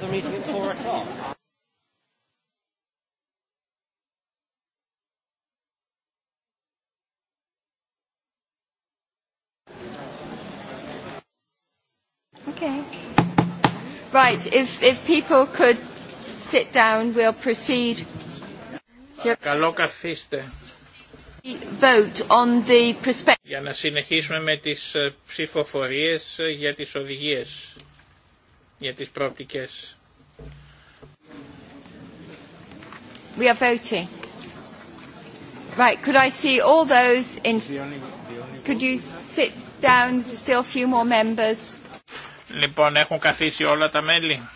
The meeting at four o'clock. Okay. Right, if, if people could sit down, we'll proceed. Καλό καθίστε. Vote on the... Για να συνεχίσουμε με τις ψηφοφορίες για τις οδηγίες για τις προοπτικές. We are voting. Right, could I see all those in... Could you sit down, still a few more members. Λοιπόν, έχουν καθίσει όλα τα μέλη.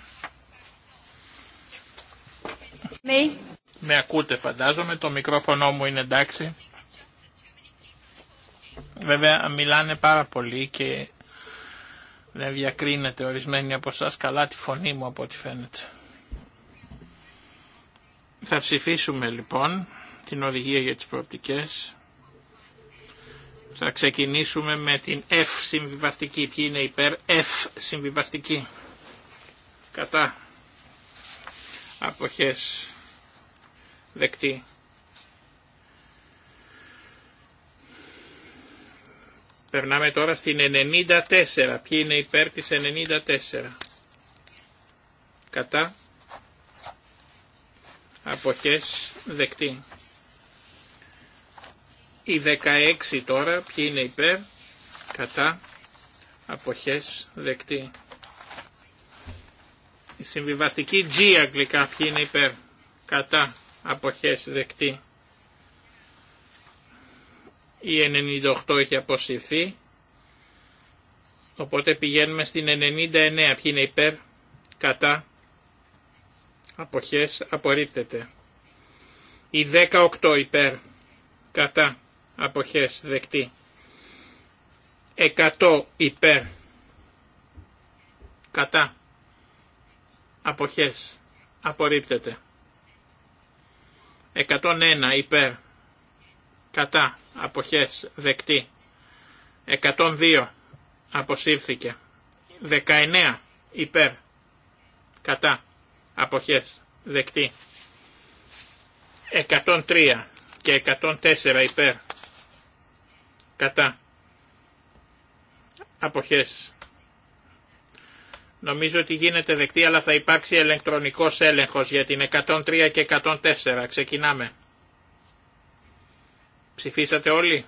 Me. Με ακούτε φαντάζομαι, το μικρόφωνο μου είναι εντάξει. Βέβαια μιλάνε πάρα πολύ και δεν διακρίνεται ορισμένοι από εσά καλά τη φωνή μου από ό,τι φαίνεται. Θα ψηφίσουμε λοιπόν την οδηγία για τις προοπτικές. Θα ξεκινήσουμε με την F συμβιβαστική. Ποιοι είναι υπέρ F συμβιβαστική. Κατά. Αποχές. Δεκτή. Περνάμε τώρα στην 94. Ποιοι είναι υπέρ της 94. Κατά. Αποχές δεκτή. Η 16 τώρα. Ποιοι είναι υπέρ. Κατά. Αποχές δεκτή. Η συμβιβαστική G αγγλικά. Ποιοι είναι υπέρ. Κατά. Αποχές δεκτή. Η 98 έχει αποσυρθεί. Οπότε πηγαίνουμε στην 99. Ποιοι είναι υπέρ, κατά, αποχές, απορρίπτεται. Η 18 υπέρ, κατά, αποχές, δεκτή. 100 υπέρ, κατά, αποχές, απορρίπτεται. 101 υπέρ, κατά αποχές δεκτή 102 αποσύρθηκε 19 υπέρ κατά αποχές δεκτή 103 και 104 υπέρ κατά αποχές Νομίζω ότι γίνεται δεκτή αλλά θα υπάρξει ηλεκτρονικός έλεγχος για την 103 και 104. Ξεκινάμε. Ψηφίσατε όλοι.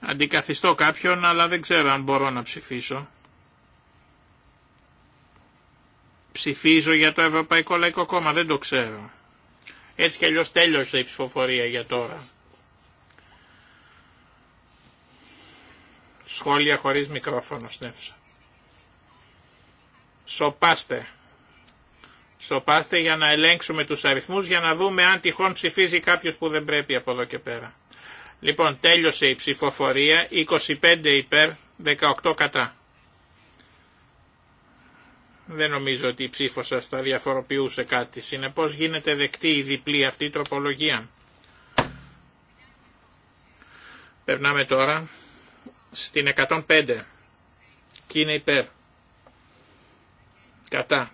Αντικαθιστώ κάποιον, αλλά δεν ξέρω αν μπορώ να ψηφίσω. Ψηφίζω για το Ευρωπαϊκό Λαϊκό Κόμμα, δεν το ξέρω. Έτσι κι αλλιώς τέλειωσε η ψηφοφορία για τώρα. Σχόλια χωρίς μικρόφωνο στην Σοπάστε στο πάστε για να ελέγξουμε τους αριθμούς για να δούμε αν τυχόν ψηφίζει κάποιος που δεν πρέπει από εδώ και πέρα. Λοιπόν, τέλειωσε η ψηφοφορία, 25 υπέρ, 18 κατά. Δεν νομίζω ότι η ψήφο σα θα διαφοροποιούσε κάτι. Συνεπώς γίνεται δεκτή η διπλή αυτή τροπολογία. Περνάμε τώρα στην 105. Και είναι υπέρ. Κατά.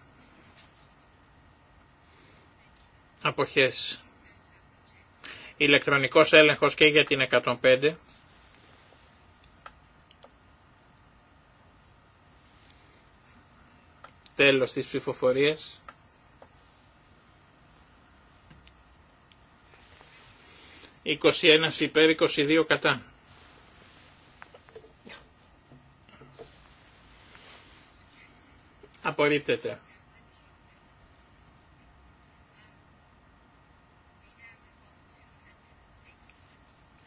αποχές. Ηλεκτρονικός έλεγχος και για την 105. Τέλος της ψηφοφορίας. Είκοσι υπέρ, είκοσι κατά. Απορρίπτεται.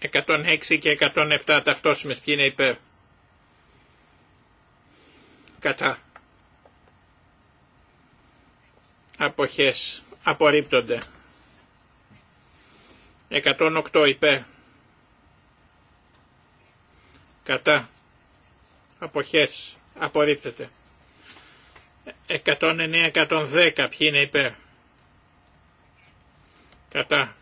106 και 107 ταυτόσιμες ποιοι είναι υπέρ. Κατά. Αποχές. Απορρίπτονται. 108 υπέρ. Κατά. Αποχές. Απορρίπτεται. 109-110 ποιοι είναι υπέρ. Κατά.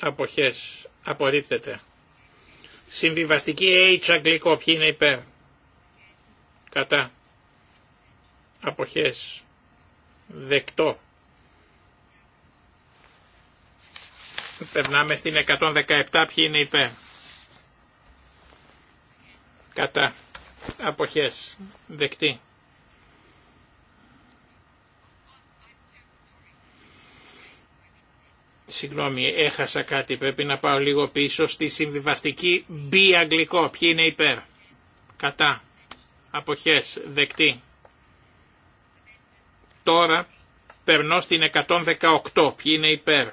Αποχές Απορρίπτεται. Συμβιβαστική H αγγλικό. Ποιοι είναι υπέρ. Κατά. Αποχές. Δεκτό. Περνάμε στην 117. Ποιοι είναι υπέρ. Κατά. Αποχές. Δεκτή. Συγγνώμη, έχασα κάτι, πρέπει να πάω λίγο πίσω στη συμβιβαστική B αγγλικό. Ποιοι είναι υπέρ. Κατά. Αποχές. Δεκτή. Τώρα περνώ στην 118. Ποιοι είναι υπέρ.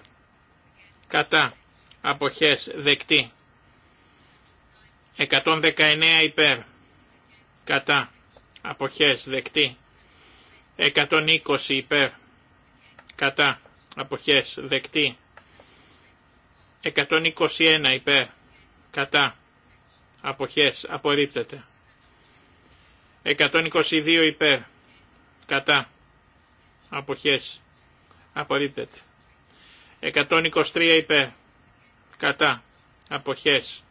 Κατά. Αποχές. Δεκτή. 119 υπέρ. Κατά. Αποχές. Δεκτή. 120 υπέρ. Κατά. Αποχές. Δεκτή. 121 υπέρ κατά αποχές απορρίπτεται. 122 υπέρ κατά αποχές απορρίπτεται. 123 υπέρ κατά αποχές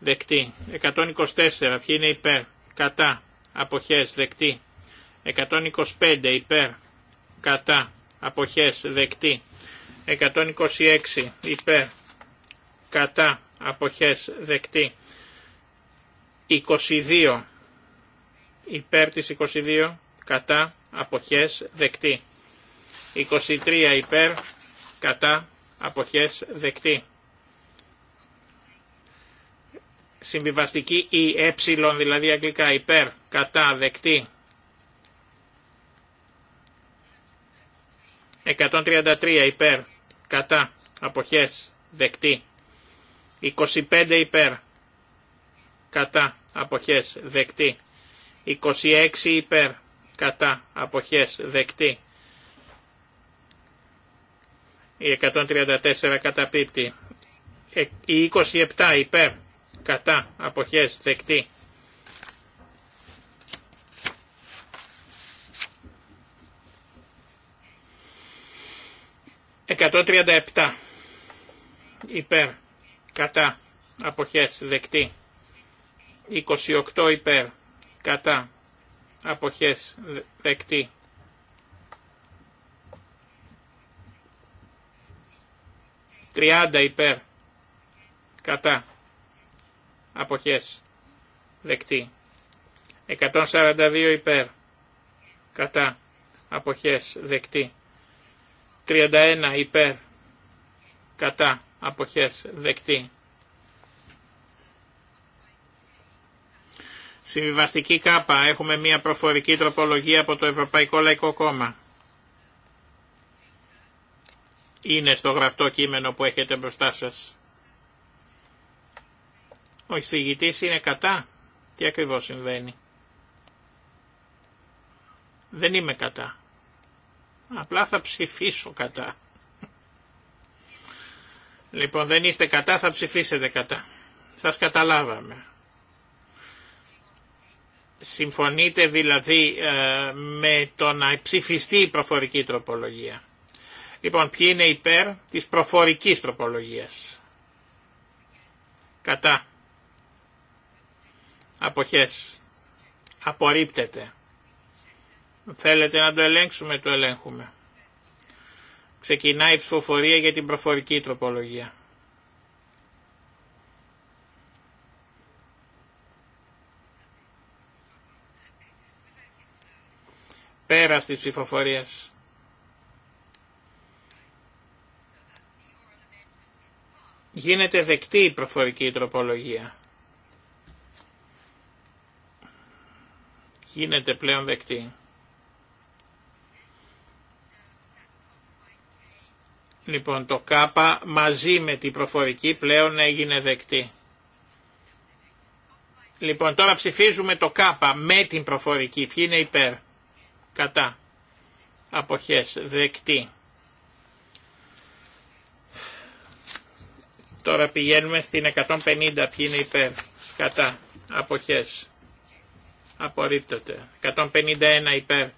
δεκτή. 124 ποιοι είναι υπέρ κατά αποχές δεκτή. 125 υπέρ κατά αποχές δεκτή. 126 υπέρ κατά αποχές δεκτή 22 υπέρ της 22 κατά αποχές δεκτή 23 υπέρ κατά αποχές δεκτή συμβιβαστική ή ε δηλαδή αγγλικά υπέρ κατά δεκτή 133 υπέρ κατά, αποχές, δεκτή. 25 υπέρ, κατά, αποχές, δεκτή. 26 υπέρ, κατά, αποχές, δεκτή. Η 134 καταπίπτει. Ε, η 27 υπέρ, κατά, αποχές, δεκτή. 137 υπέρ κατά αποχές δεκτή 28 υπέρ κατά αποχές δεκτή 30 υπέρ κατά αποχές δεκτή 142 υπέρ κατά αποχές δεκτή 31 υπέρ κατά αποχές δεκτή. Συμβιβαστική κάπα έχουμε μια προφορική τροπολογία από το Ευρωπαϊκό Λαϊκό Κόμμα. Είναι στο γραπτό κείμενο που έχετε μπροστά σας. Ο εισηγητής είναι κατά. Τι ακριβώς συμβαίνει. Δεν είμαι κατά. Απλά θα ψηφίσω κατά. Λοιπόν, δεν είστε κατά, θα ψηφίσετε κατά. Σας καταλάβαμε. Συμφωνείτε δηλαδή ε, με το να ψηφιστεί η προφορική τροπολογία. Λοιπόν, ποιοι είναι υπέρ της προφορικής τροπολογίας. Κατά. Αποχές. Απορρίπτεται. Θέλετε να το ελέγξουμε, το ελέγχουμε. Ξεκινάει η ψηφοφορία για την προφορική τροπολογία. Πέρα της ψηφοφορίας. Γίνεται δεκτή η προφορική τροπολογία. Γίνεται πλέον δεκτή. Λοιπόν, το κάπα μαζί με την προφορική πλέον έγινε δεκτή. Λοιπόν, τώρα ψηφίζουμε το κάπα με την προφορική. Ποιοι είναι υπέρ. Κατά. Αποχές. Δεκτή. Τώρα πηγαίνουμε στην 150. Ποιοι είναι υπέρ. Κατά. Αποχές. Απορρίπτεται. 151 υπέρ.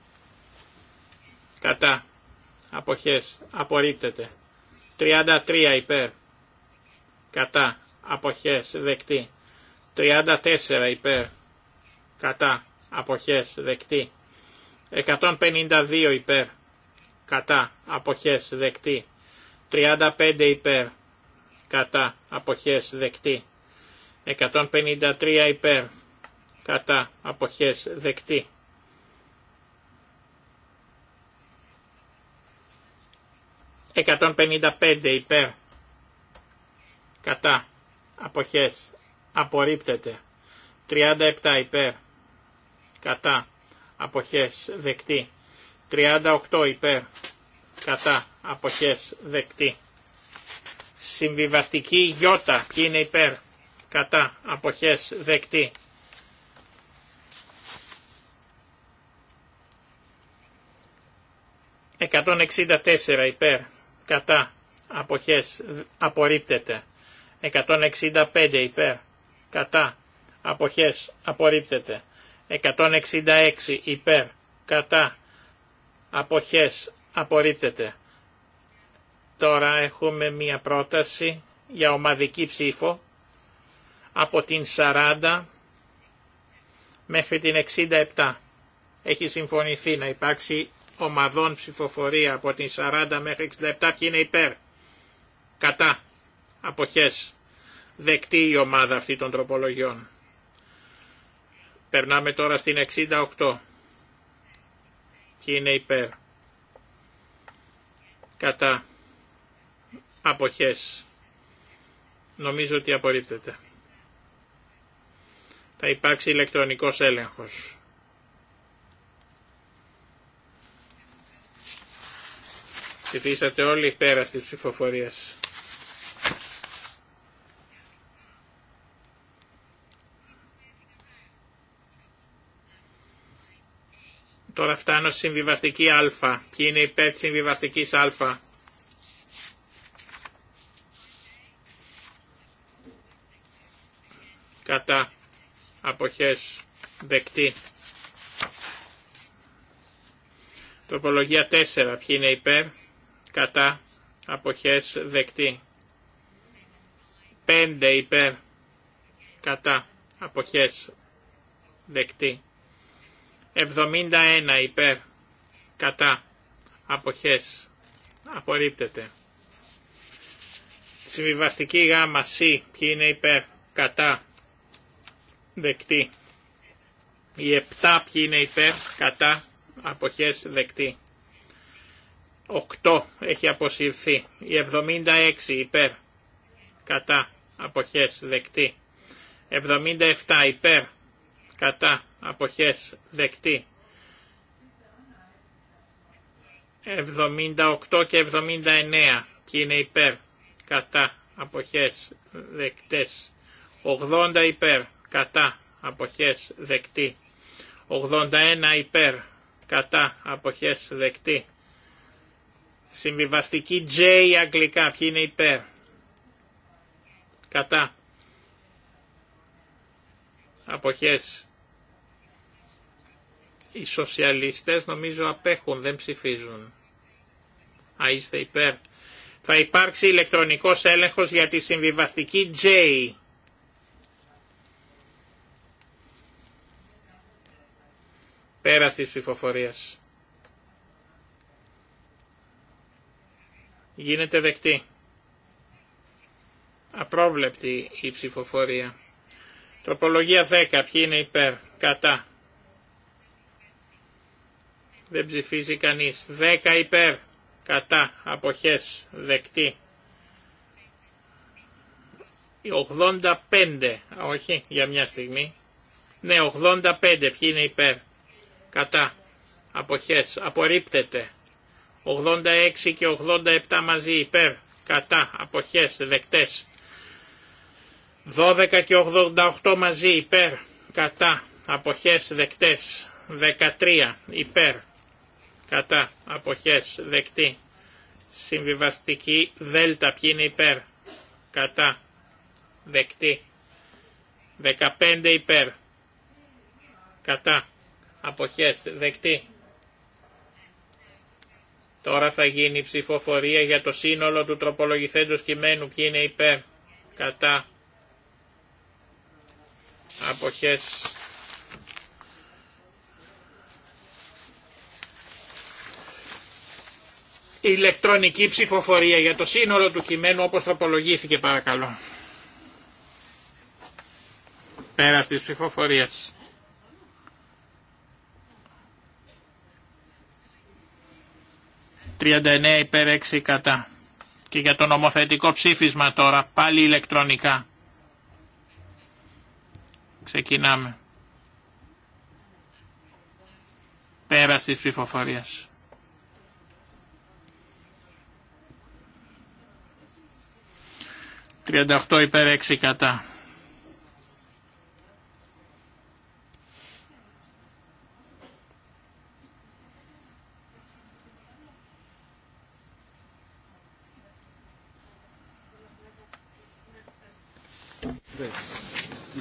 Κατά αποχές απορρίπτεται. 33 υπέρ κατά αποχές δεκτή. 34 υπέρ κατά αποχές δεκτή. 152 υπέρ κατά αποχές δεκτή. 35 υπέρ κατά αποχές δεκτή. 153 υπέρ κατά αποχές δεκτή. 155 υπέρ κατά αποχές απορρίπτεται 37 υπέρ κατά αποχές δεκτή 38 υπέρ κατά αποχές δεκτή συμβιβαστική γιώτα ποιοι είναι υπέρ κατά αποχές δεκτή 164 υπέρ κατά αποχές απορρίπτεται 165 υπέρ κατά αποχές απορρίπτεται 166 υπέρ κατά αποχές απορρίπτεται τώρα έχουμε μία πρόταση για ομαδική ψήφο από την 40 μέχρι την 67 έχει συμφωνηθεί να υπάρξει ομαδών ψηφοφορία από την 40 μέχρι 67 και είναι υπέρ. Κατά. Αποχές. Δεκτή η ομάδα αυτή των τροπολογιών. Περνάμε τώρα στην 68. και είναι υπέρ. Κατά. Αποχές. Νομίζω ότι απορρίπτεται. Θα υπάρξει ηλεκτρονικός έλεγχος. Ψηφίσατε όλοι πέρα τη ψηφοφορία. Τώρα φτάνω στη συμβιβαστική α. Ποιοι είναι υπέρ τη συμβιβαστική α. Κατά. Αποχές. Δεκτή. Τροπολογία 4. Ποιοι είναι υπέρ κατά αποχές δεκτή. 5 υπέρ κατά αποχές δεκτή. 71 υπέρ κατά αποχές απορρίπτεται. Συμβιβαστική γάμα C, ποιοι είναι υπέρ, κατά, δεκτή. Οι 7 ποιοι είναι υπέρ, κατά, αποχές, δεκτή. 8 έχει αποσυρθεί. Η 76 υπέρ. Κατά. Αποχές δεκτή. 77 υπέρ. Κατά. Αποχές δεκτή. 78 και 79. Ποιοι είναι υπέρ. Κατά. Αποχές δεκτές. 80 υπέρ. Κατά. Αποχές δεκτή. 81 υπέρ. Κατά. Αποχές δεκτή. Συμβιβαστική J αγγλικά. Ποιοι είναι υπέρ. Κατά. Αποχές. Οι σοσιαλιστές νομίζω απέχουν, δεν ψηφίζουν. Α, είστε υπέρ. Θα υπάρξει ηλεκτρονικός έλεγχος για τη συμβιβαστική J. Πέρα της ψηφοφορίας. Γίνεται δεκτή. Απρόβλεπτη η ψηφοφορία. Τροπολογία 10. Ποιοι είναι υπέρ. Κατά. Δεν ψηφίζει κανείς. 10 υπέρ. Κατά. Αποχές. Δεκτή. 85. Όχι. Για μια στιγμή. Ναι. 85. Ποιοι είναι υπέρ. Κατά. Αποχές. Απορρίπτεται. 86 και 87 μαζί υπέρ, κατά, αποχές, δεκτές. 12 και 88 μαζί υπέρ, κατά, αποχές, δεκτές. 13 υπέρ, κατά, αποχές, δεκτή. Συμβιβαστική δέλτα, ποιοι είναι υπέρ, κατά, δεκτή. 15 υπέρ, κατά, αποχές, δεκτή. Τώρα θα γίνει ψηφοφορία για το σύνολο του τροπολογηθέντος κειμένου. που είναι υπέρ, κατά, αποχές. Ηλεκτρονική ψηφοφορία για το σύνολο του κειμένου όπως τροπολογήθηκε παρακαλώ. Πέρα της ψηφοφορίας. 39 υπέρ 6 κατά. Και για το νομοθετικό ψήφισμα τώρα, πάλι ηλεκτρονικά. Ξεκινάμε. Πέραση της ψηφοφορίας. «38 υπέρ 6 κατά».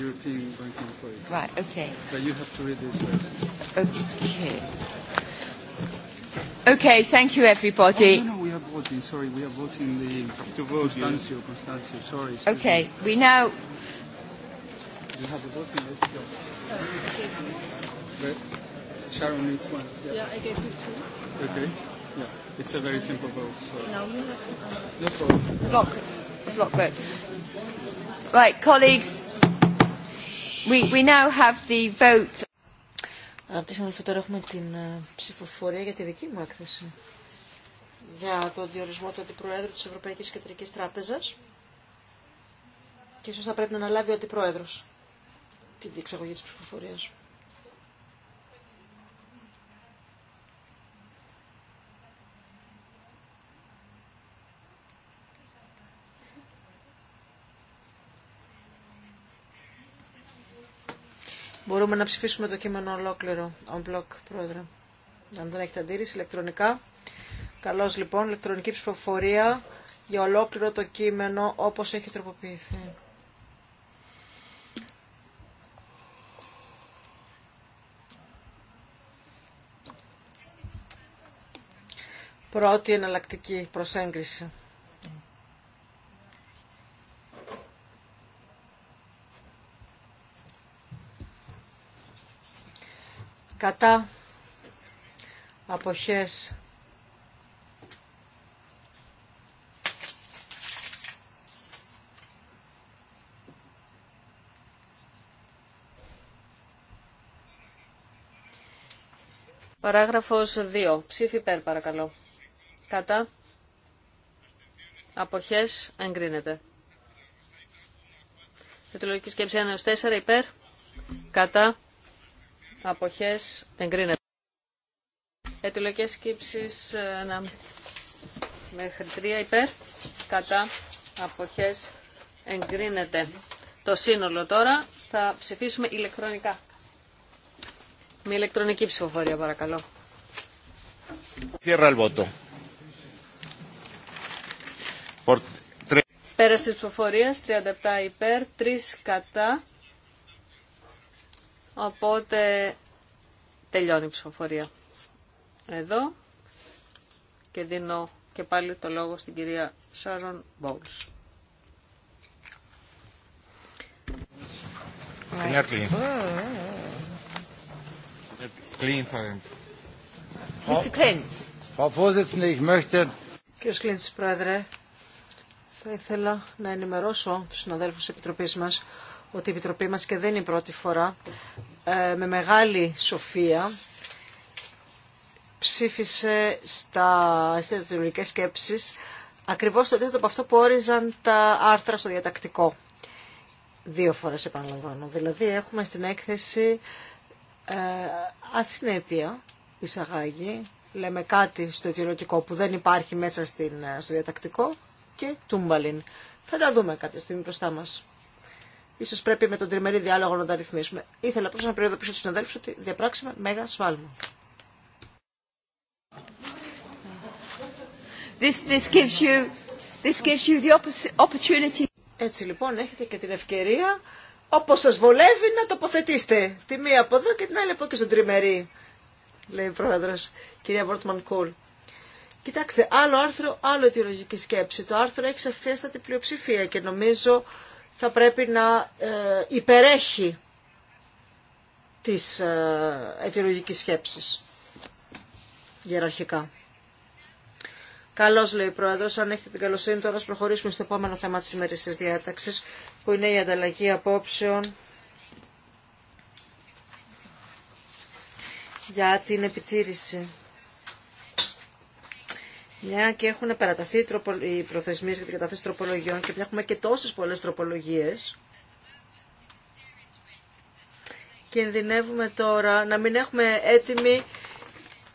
European Banking Authority. Right, okay. But you have to read this first. Okay. Okay, thank you everybody. no, no, we are voting, sorry, we are voting the... To vote, Constancio, Constancio, sorry. Okay, we now... You have a voting list? Sharon needs one. Yeah, I gave you two. Okay, yeah. It's a very simple vote. So. No, you have to... No problem. Block, block vote. Right, colleagues. We, we now have the vote. Αγαπητοί συνάδελφοι, τώρα έχουμε την ε, ψηφοφορία για τη δική μου έκθεση. Για το διορισμό του Αντιπροέδρου της Ευρωπαϊκής Κεντρικής Τράπεζας. Και ίσως θα πρέπει να αναλάβει ο Αντιπρόεδρος τη διεξαγωγή της ψηφοφορίας. Μπορούμε να ψηφίσουμε το κείμενο ολόκληρο, on block, πρόεδρε. Αν δεν έχετε αντίρρηση, ηλεκτρονικά. Καλώς λοιπόν, ηλεκτρονική ψηφοφορία για ολόκληρο το κείμενο όπως έχει τροποποιηθεί. Πρώτη εναλλακτική προσέγγιση. κατά αποχές Παράγραφος 2. Ψήφι υπέρ παρακαλώ. Κατά. Αποχές εγκρίνεται. Θετολογική σκέψη 1 4 υπέρ. Κατά αποχές εγκρίνεται. Ετυλογικές σκύψεις ε, να... μέχρι 3 υπέρ, κατά, αποχές εγκρίνεται. Το σύνολο τώρα θα ψηφίσουμε ηλεκτρονικά. Με ηλεκτρονική ψηφοφορία παρακαλώ. Πέρα τη ψηφοφορία, 37 υπέρ, 3 κατά Οπότε τελειώνει η ψηφοφορία. Εδώ και δίνω και πάλι το λόγο στην κυρία Σάρων Μπόλς. Κύριε Κλίντς, Πρόεδρε, θα ήθελα να ενημερώσω τους συναδέλφους της Επιτροπής μας ότι η Επιτροπή μας και δεν είναι η πρώτη φορά ε, με μεγάλη σοφία ψήφισε στα αισθητοτηρικές σκέψεις ακριβώς το αντίθετο από αυτό που όριζαν τα άρθρα στο διατακτικό. Δύο φορές επαναλαμβάνω. Δηλαδή έχουμε στην έκθεση ε, ασυνέπεια, εισαγάγει, λέμε κάτι στο αιτιολογικό που δεν υπάρχει μέσα στην, ε, στο διατακτικό και τούμπαλιν. Θα τα δούμε κάποια στιγμή μπροστά μας. Ίσως πρέπει με τον τριμερή διάλογο να τα ρυθμίσουμε. Ήθελα πρώτα να προειδοποιήσω του συναδέλφου ότι διαπράξαμε μέγα σφάλμα. Έτσι λοιπόν έχετε και την ευκαιρία όπως σας βολεύει να τοποθετήσετε τη μία από εδώ και την άλλη από εκεί στον τριμερή λέει η πρόεδρος κυρία Βόρτμαν Κούλ. Κοιτάξτε, άλλο άρθρο, άλλο αιτιολογική σκέψη. Το άρθρο έχει σαφέστατη πλειοψηφία και νομίζω θα πρέπει να ε, υπερέχει της ε, αιτιολογικής σκέψης γεραρχικά. Καλώ, λέει ο Πρόεδρο. Αν έχετε την καλοσύνη, τώρα προχωρήσουμε στο επόμενο θέμα τη ημερήσια διάταξη, που είναι η ανταλλαγή απόψεων για την επιτήρηση μια και έχουν παραταθεί οι προθεσμίε για την κατάθεση τροπολογιών και έχουμε και τόσες πολλές τροπολογίες, κινδυνεύουμε τώρα να μην έχουμε έτοιμη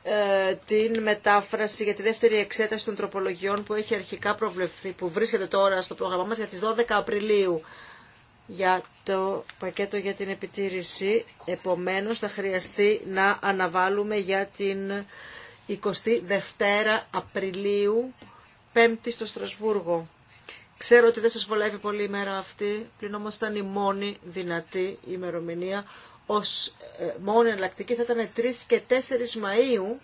ε, την μετάφραση για τη δεύτερη εξέταση των τροπολογιών που έχει αρχικά προβλεφθεί, που βρίσκεται τώρα στο πρόγραμμά μας για τις 12 Απριλίου για το πακέτο για την επιτήρηση. Επομένως θα χρειαστεί να αναβάλουμε για την 22 Απριλίου, 5η στο Στρασβούργο. Ξέρω ότι δεν σας βολεύει πολύ η μέρα αυτή, πλην όμως ήταν η μόνη δυνατή ημερομηνία. Ως ε, μόνη εναλλακτική θα ήταν 3 και 4 Μαΐου,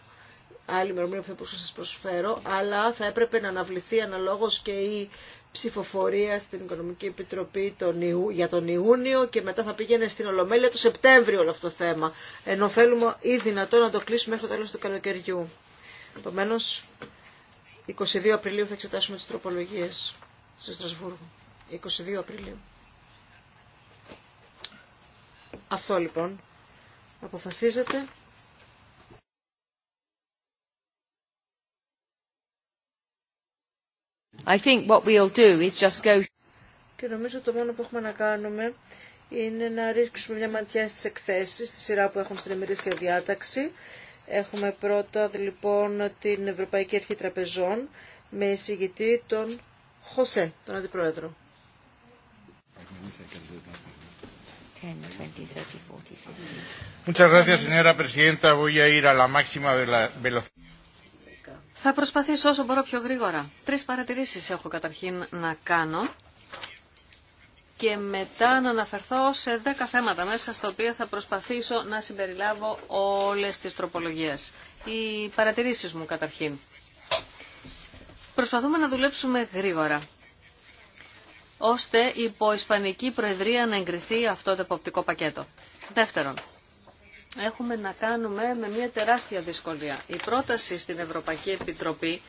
άλλη ημερομηνία που θα μπορούσα σας προσφέρω, αλλά θα έπρεπε να αναβληθεί αναλόγως και η ψηφοφορία στην Οικονομική Επιτροπή τον Ιού, για τον Ιούνιο και μετά θα πήγαινε στην Ολομέλεια το Σεπτέμβριο όλο αυτό το θέμα. Ενώ θέλουμε ή δυνατό να το κλείσουμε μέχρι το τέλος του καλοκαιριού. Επομένω, 22 Απριλίου θα εξετάσουμε τις τροπολογίες στο Στρασβούργο. 22 Απριλίου. Αυτό λοιπόν αποφασίζεται. I think what we'll do is just go... Και νομίζω το μόνο που έχουμε να κάνουμε είναι να ρίξουμε μια ματιά στις εκθέσεις, στη σειρά που έχουν στην ημερήσια διάταξη. Έχουμε πρώτα λοιπόν την Ευρωπαϊκή Αρχή Τραπεζών με εισηγητή τον Χωσέ, τον Αντιπρόεδρο. 10, 20, 30, 40, 50. Θα προσπαθήσω όσο μπορώ πιο γρήγορα. Τρεις παρατηρήσεις έχω καταρχήν να κάνω και μετά να αναφερθώ σε δέκα θέματα μέσα στα οποία θα προσπαθήσω να συμπεριλάβω όλες τις τροπολογίες. Οι παρατηρήσεις μου καταρχήν. Προσπαθούμε να δουλέψουμε γρήγορα ώστε υπό Ισπανική Προεδρία να εγκριθεί αυτό το εποπτικό πακέτο. Δεύτερον, έχουμε να κάνουμε με μια τεράστια δυσκολία. Η πρόταση στην Ευρωπαϊκή Επιτροπή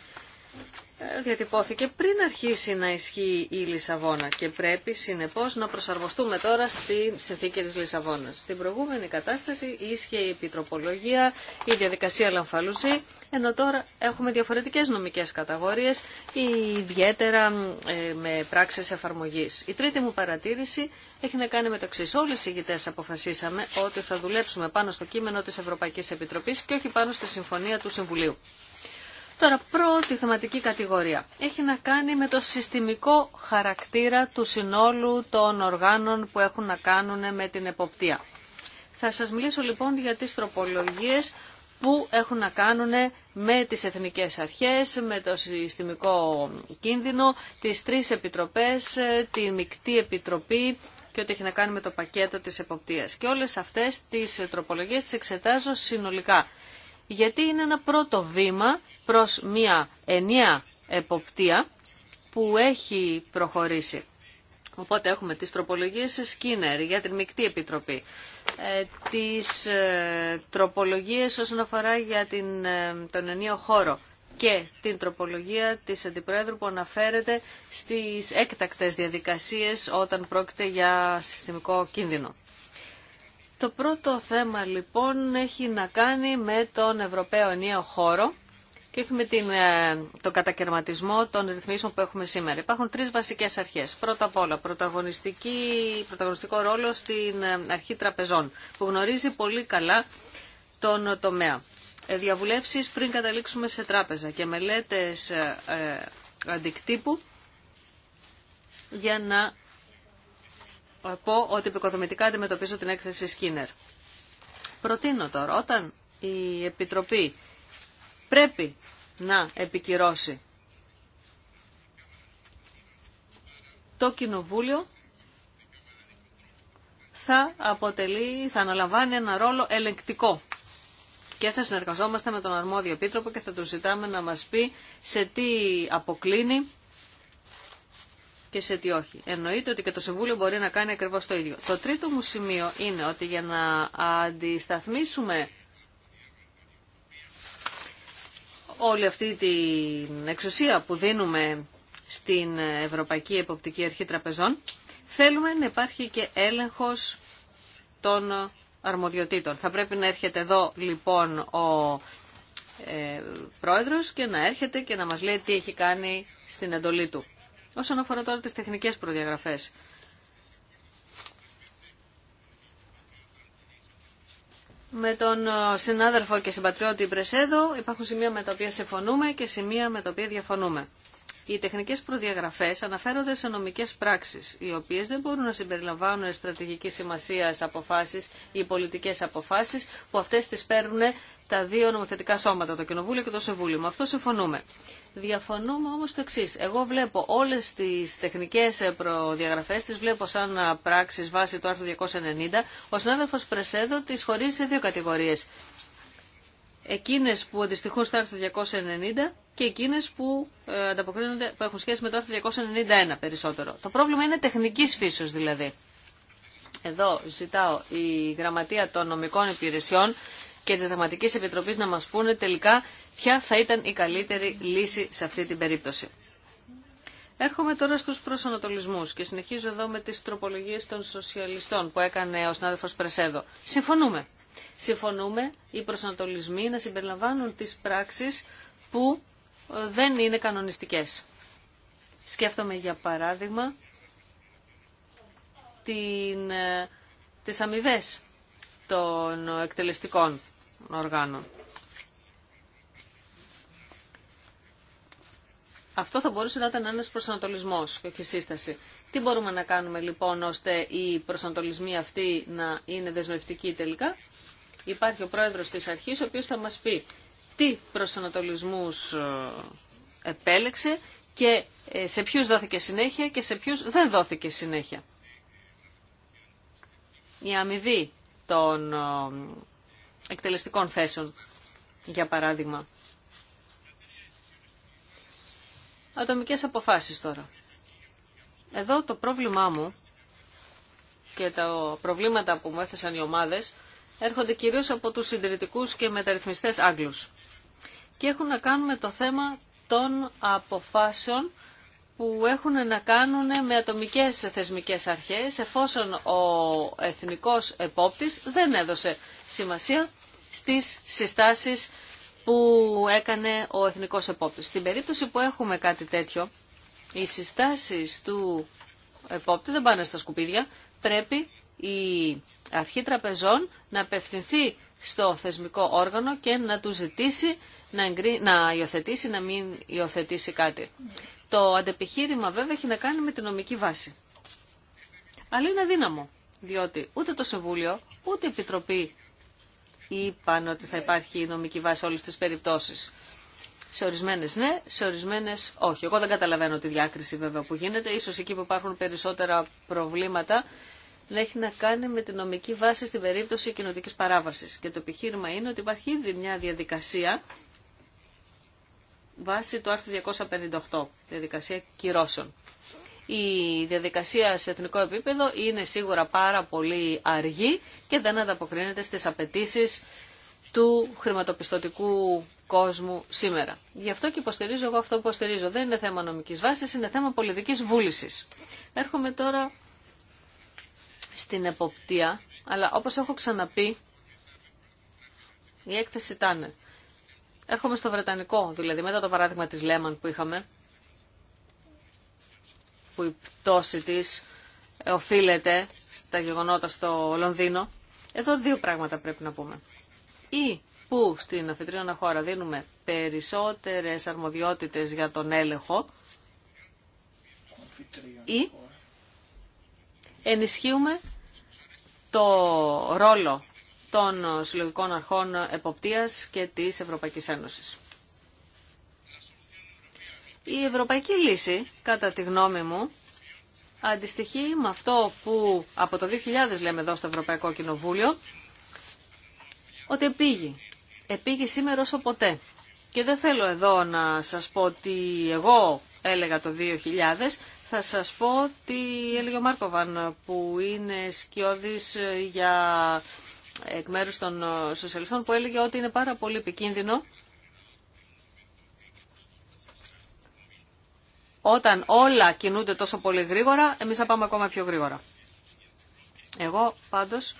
διατυπώθηκε πριν αρχίσει να ισχύει η Λισαβόνα και πρέπει συνεπώς να προσαρμοστούμε τώρα στη συνθήκη της Λισαβόνας. Στην προηγούμενη κατάσταση ίσχυε η επιτροπολογία, η διαδικασία λαμφαλούζη, ενώ τώρα έχουμε διαφορετικές νομικές καταγορίες, ιδιαίτερα ε, με πράξεις εφαρμογής. Η τρίτη μου παρατήρηση έχει να κάνει με το εξή. Όλοι οι ηγητές αποφασίσαμε ότι θα δουλέψουμε πάνω στο κείμενο της Ευρωπαϊκής Επιτροπής και όχι πάνω στη συμφωνία του Συμβουλίου. Τώρα, πρώτη θεματική κατηγορία έχει να κάνει με το συστημικό χαρακτήρα του συνόλου των οργάνων που έχουν να κάνουν με την εποπτεία. Θα σας μιλήσω λοιπόν για τις τροπολογίες που έχουν να κάνουν με τις εθνικές αρχές, με το συστημικό κίνδυνο, τις τρεις επιτροπές, τη μεικτή επιτροπή και ό,τι έχει να κάνει με το πακέτο της εποπτείας. Και όλες αυτές τις τροπολογίες τις εξετάζω συνολικά γιατί είναι ένα πρώτο βήμα προς μια ενιαία εποπτεία που έχει προχωρήσει. Οπότε έχουμε τις τροπολογίες Skinner για την Μικτή Επιτροπή, ε, τις ε, τροπολογίες όσον αφορά για την, ε, τον ενίο χώρο και την τροπολογία της Αντιπρόεδρου που αναφέρεται στις έκτακτες διαδικασίες όταν πρόκειται για συστημικό κίνδυνο. Το πρώτο θέμα λοιπόν έχει να κάνει με τον Ευρωπαίο Ενίο Χώρο και έχουμε την, ε, τον κατακαιρματισμό των ρυθμίσεων που έχουμε σήμερα. Υπάρχουν τρεις βασικές αρχές. Πρώτα απ' όλα, πρωταγωνιστική, πρωταγωνιστικό ρόλο στην ε, αρχή τραπεζών, που γνωρίζει πολύ καλά τον τομέα. Ε, διαβουλεύσεις πριν καταλήξουμε σε τράπεζα και μελέτες αντικτύπου για να πω ότι επικοδομητικά αντιμετωπίζω την έκθεση Σκίνερ. Προτείνω τώρα, όταν η Επιτροπή πρέπει να επικυρώσει το Κοινοβούλιο θα αποτελεί, θα αναλαμβάνει ένα ρόλο ελεγκτικό. Και θα συνεργαζόμαστε με τον αρμόδιο επίτροπο και θα του ζητάμε να μας πει σε τι αποκλίνει και σε τι όχι. Εννοείται ότι και το Συμβούλιο μπορεί να κάνει ακριβώς το ίδιο. Το τρίτο μου σημείο είναι ότι για να αντισταθμίσουμε όλη αυτή την εξουσία που δίνουμε στην Ευρωπαϊκή Εποπτική Αρχή Τραπεζών, θέλουμε να υπάρχει και έλεγχος των αρμοδιοτήτων. Θα πρέπει να έρχεται εδώ λοιπόν ο ε, πρόεδρος και να έρχεται και να μας λέει τι έχει κάνει στην εντολή του. Όσον αφορά τώρα τις τεχνικές προδιαγραφές. Με τον ε, συνάδελφο και συμπατριώτη Μπρεσέδο υπάρχουν σημεία με τα οποία συμφωνούμε και σημεία με τα οποία διαφωνούμε. Οι τεχνικέ προδιαγραφέ αναφέρονται σε νομικέ πράξει, οι οποίε δεν μπορούν να συμπεριλαμβάνουν στρατηγική σημασία αποφάσει ή πολιτικέ αποφάσει που αυτέ τι παίρνουν τα δύο νομοθετικά σώματα, το Κοινοβούλιο και το Συμβούλιο. Με αυτό συμφωνούμε. Διαφωνούμε όμω το εξή. Εγώ βλέπω όλε τι τεχνικέ προδιαγραφέ, τι βλέπω σαν πράξει βάσει του άρθρου 290. Ο συνάδελφο Πρεσέδο τι χωρίζει σε δύο κατηγορίε. Εκείνε που αντιστοιχούν στο άρθρο 290 και εκείνες που, ε, που έχουν σχέση με το άρθρο 291 περισσότερο. Το πρόβλημα είναι τεχνικής φύσεως δηλαδή. Εδώ ζητάω η Γραμματεία των Νομικών Υπηρεσιών και της Δηματικής Επιτροπής να μας πούνε τελικά ποια θα ήταν η καλύτερη λύση σε αυτή την περίπτωση. Έρχομαι τώρα στους προσανατολισμούς και συνεχίζω εδώ με τις τροπολογίες των σοσιαλιστών που έκανε ο συνάδελφος Πρεσέδο. Συμφωνούμε. Συμφωνούμε οι προσανατολισμοί να συμπεριλαμβάνουν τις πράξεις που δεν είναι κανονιστικές. Σκέφτομαι για παράδειγμα την, ε, τις αμοιβέ των εκτελεστικών οργάνων. Αυτό θα μπορούσε να ήταν ένας προσανατολισμός και όχι σύσταση. Τι μπορούμε να κάνουμε λοιπόν ώστε οι προσανατολισμοί αυτοί να είναι δεσμευτικοί τελικά. Υπάρχει ο πρόεδρος της αρχής ο οποίος θα μας πει τι προσανατολισμούς ε, επέλεξε και ε, σε ποιους δόθηκε συνέχεια και σε ποιους δεν δόθηκε συνέχεια. Η αμοιβή των ε, εκτελεστικών θέσεων, για παράδειγμα. Ατομικές αποφάσεις τώρα. Εδώ το πρόβλημά μου και τα προβλήματα που μου έθεσαν οι ομάδες έρχονται κυρίως από τους συντηρητικούς και μεταρρυθμιστές Άγγλους και έχουν να κάνουν με το θέμα των αποφάσεων που έχουν να κάνουν με ατομικές θεσμικές αρχές, εφόσον ο εθνικός επόπτης δεν έδωσε σημασία στις συστάσεις που έκανε ο εθνικός επόπτης. Στην περίπτωση που έχουμε κάτι τέτοιο, οι συστάσεις του επόπτη δεν πάνε στα σκουπίδια, πρέπει η αρχή τραπεζών να απευθυνθεί στο θεσμικό όργανο και να του ζητήσει να, εγκρί, να υιοθετήσει, να μην υιοθετήσει κάτι. Το αντεπιχείρημα βέβαια έχει να κάνει με τη νομική βάση. Αλλά είναι αδύναμο, διότι ούτε το Σεβούλιο, ούτε η Επιτροπή είπαν ότι θα υπάρχει νομική βάση όλες τις περιπτώσεις. Σε ορισμένε ναι, σε ορισμένε όχι. Εγώ δεν καταλαβαίνω τη διάκριση βέβαια που γίνεται. Ίσως εκεί που υπάρχουν περισσότερα προβλήματα να έχει να κάνει με τη νομική βάση στην περίπτωση κοινοτική παράβαση. Και το επιχείρημα είναι ότι υπάρχει ήδη μια διαδικασία βάση του άρθρου 258, διαδικασία κυρώσεων. Η διαδικασία σε εθνικό επίπεδο είναι σίγουρα πάρα πολύ αργή και δεν ανταποκρίνεται στις απαιτήσει του χρηματοπιστωτικού κόσμου σήμερα. Γι' αυτό και υποστηρίζω εγώ αυτό που υποστηρίζω. Δεν είναι θέμα νομικής βάσης, είναι θέμα πολιτικής βούλησης. Έρχομαι τώρα στην εποπτεία, αλλά όπως έχω ξαναπεί, η έκθεση ήταν Έρχομαι στο Βρετανικό, δηλαδή μετά το παράδειγμα της Λέμαν που είχαμε, που η πτώση της ε, οφείλεται στα γεγονότα στο Λονδίνο. Εδώ δύο πράγματα πρέπει να πούμε. Ή που στην αφιτρίωνα χώρα δίνουμε περισσότερες αρμοδιότητες για τον έλεγχο ή ενισχύουμε το ρόλο των συλλογικών αρχών εποπτείας και της Ευρωπαϊκής Ένωσης. Η ευρωπαϊκή λύση, κατά τη γνώμη μου, αντιστοιχεί με αυτό που από το 2000 λέμε εδώ στο Ευρωπαϊκό Κοινοβούλιο, ότι επήγη. Επήγη σήμερα όσο ποτέ. Και δεν θέλω εδώ να σας πω ότι εγώ έλεγα το 2000, θα σας πω ότι έλεγε ο Μάρκοβαν που είναι σκιώδης για εκ μέρους των ε, σοσιαλιστών που έλεγε ότι είναι πάρα πολύ επικίνδυνο όταν όλα κινούνται τόσο πολύ γρήγορα, εμείς θα πάμε ακόμα πιο γρήγορα. Εγώ πάντως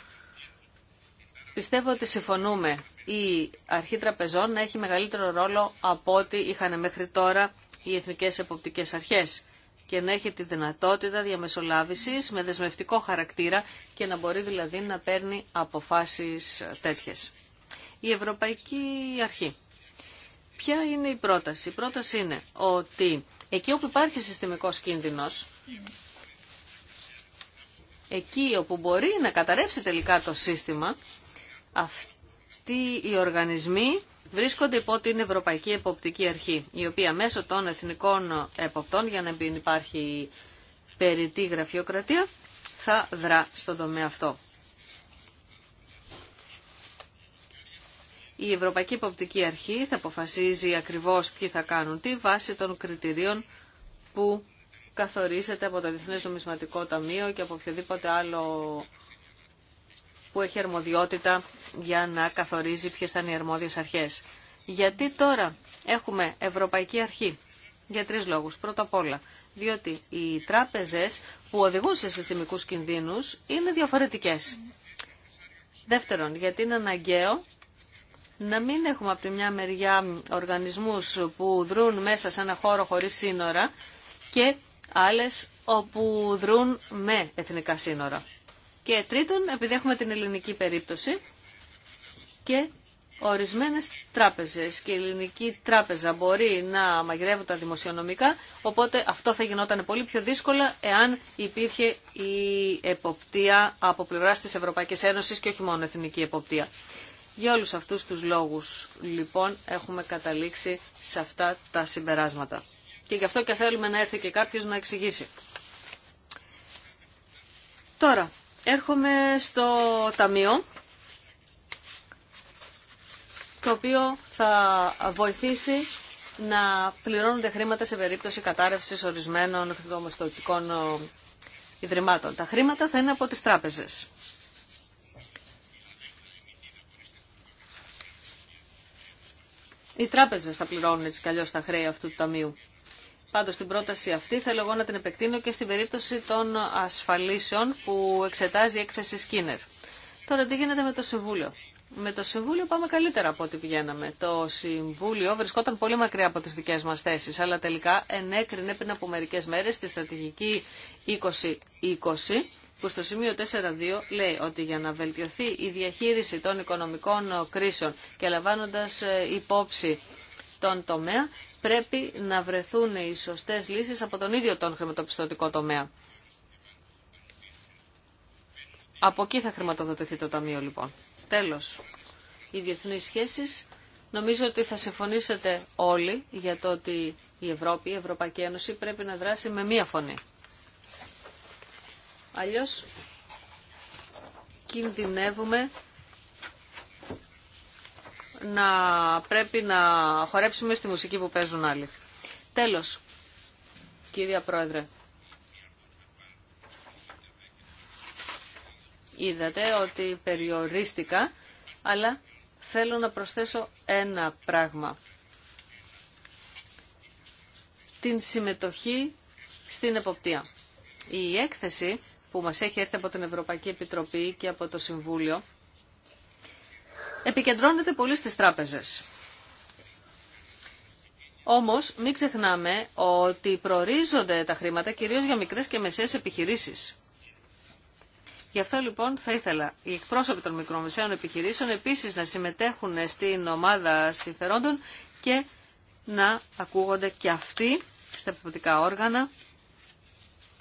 πιστεύω ότι συμφωνούμε η αρχή τραπεζών να έχει μεγαλύτερο ρόλο από ό,τι είχαν μέχρι τώρα οι εθνικές εποπτικές αρχές και να έχει τη δυνατότητα διαμεσολάβησης με δεσμευτικό χαρακτήρα και να μπορεί δηλαδή να παίρνει αποφάσεις τέτοιες. Η Ευρωπαϊκή Αρχή. Ποια είναι η πρόταση. Η πρόταση είναι ότι εκεί όπου υπάρχει συστημικός κίνδυνος, εκεί όπου μπορεί να καταρρεύσει τελικά το σύστημα, αυτοί οι οργανισμοί βρίσκονται υπό την Ευρωπαϊκή Εποπτική Αρχή, η οποία μέσω των εθνικών εποπτών, για να μην υπάρχει περιττή γραφειοκρατία, θα δρά στον τομέα αυτό. Η Ευρωπαϊκή Εποπτική Αρχή θα αποφασίζει ακριβώς ποιοι θα κάνουν τι βάσει των κριτηρίων που καθορίζεται από το Διεθνές Νομισματικό Ταμείο και από οποιοδήποτε άλλο που έχει αρμοδιότητα για να καθορίζει ποιες θα είναι οι αρμόδιες αρχές. Γιατί τώρα έχουμε Ευρωπαϊκή Αρχή. Για τρεις λόγους. Πρώτα απ' όλα, διότι οι τράπεζες που οδηγούν σε συστημικούς κινδύνους είναι διαφορετικές. Δεύτερον, γιατί είναι αναγκαίο να μην έχουμε από τη μια μεριά οργανισμούς που δρούν μέσα σε ένα χώρο χωρίς σύνορα και άλλες όπου δρούν με εθνικά σύνορα. Και τρίτον, επειδή έχουμε την ελληνική περίπτωση και ορισμένες τράπεζες και η ελληνική τράπεζα μπορεί να μαγειρεύει τα δημοσιονομικά, οπότε αυτό θα γινόταν πολύ πιο δύσκολα εάν υπήρχε η εποπτεία από πλευρά της Ευρωπαϊκής Ένωσης και όχι μόνο εθνική εποπτεία. Για όλους αυτούς τους λόγους λοιπόν έχουμε καταλήξει σε αυτά τα συμπεράσματα. Και γι' αυτό και θέλουμε να έρθει και κάποιος να εξηγήσει. Τώρα, Έρχομαι στο ταμείο, το οποίο θα βοηθήσει να πληρώνονται χρήματα σε περίπτωση κατάρρευσης ορισμένων χρηματοδοτικών ε, ιδρυμάτων. Τα χρήματα θα είναι από τις τράπεζες. Οι τράπεζες θα πληρώνουν έτσι κι τα χρέη αυτού του ταμείου. Πάντως την πρόταση αυτή θέλω εγώ να την επεκτείνω και στην περίπτωση των ασφαλίσεων που εξετάζει η έκθεση Σκίνερ. Τώρα τι γίνεται με το Συμβούλιο. Με το Συμβούλιο πάμε καλύτερα από ό,τι πηγαίναμε. Το Συμβούλιο βρισκόταν πολύ μακριά από τις δικές μας θέσεις, αλλά τελικά ενέκρινε πριν από μερικές μέρες τη στρατηγική 2020, που στο σημείο 4.2 λέει ότι για να βελτιωθεί η διαχείριση των οικονομικών κρίσεων και λαμβάνοντας ε, υπόψη τον τομέα πρέπει να βρεθούν οι σωστές λύσεις από τον ίδιο τον χρηματοπιστωτικό τομέα. Από εκεί θα χρηματοδοτηθεί το Ταμείο λοιπόν. Τέλος, οι διεθνείς σχέσεις νομίζω ότι θα συμφωνήσετε όλοι για το ότι η Ευρώπη, η Ευρωπαϊκή Ένωση πρέπει να δράσει με μία φωνή. Αλλιώς κινδυνεύουμε να πρέπει να χορέψουμε στη μουσική που παίζουν άλλοι. Τέλος, κυρία Πρόεδρε. Είδατε ότι περιορίστηκα, αλλά θέλω να προσθέσω ένα πράγμα. Την συμμετοχή στην εποπτεία. Η έκθεση που μας έχει έρθει από την Ευρωπαϊκή Επιτροπή και από το Συμβούλιο επικεντρώνεται πολύ στις τράπεζες. Όμως μην ξεχνάμε ότι προορίζονται τα χρήματα κυρίως για μικρές και μεσαίες επιχειρήσεις. Γι' αυτό λοιπόν θα ήθελα οι εκπρόσωποι των μικρομεσαίων επιχειρήσεων επίσης να συμμετέχουν στην ομάδα συμφερόντων και να ακούγονται και αυτοί στα επιπληκτικά όργανα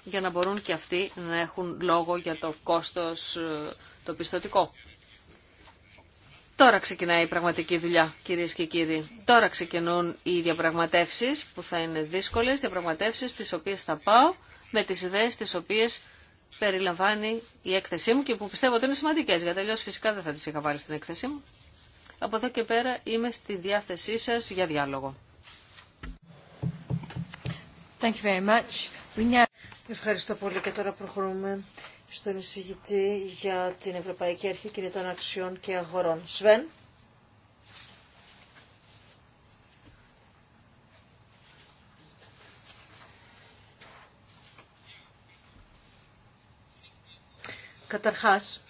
για να μπορούν και αυτοί να έχουν λόγο για το κόστος ε, το πιστοτικό. Τώρα ξεκινάει η πραγματική δουλειά, κυρίες και κύριοι. Τώρα ξεκινούν οι διαπραγματεύσεις που θα είναι δύσκολες, διαπραγματεύσεις τις οποίες θα πάω με τις ιδέες τις οποίες περιλαμβάνει η έκθεσή μου και που πιστεύω ότι είναι σημαντικές, γιατί αλλιώς φυσικά δεν θα τις είχα βάλει στην έκθεσή μου. Από εδώ και πέρα είμαι στη διάθεσή σας για διάλογο. Ευχαριστώ πολύ και τώρα προχωρούμε στον εισηγητή για την Ευρωπαϊκή Αρχή Κινητών Αξιών και Αγορών. Σβέν. Καταρχάς,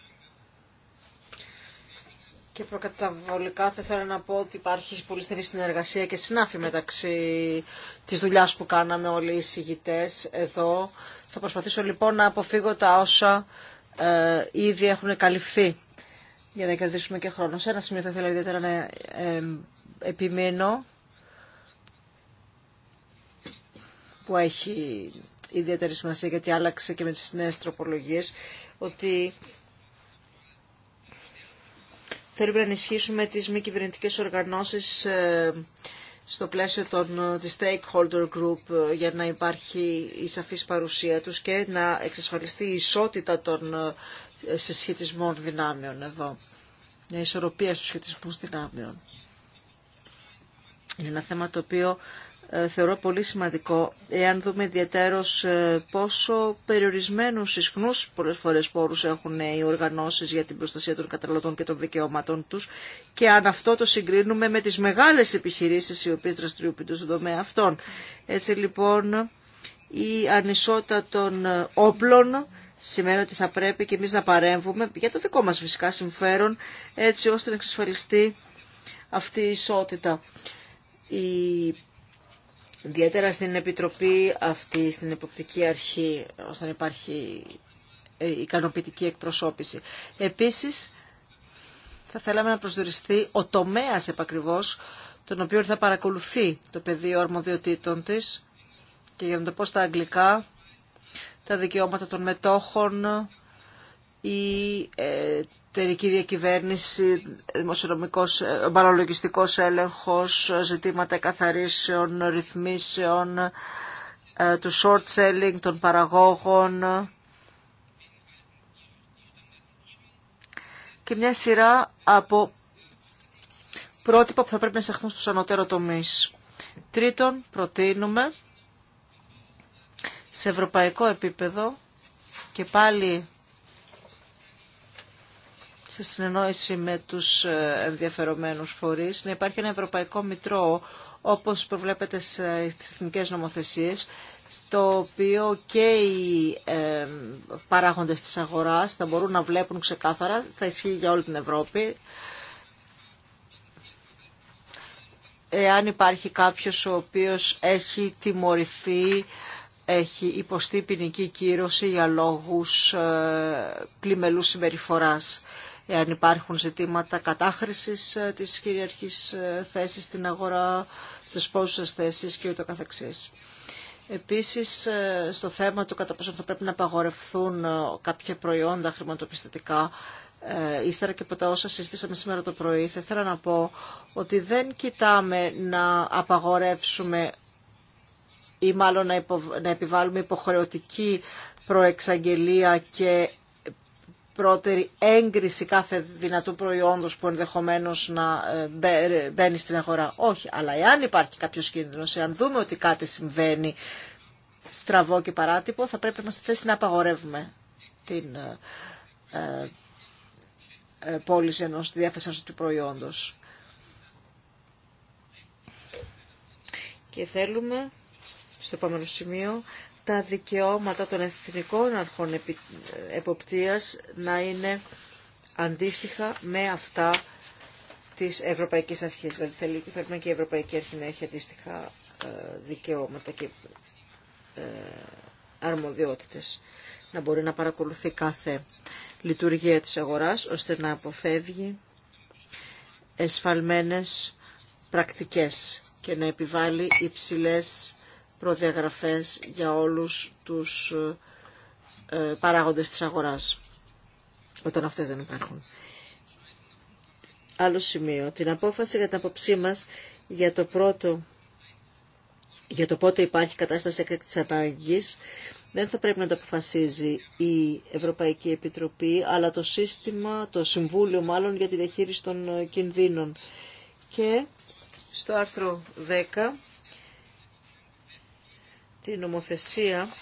και προκαταβολικά θα ήθελα να πω ότι υπάρχει πολύ στενή συνεργασία και συνάφη μεταξύ της δουλειά που κάναμε όλοι οι συγητές εδώ. Θα προσπαθήσω λοιπόν να αποφύγω τα όσα ε, ήδη έχουν καλυφθεί για να κερδίσουμε και χρόνο. Σε ένα σημείο θα ήθελα ιδιαίτερα να ε, ε, επιμείνω που έχει ιδιαίτερη σημασία γιατί άλλαξε και με τις νέες τροπολογίες ότι Θέλουμε να ενισχύσουμε τις μη κυβερνητικές οργανώσεις ε, στο πλαίσιο των, ε, της stakeholder group ε, για να υπάρχει η σαφής παρουσία τους και να εξασφαλιστεί η ισότητα των συσχετισμών δυνάμεων εδώ. Μια ισορροπία στους σχετισμούς δυνάμεων. Είναι ένα θέμα το οποίο ε, θεωρώ πολύ σημαντικό, εάν δούμε ιδιαίτερως ε, πόσο περιορισμένους ισχνούς πολλές φορές πόρους έχουν οι οργανώσεις για την προστασία των καταναλωτών και των δικαιώματων τους και αν αυτό το συγκρίνουμε με τις μεγάλες επιχειρήσεις οι οποίες δραστηριοποιούνται στον τομέα αυτών. Έτσι λοιπόν η ανισότητα των ε, όπλων σημαίνει ότι θα πρέπει και εμείς να παρέμβουμε για το δικό μας φυσικά συμφέρον έτσι ώστε να εξασφαλιστεί αυτή η ισότητα. Η ιδιαίτερα στην Επιτροπή αυτή, στην Εποπτική Αρχή, ώστε να υπάρχει ε, ικανοποιητική εκπροσώπηση. Επίσης, θα θέλαμε να προσδιοριστεί ο τομέας επακριβώς, τον οποίο θα παρακολουθεί το πεδίο αρμοδιοτήτων της και για να το πω στα αγγλικά, τα δικαιώματα των μετόχων, η, ε, εταιρική διακυβέρνηση, δημοσιονομικός, ε, παραλογιστικός έλεγχος, ζητήματα καθαρίσεων, ρυθμίσεων, ε, του short selling των παραγόγων και μια σειρά από πρότυπα που θα πρέπει να εισαχθούν στους ανωτέρω τομείς. Τρίτον, προτείνουμε σε ευρωπαϊκό επίπεδο και πάλι Στη συνεννόηση με τους ε, ενδιαφερομένους φορείς, να υπάρχει ένα ευρωπαϊκό μητρό, όπως προβλέπεται στις εθνικές νομοθεσίες, στο οποίο και οι ε, παράγοντες της αγοράς θα μπορούν να βλέπουν ξεκάθαρα, θα ισχύει για όλη την Ευρώπη, εάν υπάρχει κάποιος ο οποίος έχει τιμωρηθεί, έχει υποστεί ποινική κύρωση για λόγους ε, πλημελούς συμπεριφοράς εάν υπάρχουν ζητήματα κατάχρησης ε, της κυριαρχής ε, θέσης στην αγορά, στις πόσες θέσεις και ούτω καθεξής. Επίσης, ε, στο θέμα του κατά πόσο θα πρέπει να απαγορευθούν κάποια προϊόντα χρηματοπιστωτικά, ύστερα και από τα όσα συστήσαμε σήμερα το πρωί, θα ήθελα να πω ότι δεν κοιτάμε να απαγορεύσουμε ή μάλλον να, επιβάλλουμε υποχρεωτική προεξαγγελία και πρώτερη έγκριση κάθε δυνατού προϊόντος που ενδεχομένως να ε, ε, μπαίνει στην αγορά. Όχι, αλλά εάν υπάρχει κάποιος κίνδυνος, εάν δούμε ότι κάτι συμβαίνει στραβό και παράτυπο, θα πρέπει να είμαστε θέση να απαγορεύουμε την ε, ε, ε πώληση ενός διάθεσης του προϊόντος. Και θέλουμε, στο επόμενο σημείο, τα δικαιώματα των εθνικών αρχών εποπτείας να είναι αντίστοιχα με αυτά της Ευρωπαϊκής Αρχής. Δηλαδή θέλει, θέλουμε και η Ευρωπαϊκή Αρχή να έχει αντίστοιχα ε, δικαιώματα και ε, αρμοδιότητες. Να μπορεί να παρακολουθεί κάθε λειτουργία της αγοράς ώστε να αποφεύγει εσφαλμένες πρακτικές και να επιβάλλει υψηλές προδιαγραφές για όλους τους ε, παράγοντες της αγοράς, όταν αυτές δεν υπάρχουν. Άλλο σημείο, την απόφαση για την απόψή μας για το πρώτο, για το πότε υπάρχει κατάσταση έκτακτης ανάγκης, δεν θα πρέπει να το αποφασίζει η Ευρωπαϊκή Επιτροπή, αλλά το σύστημα, το Συμβούλιο μάλλον για τη διαχείριση των ε, κινδύνων. Και στο άρθρο 10 η νομοθεσία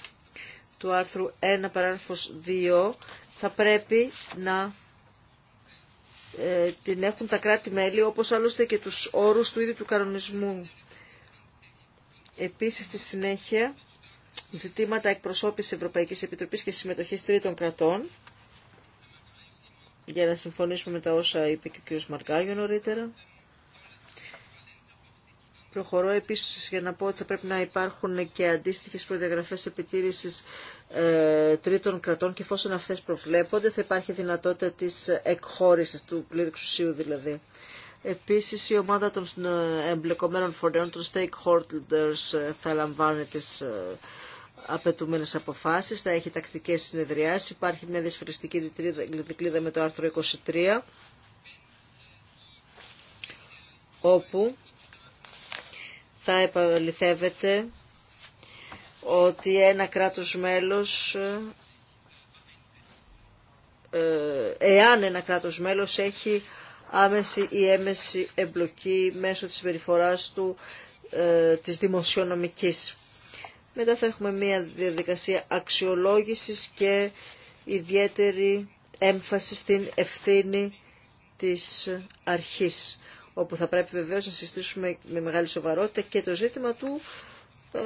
του άρθρου 1 παράγραφος 2 θα πρέπει να ε, την έχουν τα κράτη-μέλη όπως άλλωστε και τους όρους του ίδιου του κανονισμού. Επίσης στη συνέχεια ζητήματα εκπροσώπησης Ευρωπαϊκής Επιτροπής και συμμετοχής τρίτων κρατών για να συμφωνήσουμε με τα όσα είπε και ο κ. Μαρκάγιο νωρίτερα. Προχωρώ επίσης για να πω ότι θα πρέπει να υπάρχουν και αντίστοιχες προδιαγραφές επιτήρησης ε, τρίτων κρατών και εφόσον αυτές προβλέπονται θα υπάρχει δυνατότητα της εκχώρησης του πλήρου εξουσίου δηλαδή. Επίσης η ομάδα των ε, εμπλεκομένων φορέων, των stakeholders ε, θα λαμβάνει τις απαιτούμενες αποφάσεις, θα έχει τακτικές συνεδριάσεις, υπάρχει μια διασφαιριστική δικλίδα με το άρθρο 23 όπου θα επαληθεύεται ότι ένα κράτος μέλος ε, εάν ένα κράτος μέλος έχει άμεση ή έμεση εμπλοκή μέσω της συμπεριφορά του ε, της δημοσιονομικής. Μετά θα έχουμε μια διαδικασία αξιολόγησης και ιδιαίτερη έμφαση στην ευθύνη της αρχής όπου θα πρέπει βεβαίως να συστήσουμε με μεγάλη σοβαρότητα και το ζήτημα του ε,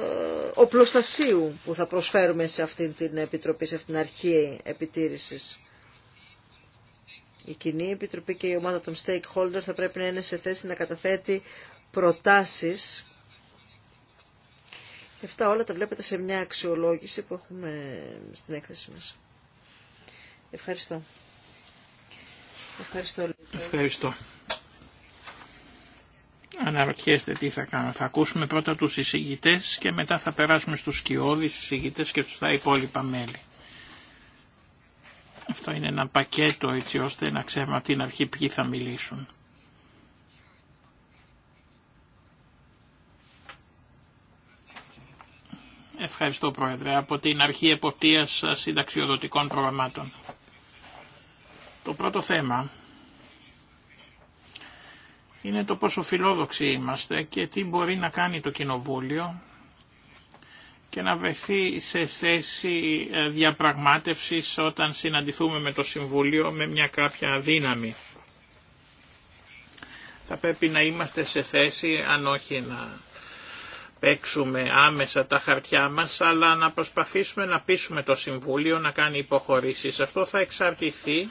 οπλοστασίου που θα προσφέρουμε σε αυτή την Επιτροπή, σε αυτήν την αρχή επιτήρησης. Η κοινή Επιτροπή και η ομάδα των stakeholder θα πρέπει να είναι σε θέση να καταθέτει προτάσεις και αυτά όλα τα βλέπετε σε μια αξιολόγηση που έχουμε στην έκθεση μας. Ευχαριστώ. Ευχαριστώ. Ευχαριστώ. Αναρωτιέστε τι θα κάνω. Θα ακούσουμε πρώτα τους εισηγητές και μετά θα περάσουμε στους σκιώδεις εισηγητές και στους τα υπόλοιπα μέλη. Αυτό είναι ένα πακέτο έτσι ώστε να ξέρουμε από την αρχή ποιοι θα μιλήσουν. Ευχαριστώ Πρόεδρε. Από την αρχή εποπτείας συνταξιοδοτικών προγραμμάτων. Το πρώτο θέμα είναι το πόσο φιλόδοξοι είμαστε και τι μπορεί να κάνει το Κοινοβούλιο και να βρεθεί σε θέση ε, διαπραγμάτευσης όταν συναντηθούμε με το Συμβουλίο με μια κάποια δύναμη. Θα πρέπει να είμαστε σε θέση, αν όχι να παίξουμε άμεσα τα χαρτιά μας, αλλά να προσπαθήσουμε να πείσουμε το Συμβούλιο να κάνει υποχωρήσεις. Αυτό θα εξαρτηθεί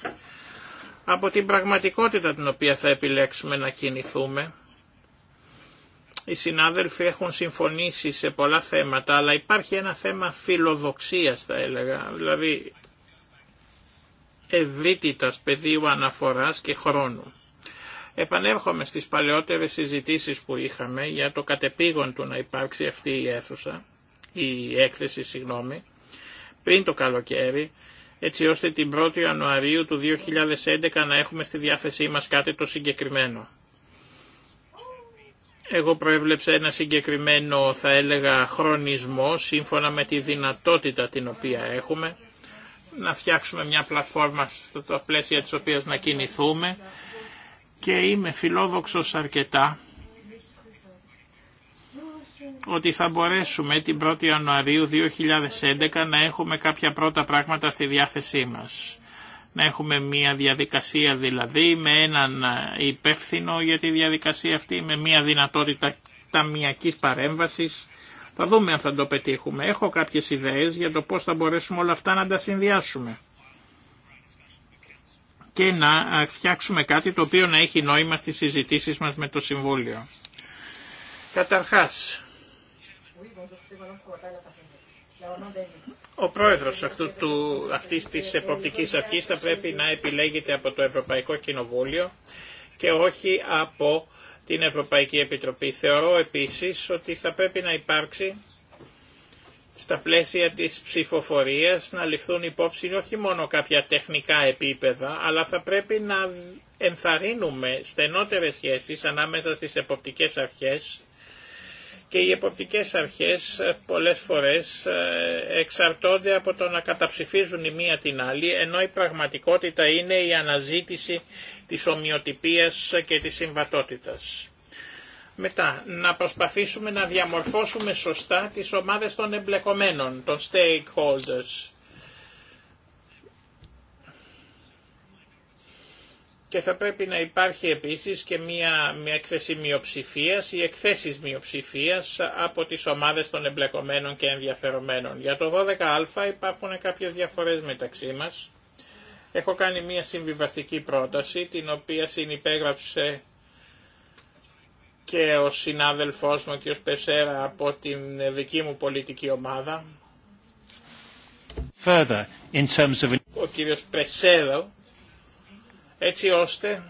από την πραγματικότητα την οποία θα επιλέξουμε να κινηθούμε. Οι συνάδελφοι έχουν συμφωνήσει σε πολλά θέματα, αλλά υπάρχει ένα θέμα φιλοδοξίας θα έλεγα, δηλαδή ευρύτητας πεδίου αναφοράς και χρόνου. Επανέρχομαι στις παλαιότερες συζητήσεις που είχαμε για το κατεπήγον του να υπάρξει αυτή η αίθουσα, η έκθεση συγγνώμη, πριν το καλοκαίρι έτσι ώστε την 1η Ιανουαρίου του 2011 να έχουμε στη διάθεσή μας κάτι το συγκεκριμένο. Εγώ προέβλεψα ένα συγκεκριμένο, θα έλεγα, χρονισμό, σύμφωνα με τη δυνατότητα την οποία έχουμε, να φτιάξουμε μια πλατφόρμα στα πλαίσια της οποίας να κινηθούμε και είμαι φιλόδοξος αρκετά ότι θα μπορέσουμε την 1η Ιανουαρίου 2011 να έχουμε κάποια πρώτα πράγματα στη διάθεσή μας. Να έχουμε μια διαδικασία δηλαδή με έναν υπεύθυνο για τη διαδικασία αυτή, με μια δυνατότητα ταμιακής παρέμβασης. Θα δούμε αν θα το πετύχουμε. Έχω κάποιες ιδέες για το πώς θα μπορέσουμε όλα αυτά να τα συνδυάσουμε και να φτιάξουμε κάτι το οποίο να έχει νόημα στις συζητήσεις μας με το Συμβούλιο. Καταρχάς, ο πρόεδρος αυτού του, αυτής της εποπτικής αρχής θα πρέπει να επιλέγεται από το Ευρωπαϊκό Κοινοβούλιο και όχι από την Ευρωπαϊκή Επιτροπή. Θεωρώ επίσης ότι θα πρέπει να υπάρξει στα πλαίσια της ψηφοφορίας να ληφθούν υπόψη όχι μόνο κάποια τεχνικά επίπεδα, αλλά θα πρέπει να ενθαρρύνουμε στενότερες σχέσεις ανάμεσα στις εποπτικές αρχές και οι εποπτικές αρχές ε, πολλές φορές ε, εξαρτώνται από το να καταψηφίζουν η μία την άλλη, ενώ η πραγματικότητα είναι η αναζήτηση της ομοιοτυπίας και της συμβατότητας. Μετά, να προσπαθήσουμε να διαμορφώσουμε σωστά τις ομάδες των εμπλεκομένων, των stakeholders. και θα πρέπει να υπάρχει επίσης και μια, μια έκθεση μειοψηφία ή εκθέσεις μειοψηφία από τις ομάδες των εμπλεκομένων και ενδιαφερομένων. Για το 12α υπάρχουν κάποιες διαφορές μεταξύ μας. Έχω κάνει μια συμβιβαστική πρόταση την οποία συνυπέγραψε και ο συνάδελφός μου και ο Σπεσέρα από την δική μου πολιτική ομάδα. Further, in terms of... Ο κύριος Πεσέδο έτσι ώστε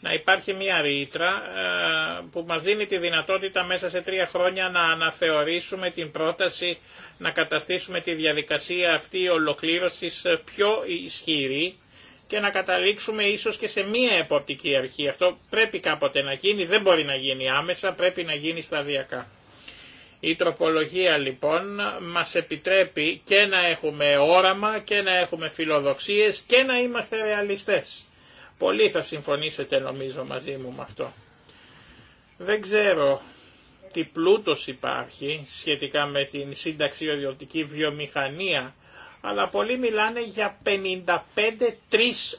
να υπάρχει μια ρήτρα ε, που μας δίνει τη δυνατότητα μέσα σε τρία χρόνια να αναθεωρήσουμε την πρόταση, να καταστήσουμε τη διαδικασία αυτή ολοκλήρωσης ε, πιο ισχυρή και να καταλήξουμε ίσως και σε μία εποπτική αρχή. Αυτό πρέπει κάποτε να γίνει, δεν μπορεί να γίνει άμεσα, πρέπει να γίνει σταδιακά. Η τροπολογία λοιπόν μας επιτρέπει και να έχουμε όραμα και να έχουμε φιλοδοξίες και να είμαστε ρεαλιστές. Πολλοί θα συμφωνήσετε νομίζω μαζί μου με αυτό. Δεν ξέρω τι πλούτος υπάρχει σχετικά με την συνταξιοδιωτική βιομηχανία, αλλά πολλοί μιλάνε για 55-3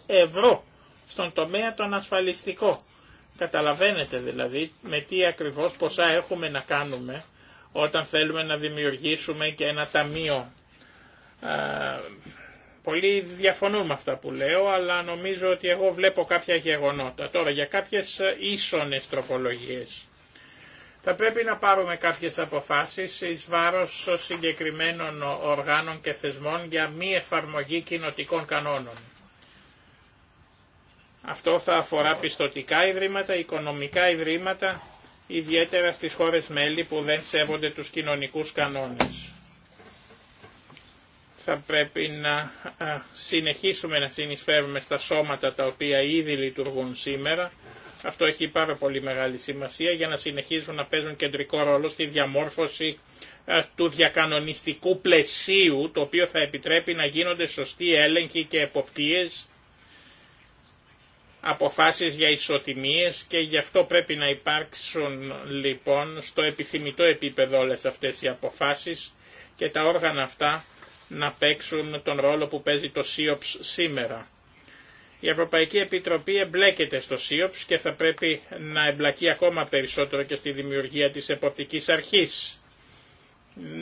ευρώ στον τομέα των ασφαλιστικό. Καταλαβαίνετε δηλαδή με τι ακριβώς ποσά έχουμε να κάνουμε όταν θέλουμε να δημιουργήσουμε και ένα ταμείο. Πολλοί διαφωνούν με αυτά που λέω, αλλά νομίζω ότι εγώ βλέπω κάποια γεγονότα. Τώρα για κάποιες ίσονες τροπολογίες. Θα πρέπει να πάρουμε κάποιες αποφάσεις εις βάρος συγκεκριμένων οργάνων και θεσμών για μη εφαρμογή κοινοτικών κανόνων. Αυτό θα αφορά πιστοτικά ιδρύματα, οικονομικά ιδρύματα ιδιαίτερα στις χώρες μέλη που δεν σέβονται τους κοινωνικούς κανόνες. Θα πρέπει να συνεχίσουμε να συνεισφέρουμε στα σώματα τα οποία ήδη λειτουργούν σήμερα. Αυτό έχει πάρα πολύ μεγάλη σημασία για να συνεχίσουν να παίζουν κεντρικό ρόλο στη διαμόρφωση του διακανονιστικού πλαισίου το οποίο θα επιτρέπει να γίνονται σωστοί έλεγχοι και εποπτείες αποφάσεις για ισοτιμίες και γι' αυτό πρέπει να υπάρξουν λοιπόν στο επιθυμητό επίπεδο όλες αυτές οι αποφάσεις και τα όργανα αυτά να παίξουν τον ρόλο που παίζει το ΣΥΟΠΣ σήμερα. Η Ευρωπαϊκή Επιτροπή εμπλέκεται στο ΣΥΟΠΣ και θα πρέπει να εμπλακεί ακόμα περισσότερο και στη δημιουργία της εποπτικής αρχής.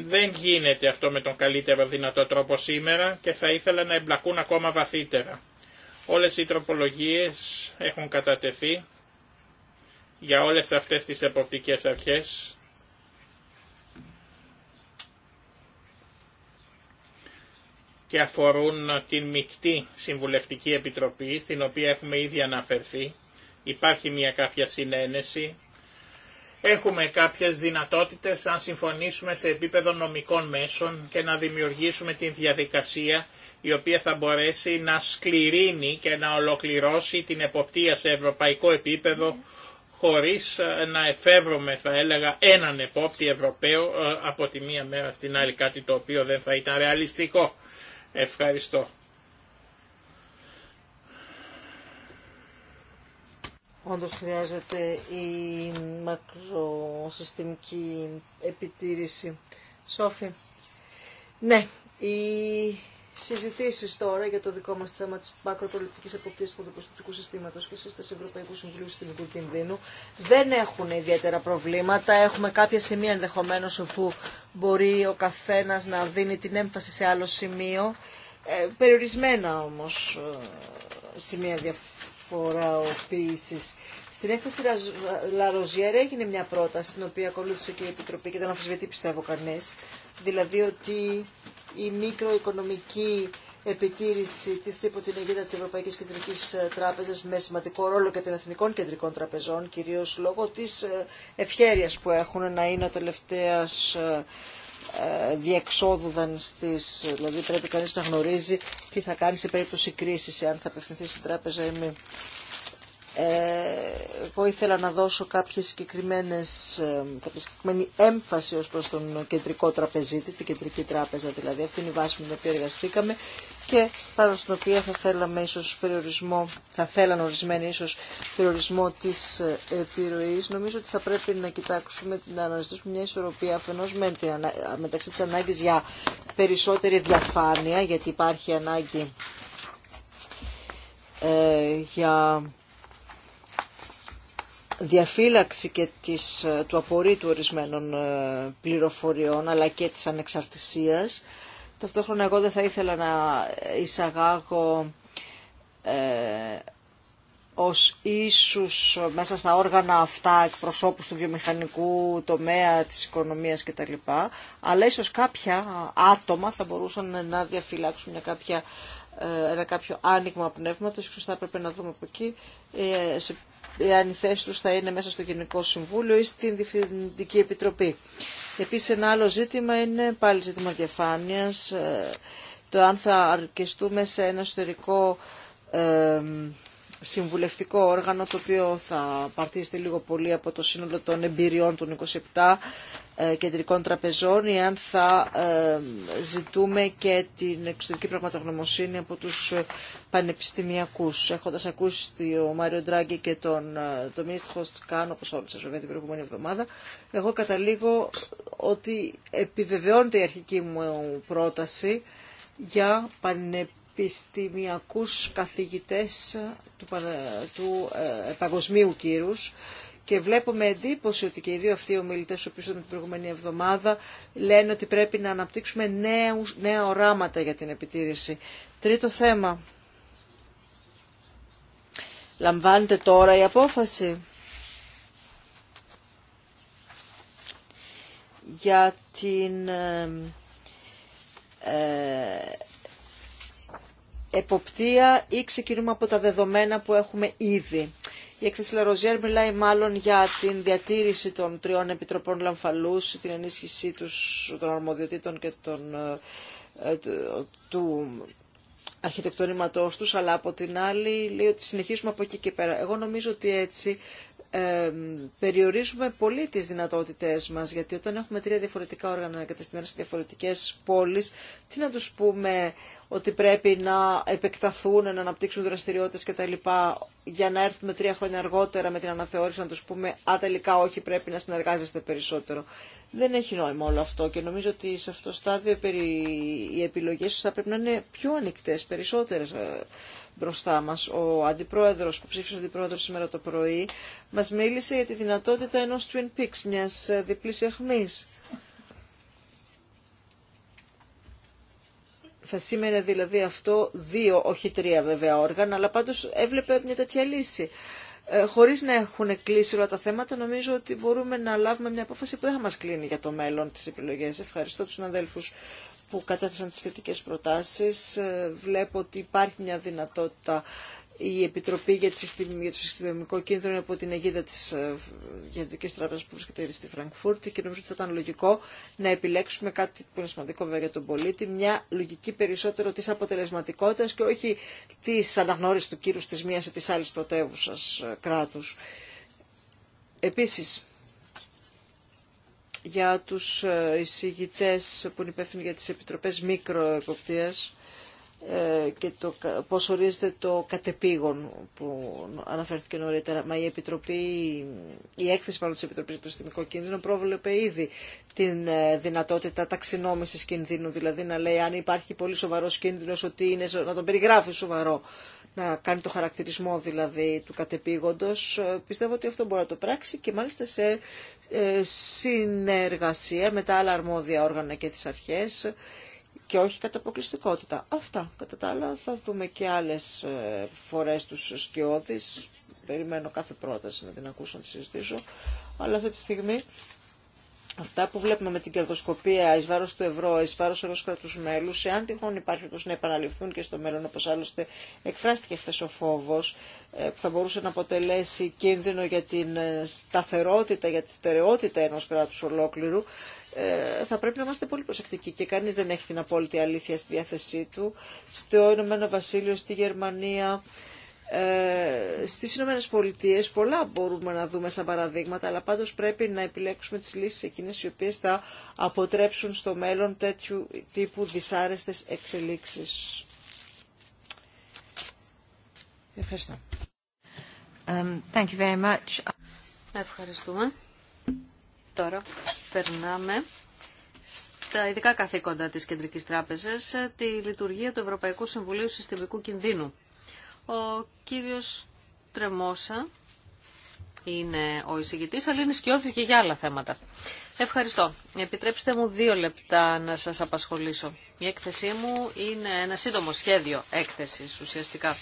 Δεν γίνεται αυτό με τον καλύτερο δυνατό τρόπο σήμερα και θα ήθελα να εμπλακούν ακόμα βαθύτερα. Όλες οι τροπολογίες έχουν κατατεθεί για όλες αυτές τις εποπτικές αρχές. και αφορούν την μεικτή συμβουλευτική επιτροπή, στην οποία έχουμε ήδη αναφερθεί. Υπάρχει μια κάποια συνένεση. Έχουμε κάποιες δυνατότητες να συμφωνήσουμε σε επίπεδο νομικών μέσων και να δημιουργήσουμε την διαδικασία η οποία θα μπορέσει να σκληρύνει και να ολοκληρώσει την εποπτεία σε ευρωπαϊκό επίπεδο χωρίς ε, να εφεύρουμε θα έλεγα έναν επόπτη Ευρωπαίο ε, από τη μία μέρα στην άλλη κάτι το οποίο δεν θα ήταν ρεαλιστικό. Ευχαριστώ. Όντως χρειάζεται η μακροσυστημική επιτήρηση. Σόφη. Ναι, η συζητήσεις τώρα για το δικό μας θέμα της μακροπολιτικής εποπτείας του πρωτοπροστατικού συστήματος και σύσταση Ευρωπαϊκού Συμβουλίου Συστημικού Κινδύνου δεν έχουν ιδιαίτερα προβλήματα. Έχουμε κάποια σημεία ενδεχομένω όπου μπορεί ο καθένας να δίνει την έμφαση σε άλλο σημείο. περιορισμένα όμως σημεία διαφοραοποίησης. Στην έκθεση Λαροζιέρα έγινε μια πρόταση, την οποία ακολούθησε και η Επιτροπή και δεν αμφισβητεί πιστεύω κανείς, δηλαδή ότι η μικροοικονομική επιτήρηση τίθεται υπό την αιγύδα της Ευρωπαϊκής Κεντρικής ε, Τράπεζας με σημαντικό ρόλο και των Εθνικών Κεντρικών Τραπεζών, κυρίως λόγω της ε, ευχέρειας που έχουν να είναι ο τελευταίος ε, διεξόδουδαν στις... Δηλαδή πρέπει κανείς να γνωρίζει τι θα κάνει σε περίπτωση κρίσης, αν θα απευθυνθεί στην τράπεζα ή μη. Ε, εγώ ήθελα να δώσω κάποιες συγκεκριμένες, ε, κάποια συγκεκριμένη έμφαση ως προς τον κεντρικό τραπεζίτη, την κεντρική τράπεζα δηλαδή. Αυτή είναι η βάση με την οποία εργαστήκαμε και πάνω στην οποία θα θέλαμε ίσως περιορισμό, θα θέλαν ορισμένοι ίσως περιορισμό της ε, επιρροής. Νομίζω ότι θα πρέπει να κοιτάξουμε, να αναζητήσουμε μια ισορροπία αφενός μεταξύ της ανάγκης για περισσότερη διαφάνεια, γιατί υπάρχει ανάγκη ε, για διαφύλαξη και της, του απορρίτου ορισμένων ε, πληροφοριών αλλά και της ανεξαρτησίας. Ταυτόχρονα εγώ δεν θα ήθελα να εισαγάγω ε, ως ίσους μέσα στα όργανα αυτά εκπροσώπους του βιομηχανικού τομέα, της οικονομίας κτλ. Αλλά ίσως κάποια άτομα θα μπορούσαν να διαφυλάξουν μια ε, ένα κάποιο άνοιγμα πνεύματος, ίσως θα έπρεπε να δούμε από εκεί ε, σε εάν οι θέση του θα είναι μέσα στο Γενικό Συμβούλιο ή στην Διευθυντική Επιτροπή. Επίσης ένα άλλο ζήτημα είναι πάλι ζήτημα διαφάνεια, ε, το αν θα αρκεστούμε σε ένα ιστορικό ε, συμβουλευτικό όργανο το οποίο θα παρτίζεται λίγο πολύ από το σύνολο των εμπειριών των 27 ε, κεντρικών τραπεζών ή αν θα ε, ζητούμε και την εξωτερική πραγματογνωμοσύνη από τους ε, πανεπιστημιακούς. Έχοντας ακούσει ο Μάριο Ντράγκη και τον, Μίστη του Καν, όπως όλοι σας βέβαια την προηγούμενη εβδομάδα, εγώ καταλήγω ότι επιβεβαιώνεται η αρχική μου πρόταση για πανεπιστημιακούς πανεπιστημιακούς καθηγητές του, του ε, παγκοσμίου κύρους και βλέπουμε εντύπωση ότι και οι δύο αυτοί ομιλητέ, ο οποίο ήταν την προηγούμενη εβδομάδα, λένε ότι πρέπει να αναπτύξουμε νέους, νέα οράματα για την επιτήρηση. Τρίτο θέμα. Λαμβάνεται τώρα η απόφαση για την ε, ε εποπτεία ή ξεκινούμε από τα δεδομένα που έχουμε ήδη. Η έκθεση Λαροζιέρ μιλάει μάλλον για την διατήρηση των τριών επιτροπών Λαμφαλούς, την ενίσχυσή τους των αρμοδιοτήτων και των, ε, ε του αρχιτεκτονήματός τους, αλλά από την άλλη λέει ότι συνεχίσουμε από εκεί και πέρα. Εγώ νομίζω ότι έτσι ε, περιορίζουμε πολύ τις δυνατότητές μας, γιατί όταν έχουμε τρία διαφορετικά όργανα κατεστημένα σε διαφορετικές πόλεις, τι να τους πούμε ότι πρέπει να επεκταθούν, να αναπτύξουν δραστηριότητες κτλ. Για να έρθουμε τρία χρόνια αργότερα με την αναθεώρηση να τους πούμε «Α, τελικά όχι, πρέπει να συνεργάζεστε περισσότερο». Δεν έχει νόημα όλο αυτό και νομίζω ότι σε αυτό το στάδιο οι επιλογές θα πρέπει να είναι πιο ανοιχτέ, περισσότερες ε, μπροστά μας. Ο αντιπρόεδρος που ψήφισε ο αντιπρόεδρος σήμερα το πρωί μας μίλησε για τη δυνατότητα ενός Twin Peaks, μιας ε, διπλής αιχμής θα σήμαινε δηλαδή αυτό δύο, όχι τρία βέβαια όργανα, αλλά πάντως έβλεπε μια τέτοια λύση. Ε, χωρίς να έχουν κλείσει όλα τα θέματα, νομίζω ότι μπορούμε να λάβουμε μια απόφαση που δεν θα μας κλείνει για το μέλλον τις επιλογές. Ευχαριστώ τους αδέλφους που κατέθεσαν τις σχετικές προτάσεις. Ε, βλέπω ότι υπάρχει μια δυνατότητα η Επιτροπή για, το Συστημικό Κίνδυνο από την αιγίδα της ε, Γενικής Τράπεζας που βρίσκεται στη Φραγκφούρτη και νομίζω ότι θα ήταν λογικό να επιλέξουμε κάτι που είναι σημαντικό βέβαια για τον πολίτη, μια λογική περισσότερο της αποτελεσματικότητας και όχι της αναγνώρισης του κύρους της μίας ή της άλλης πρωτεύουσα ε, κράτους. Επίσης, για τους ε, εισηγητές που είναι υπεύθυνοι για τις επιτροπές μικροεποπτείας, ε, και το, πώς ορίζεται το κατεπήγον που αναφέρθηκε νωρίτερα. Μα η, Επιτροπή, η έκθεση πάνω της Επιτροπής για το Συστημικό Κίνδυνο πρόβλεπε ήδη την ε, δυνατότητα ταξινόμησης κινδύνου, δηλαδή να λέει αν υπάρχει πολύ σοβαρός κίνδυνος ότι είναι, να τον περιγράφει σοβαρό, να κάνει το χαρακτηρισμό δηλαδή του κατεπήγοντος. Ε, πιστεύω ότι αυτό μπορεί να το πράξει και μάλιστα σε συνεργασία με τα άλλα αρμόδια όργανα και τις αρχές και όχι κατά αποκλειστικότητα. Αυτά. Κατά τα άλλα θα δούμε και άλλες ε, φορές τους σκιώδεις. Περιμένω κάθε πρόταση να την ακούσω να τη συζητήσω. Αλλά αυτή τη στιγμή αυτά που βλέπουμε με την κερδοσκοπία εις βάρος του ευρώ, εις βάρος ενός κράτους μέλους, εάν τυχόν υπάρχει όπως να επαναληφθούν και στο μέλλον, όπως άλλωστε εκφράστηκε χθε ο φόβος, ε, που θα μπορούσε να αποτελέσει κίνδυνο για την ε, σταθερότητα, για τη στερεότητα ενός κράτους ολόκληρου, ε, θα πρέπει να είμαστε πολύ προσεκτικοί και κανείς δεν έχει την απόλυτη αλήθεια στη διάθεσή του. Στο Ηνωμένο Βασίλειο, στη Γερμανία, ε, στις Ηνωμένες Πολιτείες πολλά μπορούμε να δούμε σαν παραδείγματα, αλλά πάντως πρέπει να επιλέξουμε τις λύσεις εκείνες οι οποίες θα αποτρέψουν στο μέλλον τέτοιου τύπου δυσάρεστες εξελίξεις. Ευχαριστώ. Um, thank you very much. Ευχαριστούμε. Τώρα περνάμε στα ειδικά καθήκοντα της Κεντρικής Τράπεζας, ε, τη λειτουργία του Ευρωπαϊκού Συμβουλίου Συστημικού Κινδύνου. Ο κύριος Τρεμόσα είναι ο εισηγητής, αλλά είναι σκιώθης και για άλλα θέματα. Ευχαριστώ. Επιτρέψτε μου δύο λεπτά να σας απασχολήσω. Η έκθεσή μου είναι ένα σύντομο σχέδιο έκθεσης ουσιαστικά.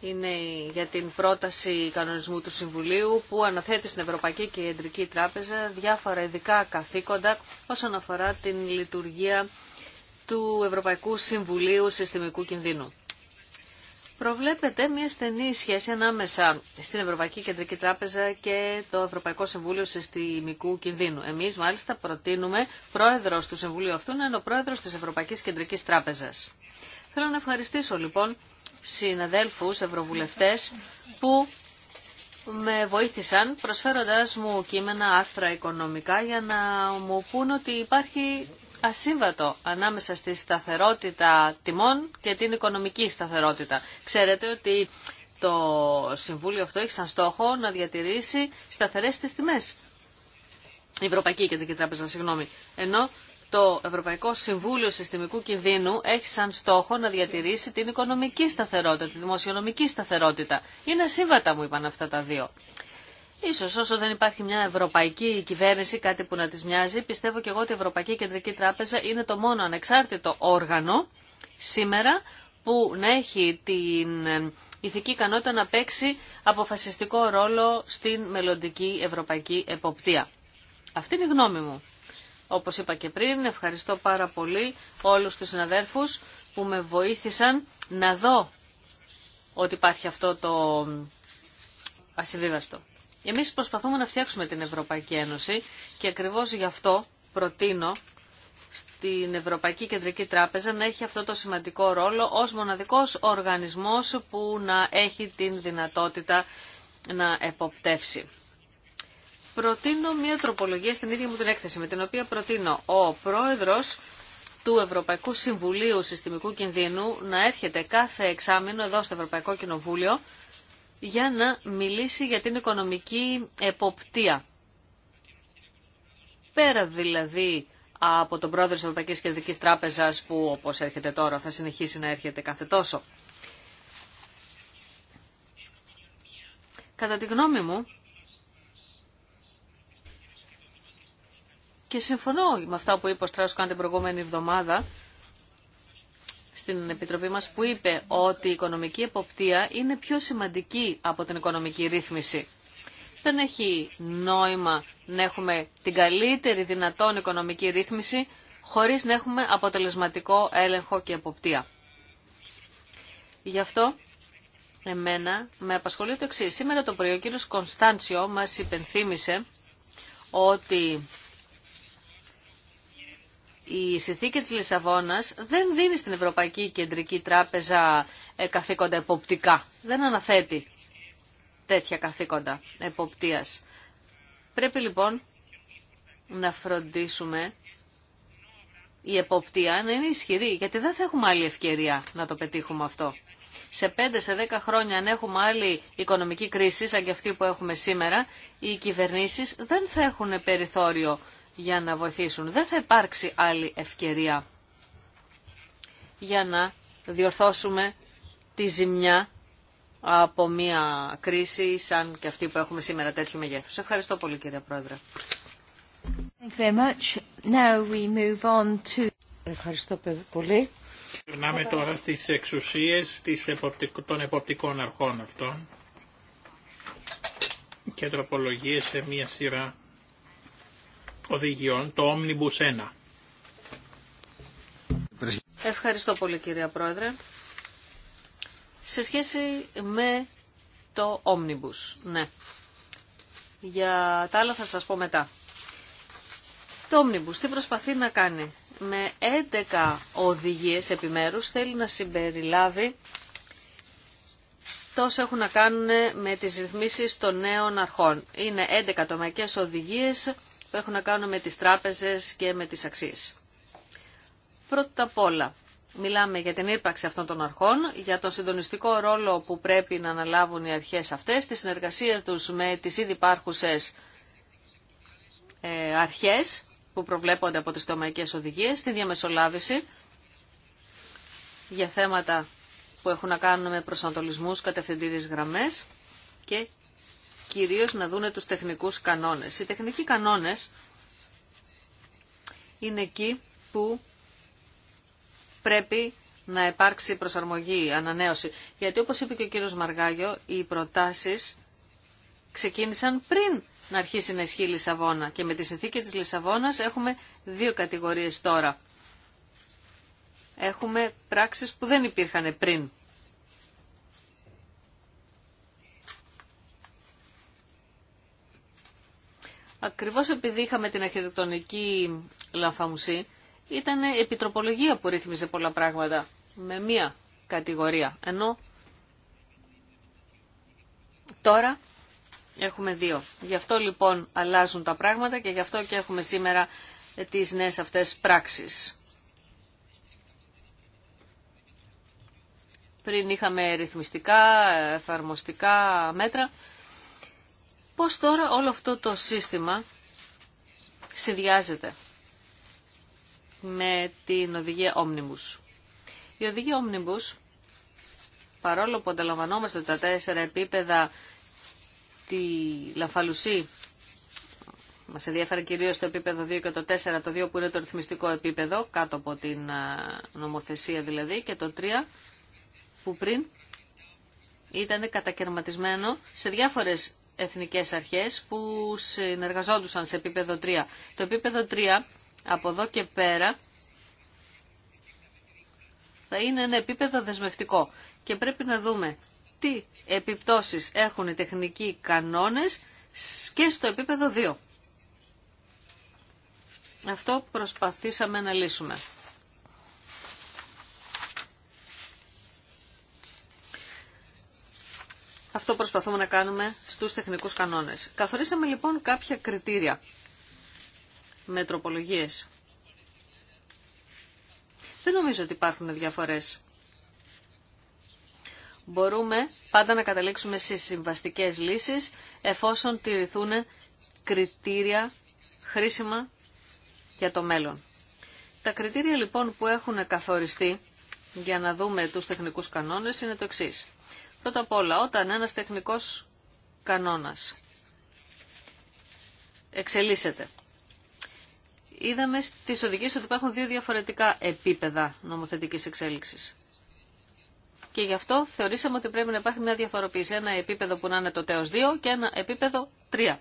Είναι για την πρόταση κανονισμού του Συμβουλίου που αναθέτει στην Ευρωπαϊκή Κεντρική Τράπεζα διάφορα ειδικά καθήκοντα όσον αφορά την λειτουργία του Ευρωπαϊκού Συμβουλίου Συστημικού Κινδύνου προβλέπεται μια στενή σχέση ανάμεσα στην Ευρωπαϊκή Κεντρική Τράπεζα και το Ευρωπαϊκό Συμβούλιο Συστημικού Κινδύνου. Εμείς μάλιστα προτείνουμε πρόεδρος του Συμβουλίου αυτού να είναι ο πρόεδρος της Ευρωπαϊκής Κεντρικής Τράπεζας. Θέλω να ευχαριστήσω λοιπόν συναδέλφου ευρωβουλευτές που με βοήθησαν προσφέροντας μου κείμενα άρθρα οικονομικά για να μου πούν ότι υπάρχει ασύμβατο ανάμεσα στη σταθερότητα τιμών και την οικονομική σταθερότητα. Ξέρετε ότι το Συμβούλιο αυτό έχει σαν στόχο να διατηρήσει σταθερές τις τιμές. Η Ευρωπαϊκή Κεντρική Τράπεζα, συγγνώμη. Ενώ το Ευρωπαϊκό Συμβούλιο Συστημικού Κινδύνου έχει σαν στόχο να διατηρήσει την οικονομική σταθερότητα, τη δημοσιονομική σταθερότητα. Είναι ασύμβατα, μου είπαν αυτά τα δύο. Ίσως όσο δεν υπάρχει μια ευρωπαϊκή κυβέρνηση, κάτι που να τις μοιάζει, πιστεύω και εγώ ότι η Ευρωπαϊκή Κεντρική Τράπεζα είναι το μόνο ανεξάρτητο όργανο σήμερα που να έχει την ε, ηθική ικανότητα να παίξει αποφασιστικό ρόλο στην μελλοντική ευρωπαϊκή εποπτεία. Αυτή είναι η γνώμη μου. Όπως είπα και πριν, ευχαριστώ πάρα πολύ όλους τους συναδέρφους που με βοήθησαν να δω ότι υπάρχει αυτό το ε, ασυμβίβαστο. Εμείς προσπαθούμε να φτιάξουμε την Ευρωπαϊκή Ένωση και ακριβώς γι' αυτό προτείνω στην Ευρωπαϊκή Κεντρική Τράπεζα να έχει αυτό το σημαντικό ρόλο ως μοναδικός οργανισμός που να έχει την δυνατότητα να εποπτεύσει. Προτείνω μια τροπολογία στην ίδια μου την έκθεση, με την οποία προτείνω ο πρόεδρος του Ευρωπαϊκού Συμβουλίου Συστημικού Κινδύνου να έρχεται κάθε εξάμεινο εδώ στο Ευρωπαϊκό Κοινοβούλιο για να μιλήσει για την οικονομική εποπτεία. Πέρα δηλαδή από τον πρόεδρο της Ευρωπαϊκής Κεντρικής Τράπεζας που όπως έρχεται τώρα θα συνεχίσει να έρχεται κάθε τόσο. Κατά τη γνώμη μου, και συμφωνώ με αυτά που είπε ο Στράσκο την προηγούμενη εβδομάδα, στην Επιτροπή μας που είπε ότι η οικονομική εποπτεία είναι πιο σημαντική από την οικονομική ρύθμιση. Δεν έχει νόημα να έχουμε την καλύτερη δυνατόν οικονομική ρύθμιση χωρίς να έχουμε αποτελεσματικό έλεγχο και εποπτεία. Γι' αυτό εμένα με απασχολεί το εξή. Σήμερα το πρωί ο κύριος Κωνστάντσιο μας υπενθύμησε ότι η συνθήκη της Λισαβόνας δεν δίνει στην Ευρωπαϊκή Κεντρική Τράπεζα ε, καθήκοντα εποπτικά. Δεν αναθέτει τέτοια καθήκοντα εποπτείας. Πρέπει λοιπόν να φροντίσουμε η εποπτεία να είναι ισχυρή, γιατί δεν θα έχουμε άλλη ευκαιρία να το πετύχουμε αυτό. Σε 5 σε 10 χρόνια, αν έχουμε άλλη οικονομική κρίση, σαν και αυτή που έχουμε σήμερα, οι κυβερνήσεις δεν θα έχουν περιθώριο για να βοηθήσουν. Δεν θα υπάρξει άλλη ευκαιρία για να διορθώσουμε τη ζημιά από μια κρίση σαν και αυτή που έχουμε σήμερα τέτοιου μεγέθους. Ευχαριστώ πολύ κύριε Πρόεδρε. Thank you very much. Now we move on to... Ευχαριστώ πολύ. Περνάμε τώρα στις εξουσίες των εποπτικών αρχών αυτών και τροπολογίες σε μία σειρά οδηγιών, το Omnibus 1. Ευχαριστώ πολύ κυρία Πρόεδρε. Σε σχέση με το Omnibus, ναι. Για τα άλλα θα σας πω μετά. Το Omnibus τι προσπαθεί να κάνει. Με 11 οδηγίες επιμέρους θέλει να συμπεριλάβει τόσο έχουν να κάνουν με τις ρυθμίσεις των νέων αρχών. Είναι 11 τομαϊκές οδηγίες που έχουν να κάνουν με τις τράπεζες και με τις αξίες. Πρώτα απ' όλα, μιλάμε για την ύπαρξη αυτών των αρχών, για τον συντονιστικό ρόλο που πρέπει να αναλάβουν οι αρχές αυτές, τη συνεργασία τους με τις ήδη υπάρχουσες ε, αρχές που προβλέπονται από τις τομαϊκές οδηγίες, τη διαμεσολάβηση για θέματα που έχουν να κάνουν με προσανατολισμούς, κατευθυντήριες γραμμές και κυρίως να δούνε τους τεχνικούς κανόνες. Οι τεχνικοί κανόνες είναι εκεί που πρέπει να υπάρξει προσαρμογή, ανανέωση. Γιατί όπως είπε και ο κύριος Μαργάγιο, οι προτάσεις ξεκίνησαν πριν να αρχίσει να ισχύει η Λισαβόνα. Και με τη συνθήκη της Λισαβόνας έχουμε δύο κατηγορίες τώρα. Έχουμε πράξεις που δεν υπήρχαν πριν. Ακριβώς επειδή είχαμε την αρχιτεκτονική λαμφαμουσή, ήταν επιτροπολογία που ρύθμιζε πολλά πράγματα με μία κατηγορία. Ενώ τώρα έχουμε δύο. Γι' αυτό λοιπόν αλλάζουν τα πράγματα και γι' αυτό και έχουμε σήμερα τις νέες αυτές πράξεις. Πριν είχαμε ρυθμιστικά, εφαρμοστικά μέτρα Πώς τώρα όλο αυτό το σύστημα συνδυάζεται με την οδηγία Omnibus. Η οδηγία Omnibus, παρόλο που ανταλαμβανόμαστε τα τέσσερα επίπεδα τη λαφαλουσή, μας ενδιαφέρει κυρίως το επίπεδο 2 και το 4, το 2 που είναι το ρυθμιστικό επίπεδο, κάτω από την νομοθεσία δηλαδή, και το 3 που πριν ήταν κατακαιρματισμένο σε διάφορες εθνικές αρχές που συνεργαζόντουσαν σε επίπεδο 3. Το επίπεδο 3 από εδώ και πέρα θα είναι ένα επίπεδο δεσμευτικό και πρέπει να δούμε τι επιπτώσεις έχουν οι τεχνικοί κανόνες και στο επίπεδο 2. Αυτό προσπαθήσαμε να λύσουμε. Αυτό προσπαθούμε να κάνουμε στους τεχνικούς κανόνες. Καθορίσαμε λοιπόν κάποια κριτήρια με Δεν νομίζω ότι υπάρχουν διαφορές. Μπορούμε πάντα να καταλήξουμε σε συμβαστικές λύσεις εφόσον τηρηθούν κριτήρια χρήσιμα για το μέλλον. Τα κριτήρια λοιπόν που έχουν καθοριστεί για να δούμε τους τεχνικούς κανόνες είναι το εξής. Πρώτα απ' όλα, όταν ένας τεχνικός κανόνας εξελίσσεται, είδαμε στις οδηγίες ότι υπάρχουν δύο διαφορετικά επίπεδα νομοθετικής εξέλιξης. Και γι' αυτό θεωρήσαμε ότι πρέπει να υπάρχει μια διαφοροποίηση. Ένα επίπεδο που να είναι το τέος 2 και ένα επίπεδο 3.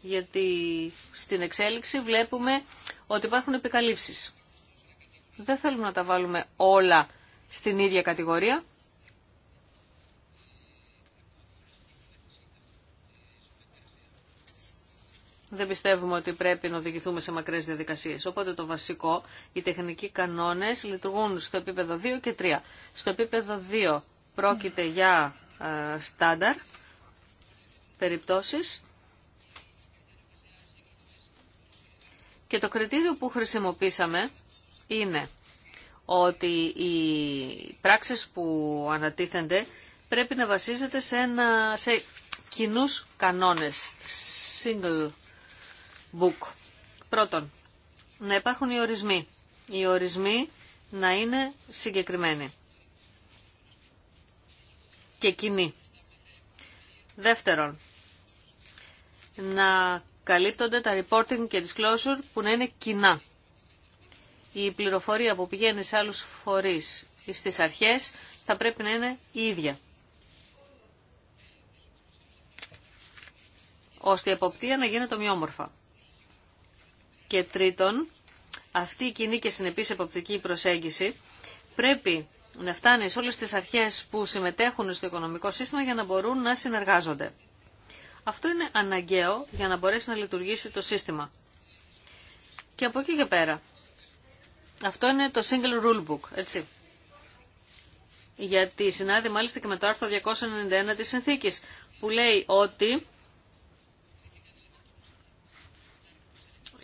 Γιατί στην εξέλιξη βλέπουμε ότι υπάρχουν επικαλύψεις. Δεν θέλουμε να τα βάλουμε όλα στην ίδια κατηγορία. δεν πιστεύουμε ότι πρέπει να οδηγηθούμε σε μακρές διαδικασίες. Οπότε το βασικό, οι τεχνικοί κανόνες λειτουργούν στο επίπεδο 2 και 3. Στο επίπεδο 2 πρόκειται για ε, στάνταρ περιπτώσεις και το κριτήριο που χρησιμοποίησαμε είναι ότι οι πράξεις που ανατίθενται πρέπει να βασίζεται σε, ένα, σε κοινούς κανόνες, single Book. Πρώτον, να υπάρχουν οι ορισμοί. Οι ορισμοί να είναι συγκεκριμένοι και κοινοί. Δεύτερον, να καλύπτονται τα reporting και disclosure που να είναι κοινά. Η πληροφορία που πηγαίνει σε άλλους φορείς ή στις αρχές θα πρέπει να είναι η ίδια. ώστε η εποπτεία να γίνεται ομοιόμορφα. Και τρίτον, αυτή η κοινή και συνεπής εποπτική προσέγγιση πρέπει να φτάνει σε όλες τις αρχές που συμμετέχουν στο οικονομικό σύστημα για να μπορούν να συνεργάζονται. Αυτό είναι αναγκαίο για να μπορέσει να λειτουργήσει το σύστημα. Και από εκεί και πέρα. Αυτό είναι το single rule book, έτσι. Γιατί συνάδει μάλιστα και με το άρθρο 291 της συνθήκης, που λέει ότι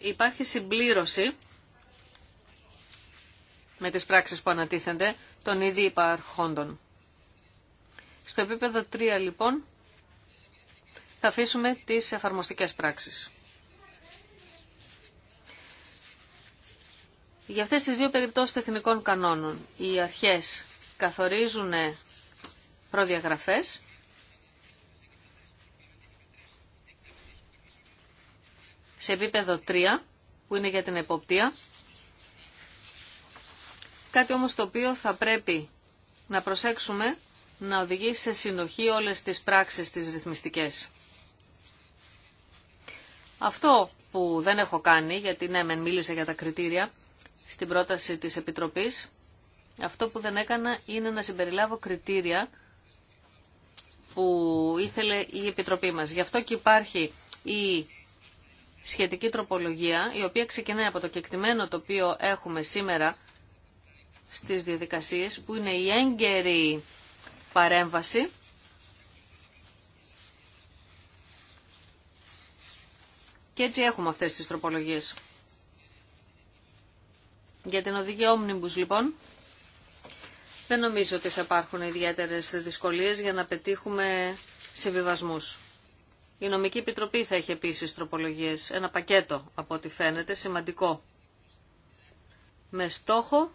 υπάρχει συμπλήρωση με τις πράξεις που ανατίθενται των ήδη υπαρχόντων. Στο επίπεδο 3 λοιπόν θα αφήσουμε τις εφαρμοστικές πράξεις. Για αυτές τις δύο περιπτώσεις τεχνικών κανόνων, οι αρχές καθορίζουν προδιαγραφές σε επίπεδο 3 που είναι για την εποπτεία. Κάτι όμως το οποίο θα πρέπει να προσέξουμε να οδηγεί σε συνοχή όλες τις πράξεις τις ρυθμιστικές. Αυτό που δεν έχω κάνει, γιατί ναι με για τα κριτήρια στην πρόταση της Επιτροπής, αυτό που δεν έκανα είναι να συμπεριλάβω κριτήρια που ήθελε η Επιτροπή μας. Γι' αυτό και υπάρχει η σχετική τροπολογία, η οποία ξεκινάει από το κεκτημένο το οποίο έχουμε σήμερα στις διαδικασίες, που είναι η έγκαιρη παρέμβαση, Και έτσι έχουμε αυτές τις τροπολογίες. Για την οδηγία Omnibus λοιπόν, δεν νομίζω ότι θα υπάρχουν ιδιαίτερες δυσκολίες για να πετύχουμε συμβιβασμούς. Η Νομική Επιτροπή θα έχει επίσης τροπολογίες, ένα πακέτο από ό,τι φαίνεται, σημαντικό, με στόχο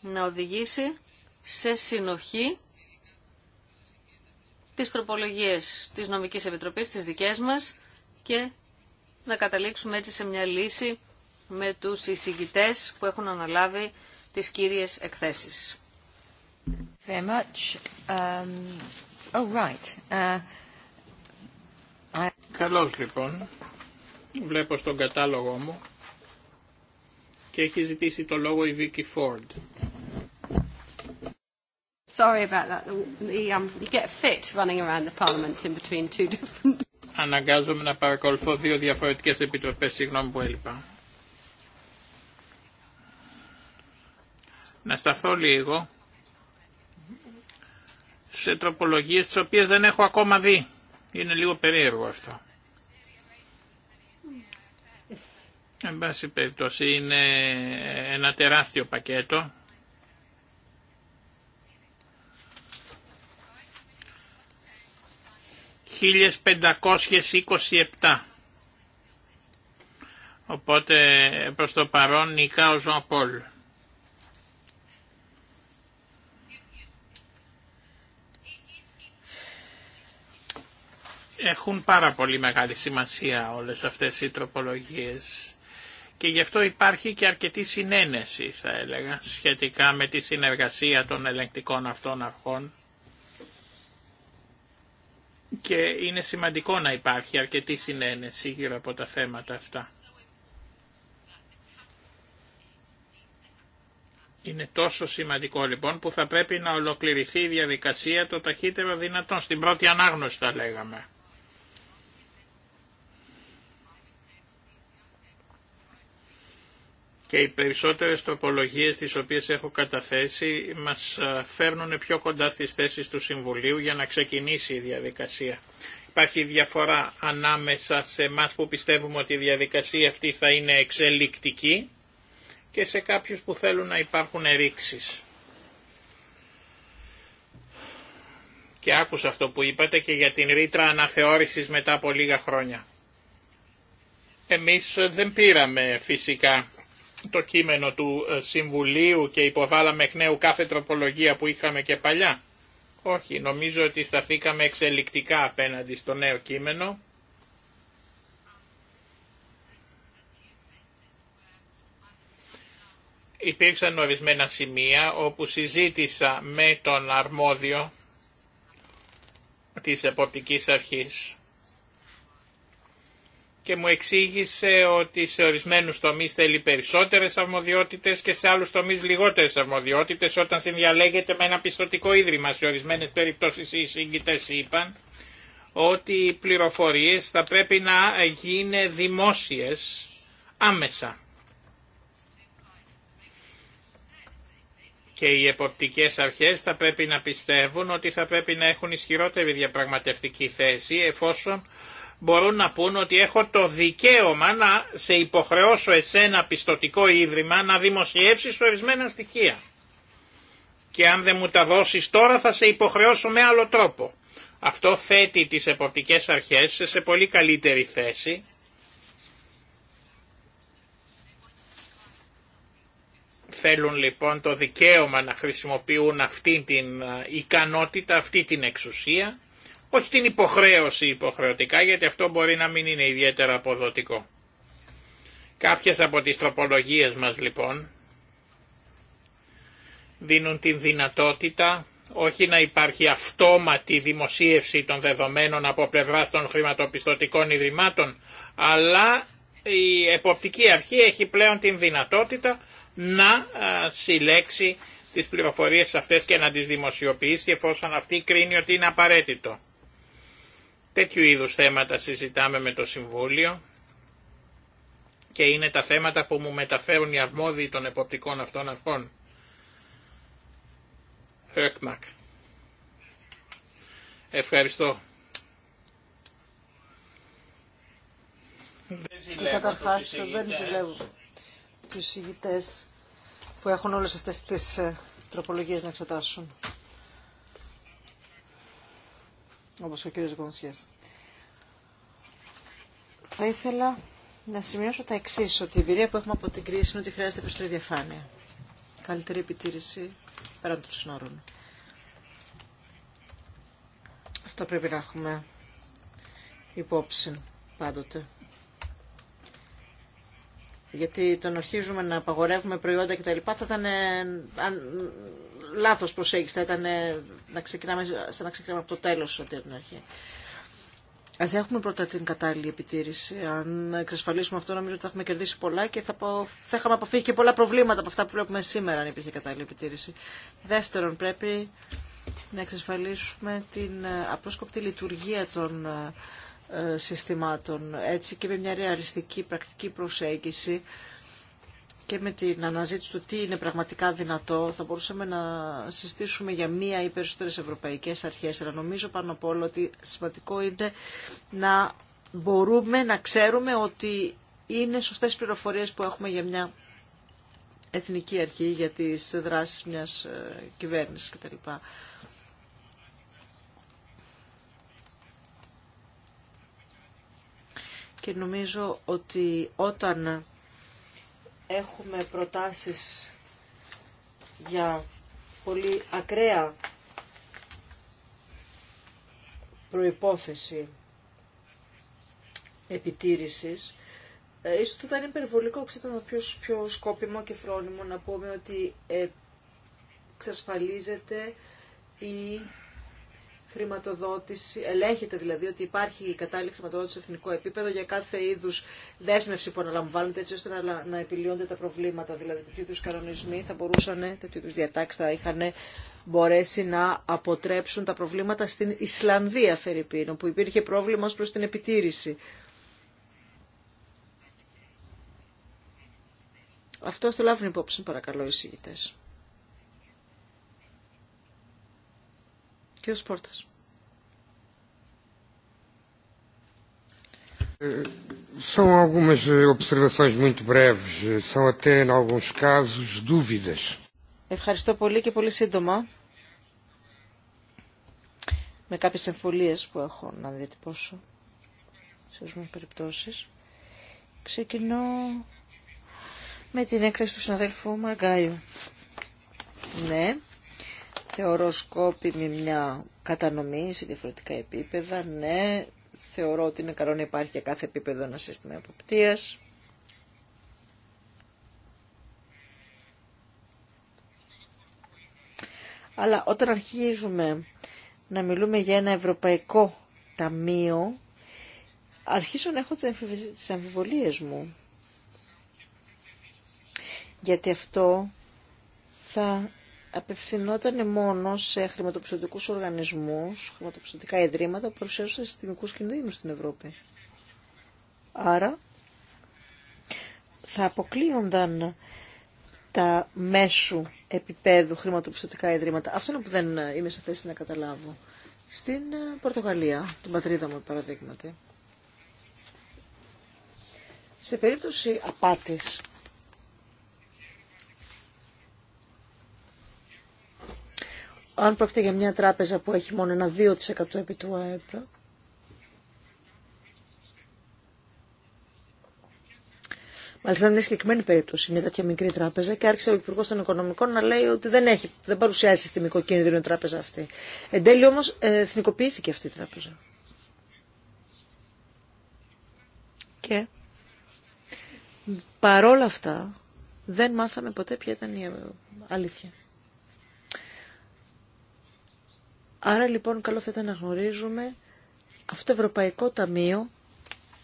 να οδηγήσει σε συνοχή τις τροπολογίες της Νομικής Επιτροπής, τις δικές μας και να καταλήξουμε έτσι σε μια λύση με τους εισηγητές που έχουν αναλάβει τις κύριες εκθέσεις. Um, oh, uh, Καλώς λοιπόν, βλέπω στον κατάλογο μου και έχει ζητήσει το λόγο η Βίκη Φόρντ. Sorry about that. The, um, you get fit running around the Parliament in between two different. Αναγκάζομαι να παρακολουθώ δύο διαφορετικές επιτροπές. Συγγνώμη που έλειπα. Να σταθώ λίγο σε τροπολογίες τις οποίες δεν έχω ακόμα δει. Είναι λίγο περίεργο αυτό. Εν πάση περιπτώσει είναι ένα τεράστιο πακέτο. «1527». Οπότε προς το παρόν νικά ο Ζωαπόλου. έχουν πάρα πολύ μεγάλη σημασία όλες αυτές οι τροπολογίες και γι' αυτό υπάρχει και αρκετή συνένεση θα έλεγα σχετικά με τη συνεργασία των ελεγκτικών αυτών αρχών και είναι σημαντικό να υπάρχει αρκετή συνένεση γύρω από τα θέματα αυτά. Είναι τόσο σημαντικό λοιπόν που θα πρέπει να ολοκληρωθεί η διαδικασία το ταχύτερο δυνατόν, στην πρώτη ανάγνωση θα λέγαμε. και οι περισσότερες τροπολογίες τις οποίες έχω καταθέσει μας ε, φέρνουν πιο κοντά στις θέσεις του Συμβουλίου για να ξεκινήσει η διαδικασία. Υπάρχει διαφορά ανάμεσα σε εμά που πιστεύουμε ότι η διαδικασία αυτή θα είναι εξελικτική και σε κάποιους που θέλουν να υπάρχουν ρήξεις. Και άκουσα αυτό που είπατε και για την ρήτρα αναθεώρησης μετά από λίγα χρόνια. Εμείς δεν πήραμε φυσικά το κείμενο του ε, Συμβουλίου και υποβάλαμε εκ νέου κάθε τροπολογία που είχαμε και παλιά. Όχι, νομίζω ότι σταθήκαμε εξελικτικά απέναντι στο νέο κείμενο. Υπήρξαν ορισμένα σημεία όπου συζήτησα με τον αρμόδιο της εποπτικής αρχής και μου εξήγησε ότι σε ορισμένου τομεί θέλει περισσότερε αρμοδιότητε και σε άλλου τομεί λιγότερε αρμοδιότητε όταν συνδιαλέγεται με ένα πιστοτικό ίδρυμα. Σε ορισμένες περιπτώσει οι συγκητέ είπαν ότι οι πληροφορίε θα πρέπει να γίνουν δημόσιε άμεσα. Και οι εποπτικές αρχές θα πρέπει να πιστεύουν ότι θα πρέπει να έχουν ισχυρότερη διαπραγματευτική θέση εφόσον μπορούν να πούν ότι έχω το δικαίωμα να σε υποχρεώσω εσένα πιστοτικό ίδρυμα να δημοσιεύσεις ορισμένα στοιχεία. Και αν δεν μου τα δώσεις τώρα θα σε υποχρεώσω με άλλο τρόπο. Αυτό θέτει τις εποπτικές αρχές σε πολύ καλύτερη θέση θέλουν λοιπόν το δικαίωμα να χρησιμοποιούν αυτή την ε, ικανότητα, αυτή την εξουσία όχι την υποχρέωση υποχρεωτικά γιατί αυτό μπορεί να μην είναι ιδιαίτερα αποδοτικό. Κάποιες από τις τροπολογίες μας λοιπόν δίνουν την δυνατότητα όχι να υπάρχει αυτόματη δημοσίευση των δεδομένων από πλευρά των χρηματοπιστωτικών ιδρυμάτων, αλλά η εποπτική αρχή έχει πλέον την δυνατότητα να συλλέξει τις πληροφορίες αυτές και να τις δημοσιοποιήσει εφόσον αυτή κρίνει ότι είναι απαραίτητο. Τέτοιου είδους θέματα συζητάμε με το Συμβούλιο και είναι τα θέματα που μου μεταφέρουν οι αρμόδιοι των εποπτικών αυτών αρχών. Ρεκμακ. Ευχαριστώ. Και καταρχάς δεν ζηλεύω τους ηγητές που έχουν όλες αυτές τις ε, τροπολογίες να εξετάσουν. όπως ο κύριος Γκονσιές. Θα ήθελα να σημειώσω τα εξή ότι η εμπειρία που έχουμε από την κρίση είναι ότι χρειάζεται περισσότερη διαφάνεια. Καλύτερη επιτήρηση πέραν των συνόρων. Αυτό πρέπει να έχουμε υπόψη πάντοτε. Γιατί τον αρχίζουμε να απαγορεύουμε προϊόντα κτλ. θα ήταν Λάθο προσέγγιση θα ήταν ε, να ξεκινάμε, να ξεκινάμε από το τέλο αντί από την αρχή. Α έχουμε πρώτα την κατάλληλη επιτήρηση. Αν εξασφαλίσουμε αυτό, νομίζω ότι θα έχουμε κερδίσει πολλά και θα, θα είχαμε αποφύγει και πολλά προβλήματα από αυτά που βλέπουμε σήμερα, αν υπήρχε κατάλληλη επιτήρηση. Δεύτερον, πρέπει να εξασφαλίσουμε την ε, απρόσκοπτη λειτουργία των ε, συστημάτων. Έτσι και με μια ρεαλιστική πρακτική προσέγγιση και με την αναζήτηση του τι είναι πραγματικά δυνατό, θα μπορούσαμε να συστήσουμε για μία ή περισσότερες ευρωπαϊκές αρχές. Αλλά νομίζω πάνω απ' όλο ότι σημαντικό είναι να μπορούμε να ξέρουμε ότι είναι σωστές πληροφορίες που έχουμε για μια εθνική αρχή, για τις δράσεις μιας ε, κυβέρνησης κτλ. Και νομίζω ότι όταν έχουμε προτάσεις για πολύ ακραία προϋπόθεση επιτήρησης. Ε, ίσως θα είναι περιβολικό, ξέρετε, πιο, πιο σκόπιμο και φρόνιμο να πούμε ότι εξασφαλίζεται η χρηματοδότηση, ελέγχεται δηλαδή ότι υπάρχει η κατάλληλη χρηματοδότηση σε εθνικό επίπεδο για κάθε είδου δέσμευση που αναλαμβάνεται έτσι ώστε να, επιλύονται τα προβλήματα. Δηλαδή, τέτοιου είδου κανονισμοί θα μπορούσαν, τέτοιου είδου διατάξει θα είχαν μπορέσει να αποτρέψουν τα προβλήματα στην Ισλανδία, Φερρυπίνο, που υπήρχε πρόβλημα ω προ την επιτήρηση. Αυτό στο λάβουν υπόψη, παρακαλώ, οι συγητές. Κύριος Πόρτας. Ε, são algumas observações muito breves, são até, em alguns Ευχαριστώ πολύ και πολύ σύντομα με κάποιες εμφολίες που έχω να διατυπώσω σε ορισμένες περιπτώσεις. Ξεκινώ με την έκθεση του συναδέλφου Μαργκάιου. Ναι, Θεωρώ σκόπιμη μια κατανομή σε διαφορετικά επίπεδα. Ναι, θεωρώ ότι είναι καλό να υπάρχει για κάθε επίπεδο ένα σύστημα εποπτείας. Αλλά όταν αρχίζουμε να μιλούμε για ένα ευρωπαϊκό ταμείο, αρχίζω να έχω τις αμφιβολίες μου. Γιατί αυτό θα απευθυνόταν μόνο σε χρηματοπιστωτικούς οργανισμούς, χρηματοπιστωτικά ιδρύματα που παρουσιάζουν συστημικούς κινδύνους στην Ευρώπη. Άρα θα αποκλείονταν τα μέσου επίπεδου χρηματοπιστωτικά ιδρύματα. Αυτό είναι που δεν είμαι σε θέση να καταλάβω. Στην ε, Πορτογαλία, την πατρίδα μου παραδείγματι. Σε περίπτωση απάτης αν πρόκειται για μια τράπεζα που έχει μόνο ένα 2% επί του ΑΕΠ, Μάλιστα, είναι συγκεκριμένη περίπτωση, μια τέτοια μικρή τράπεζα και άρχισε ο Υπουργό των Οικονομικών να λέει ότι δεν, έχει, δεν παρουσιάζει συστημικό κίνδυνο η τράπεζα αυτή. Εν τέλει όμω ε, εθνικοποιήθηκε αυτή η τράπεζα. Και παρόλα αυτά δεν μάθαμε ποτέ ποια ήταν η αλήθεια. Άρα λοιπόν καλό θα ήταν να γνωρίζουμε αυτό το Ευρωπαϊκό Ταμείο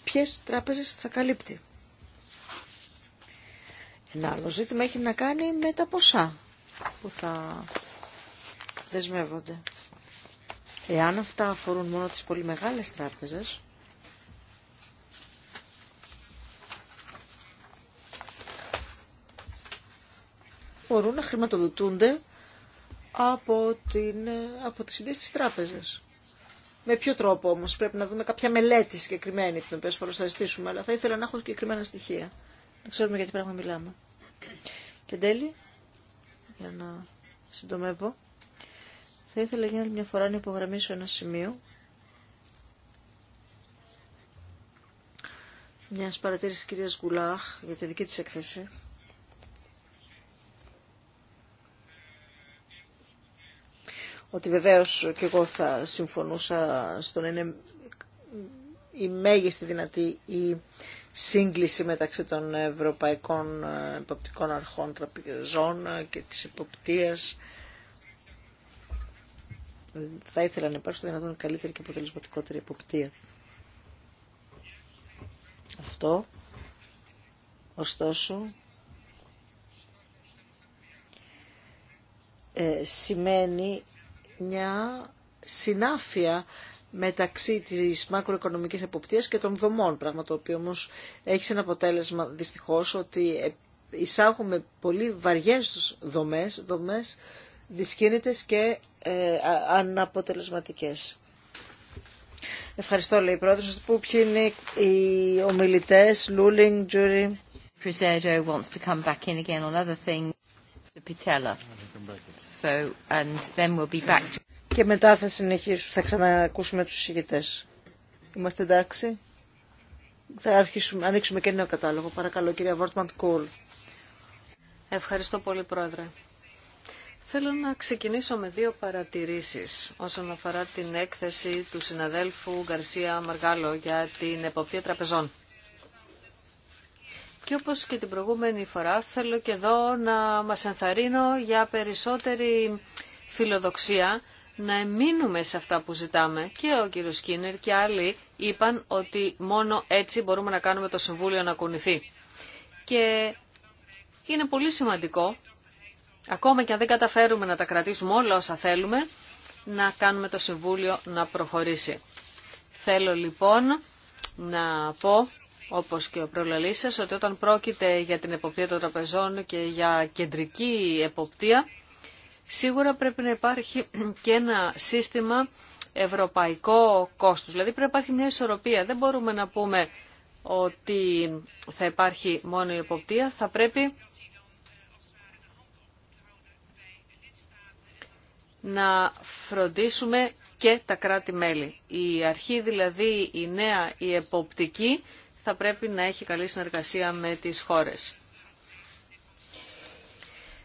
ποιες τράπεζες θα καλύπτει. Ένα άλλο ζήτημα έχει να κάνει με τα ποσά που θα δεσμεύονται. Εάν αυτά αφορούν μόνο τις πολύ μεγάλες τράπεζες, μπορούν να χρηματοδοτούνται από, την, από τις Τράπεζα. της Με ποιο τρόπο όμως πρέπει να δούμε κάποια μελέτη συγκεκριμένη την οποία θα ζητήσουμε, αλλά θα ήθελα να έχω συγκεκριμένα στοιχεία. Να ξέρουμε γιατί πράγμα μιλάμε. Και τέλει, για να συντομεύω, θα ήθελα για μια φορά να υπογραμμίσω ένα σημείο μιας παρατήρησης κυρίας Γκουλάχ για τη δική της έκθεση ότι βεβαίως και εγώ θα συμφωνούσα στο να είναι η μέγιστη δυνατή η σύγκληση μεταξύ των ευρωπαϊκών εποπτικών αρχών τραπεζών και της εποπτείας. Θα ήθελα να υπάρξει δυνατόν καλύτερη και αποτελεσματικότερη εποπτεία. Αυτό, ωστόσο, ε, σημαίνει μια συνάφεια μεταξύ της μακροοικονομικής εποπτείας και των δομών, πράγμα το οποίο όμως έχει σαν αποτέλεσμα δυστυχώς ότι ε, εισάγουμε πολύ βαριές δομές, δομές δυσκίνητες και ε, αναποτελεσματικές. Ευχαριστώ, λέει η πρόεδρος. Σας πω ποιοι είναι οι ομιλητές, Λούλινγκ, Τζούρι. Prezedo wants to come back in again on other things. Pitella. Και μετά θα συνεχίσουμε, θα ξανακούσουμε τους συγγητές. Είμαστε εντάξει. Θα αρχίσουμε, ανοίξουμε και νέο κατάλογο. Παρακαλώ, κυρία Βόρτμαντ Κόλ. Ευχαριστώ πολύ, Πρόεδρε. Θέλω να ξεκινήσω με δύο παρατηρήσεις όσον αφορά την έκθεση του συναδέλφου Γκαρσία Μαργάλο για την εποπτεία τραπεζών. Και όπως και την προηγούμενη φορά θέλω και εδώ να μας ενθαρρύνω για περισσότερη φιλοδοξία να εμείνουμε σε αυτά που ζητάμε. Και ο κύριος Σκίνερ και άλλοι είπαν ότι μόνο έτσι μπορούμε να κάνουμε το Συμβούλιο να κουνηθεί. Και είναι πολύ σημαντικό, ακόμα και αν δεν καταφέρουμε να τα κρατήσουμε όλα όσα θέλουμε, να κάνουμε το Συμβούλιο να προχωρήσει. Θέλω λοιπόν να πω όπως και ο προλαλής σας, ότι όταν πρόκειται για την εποπτεία των τραπεζών και για κεντρική εποπτεία, σίγουρα πρέπει να υπάρχει και ένα σύστημα ευρωπαϊκό κόστος. Δηλαδή πρέπει να υπάρχει μια ισορροπία. Δεν μπορούμε να πούμε ότι θα υπάρχει μόνο η εποπτεία, θα πρέπει να φροντίσουμε και τα κράτη-μέλη. Η αρχή δηλαδή, η νέα, η εποπτική, θα πρέπει να έχει καλή συνεργασία με τις χώρες.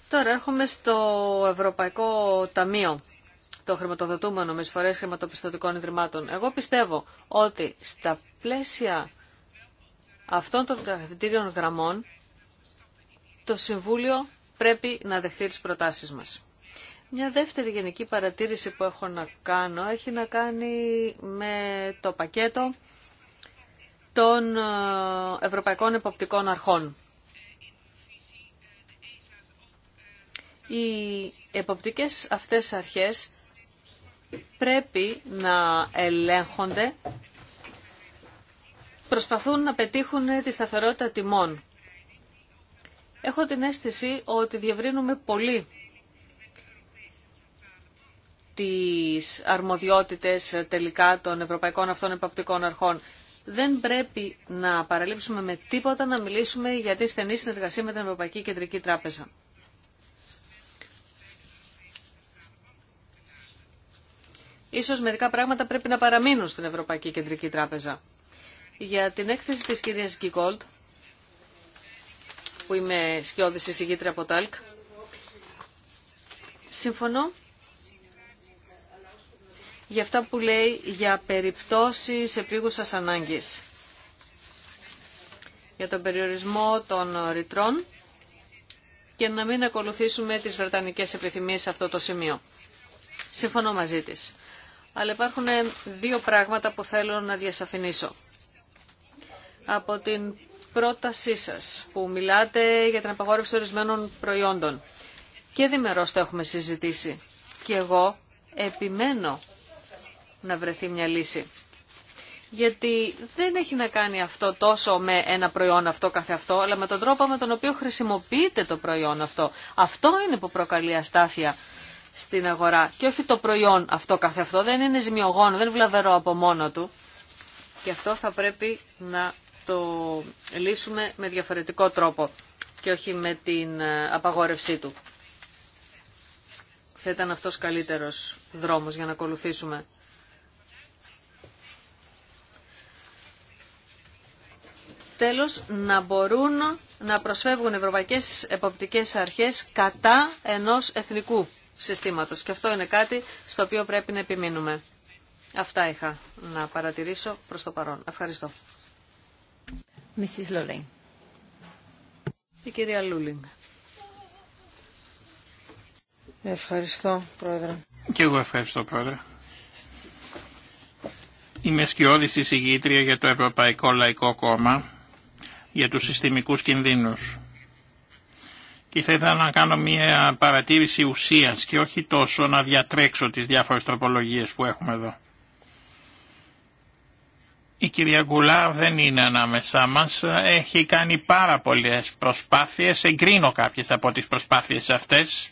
Τώρα έρχομαι στο Ευρωπαϊκό Ταμείο, το χρηματοδοτούμενο με σφορές χρηματοπιστωτικών ιδρυμάτων. Εγώ πιστεύω ότι στα πλαίσια αυτών των καθητήριων γραμμών το Συμβούλιο πρέπει να δεχθεί τις προτάσεις μας. Μια δεύτερη γενική παρατήρηση που έχω να κάνω έχει να κάνει με το πακέτο των ε, Ευρωπαϊκών Εποπτικών Αρχών. Οι εποπτικές αυτές αρχές πρέπει να ελέγχονται, προσπαθούν να πετύχουν τη σταθερότητα τιμών. Έχω την αίσθηση ότι διευρύνουμε πολύ τις αρμοδιότητες τελικά των Ευρωπαϊκών Αυτών Επαπτικών Αρχών δεν πρέπει να παραλείψουμε με τίποτα να μιλήσουμε για τη στενή συνεργασία με την Ευρωπαϊκή Κεντρική Τράπεζα. Ίσως μερικά πράγματα πρέπει να παραμείνουν στην Ευρωπαϊκή Κεντρική Τράπεζα. Για την έκθεση της κυρίας Γκίκολτ, που είμαι σκιώδης εισηγήτρια από ΤΑΛΚ, συμφωνώ για αυτά που λέει για περιπτώσεις επίγουσας ανάγκης. Για τον περιορισμό των ρητρών και να μην ακολουθήσουμε τις βρετανικές επιθυμίες σε αυτό το σημείο. Συμφωνώ μαζί της. Αλλά υπάρχουν δύο πράγματα που θέλω να διασαφηνίσω. Από την πρότασή σας που μιλάτε για την απαγόρευση ορισμένων προϊόντων. Και διμερώς το έχουμε συζητήσει. Και εγώ επιμένω να βρεθεί μια λύση. Γιατί δεν έχει να κάνει αυτό τόσο με ένα προϊόν αυτό καθε αυτό, αλλά με τον τρόπο με τον οποίο χρησιμοποιείται το προϊόν αυτό. Αυτό είναι που προκαλεί αστάθεια στην αγορά και όχι το προϊόν αυτό καθε αυτό. Δεν είναι ζημιογόνο, δεν είναι βλαβερό από μόνο του. Και αυτό θα πρέπει να το λύσουμε με διαφορετικό τρόπο και όχι με την ε, απαγόρευσή του. Θα ήταν αυτός καλύτερος δρόμος για να ακολουθήσουμε. τέλος να μπορούν να προσφεύγουν ευρωπαϊκές εποπτικές αρχές κατά ενός εθνικού συστήματος. Και αυτό είναι κάτι στο οποίο πρέπει να επιμείνουμε. Αυτά είχα να παρατηρήσω προς το παρόν. Ευχαριστώ. Mrs. Lulling. Η κυρία Λούλινγκ. Ευχαριστώ, Πρόεδρε. Και εγώ ευχαριστώ, Πρόεδρε. Είμαι σκιώδης εισηγήτρια για το Ευρωπαϊκό Λαϊκό Κόμμα για τους συστημικούς κινδύνους. Και θα ήθελα να κάνω μια παρατήρηση ουσίας και όχι τόσο να διατρέξω τις διάφορες τροπολογίες που έχουμε εδώ. Η κυρία Γκουλάρ δεν είναι ανάμεσά μας, έχει κάνει πάρα πολλές προσπάθειες, εγκρίνω κάποιες από τις προσπάθειες αυτές,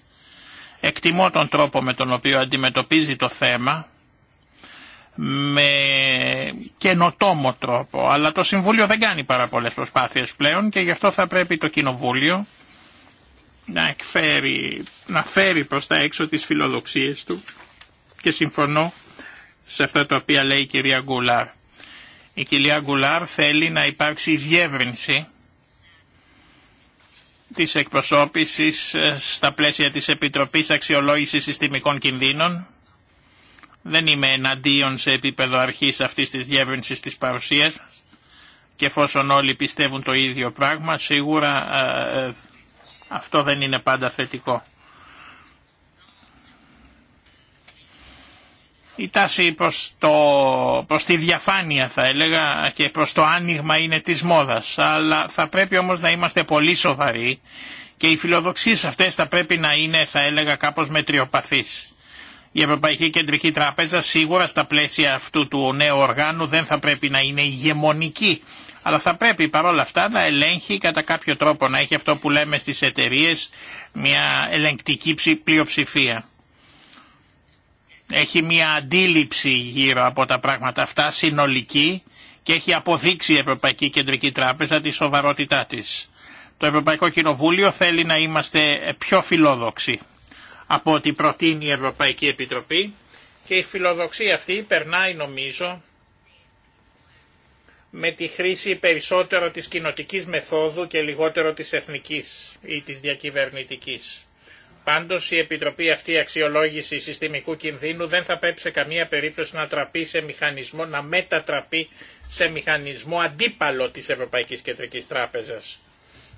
εκτιμώ τον τρόπο με τον οποίο αντιμετωπίζει το θέμα, με καινοτόμο τρόπο. Αλλά το Συμβούλιο δεν κάνει πάρα πολλές προσπάθειες πλέον και γι' αυτό θα πρέπει το Κοινοβούλιο να, εκφέρει, να φέρει προς τα έξω τις φιλοδοξίες του και συμφωνώ σε αυτά τα οποία λέει η κυρία Γκουλάρ. Η κυρία Γκουλάρ θέλει να υπάρξει διεύρυνση της εκπροσώπησης ε, στα πλαίσια της Επιτροπής Αξιολόγησης Συστημικών Κινδύνων δεν είμαι εναντίον σε επίπεδο αρχής αυτής της διεύρυνσης της παρουσίας και εφόσον όλοι πιστεύουν το ίδιο πράγμα, σίγουρα ε, ε, αυτό δεν είναι πάντα θετικό. Η τάση προς, προς τη διαφάνεια θα έλεγα και προς το άνοιγμα είναι της μόδας, αλλά θα πρέπει όμως να είμαστε πολύ σοβαροί και οι φιλοδοξίες αυτές θα πρέπει να είναι θα έλεγα κάπως μετριοπαθείς. Η Ευρωπαϊκή Κεντρική Τράπεζα σίγουρα στα πλαίσια αυτού του νέου οργάνου δεν θα πρέπει να είναι ηγεμονική, αλλά θα πρέπει παρόλα αυτά να ελέγχει κατά κάποιο τρόπο, να έχει αυτό που λέμε στις εταιρείε μια ελεγκτική πλειοψηφία. Έχει μια αντίληψη γύρω από τα πράγματα αυτά συνολική και έχει αποδείξει η Ευρωπαϊκή Κεντρική Τράπεζα τη σοβαρότητά της. Το Ευρωπαϊκό Κοινοβούλιο θέλει να είμαστε πιο φιλόδοξοι από ό,τι προτείνει η Ευρωπαϊκή Επιτροπή και η φιλοδοξία αυτή περνάει νομίζω με τη χρήση περισσότερο της κοινοτικής μεθόδου και λιγότερο της εθνικής ή της διακυβερνητικής. Πάντως η Επιτροπή αυτή η αξιολόγηση συστημικού κινδύνου δεν θα πρέπει σε καμία περίπτωση να τραπεί σε μηχανισμό, να μετατραπεί σε μηχανισμό αντίπαλο της Ευρωπαϊκής Κεντρικής Τράπεζας.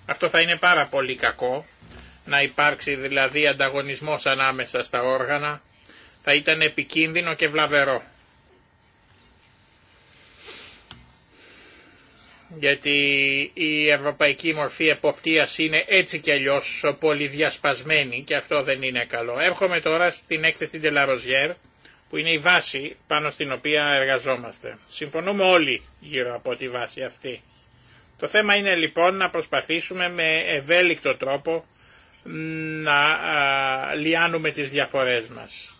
Αυτό θα είναι πάρα πολύ κακό να υπάρξει δηλαδή ανταγωνισμός ανάμεσα στα όργανα, θα ήταν επικίνδυνο και βλαβερό. γιατί η ευρωπαϊκή μορφή εποπτείας είναι έτσι κι αλλιώς διασπασμένη και αυτό δεν είναι καλό. Έρχομαι τώρα στην έκθεση Ντελαροζιέρ που είναι η βάση πάνω στην οποία εργαζόμαστε. Συμφωνούμε όλοι γύρω από τη βάση αυτή. Το θέμα είναι λοιπόν να προσπαθήσουμε με ευέλικτο τρόπο να λιάνουμε τις διαφορές μας.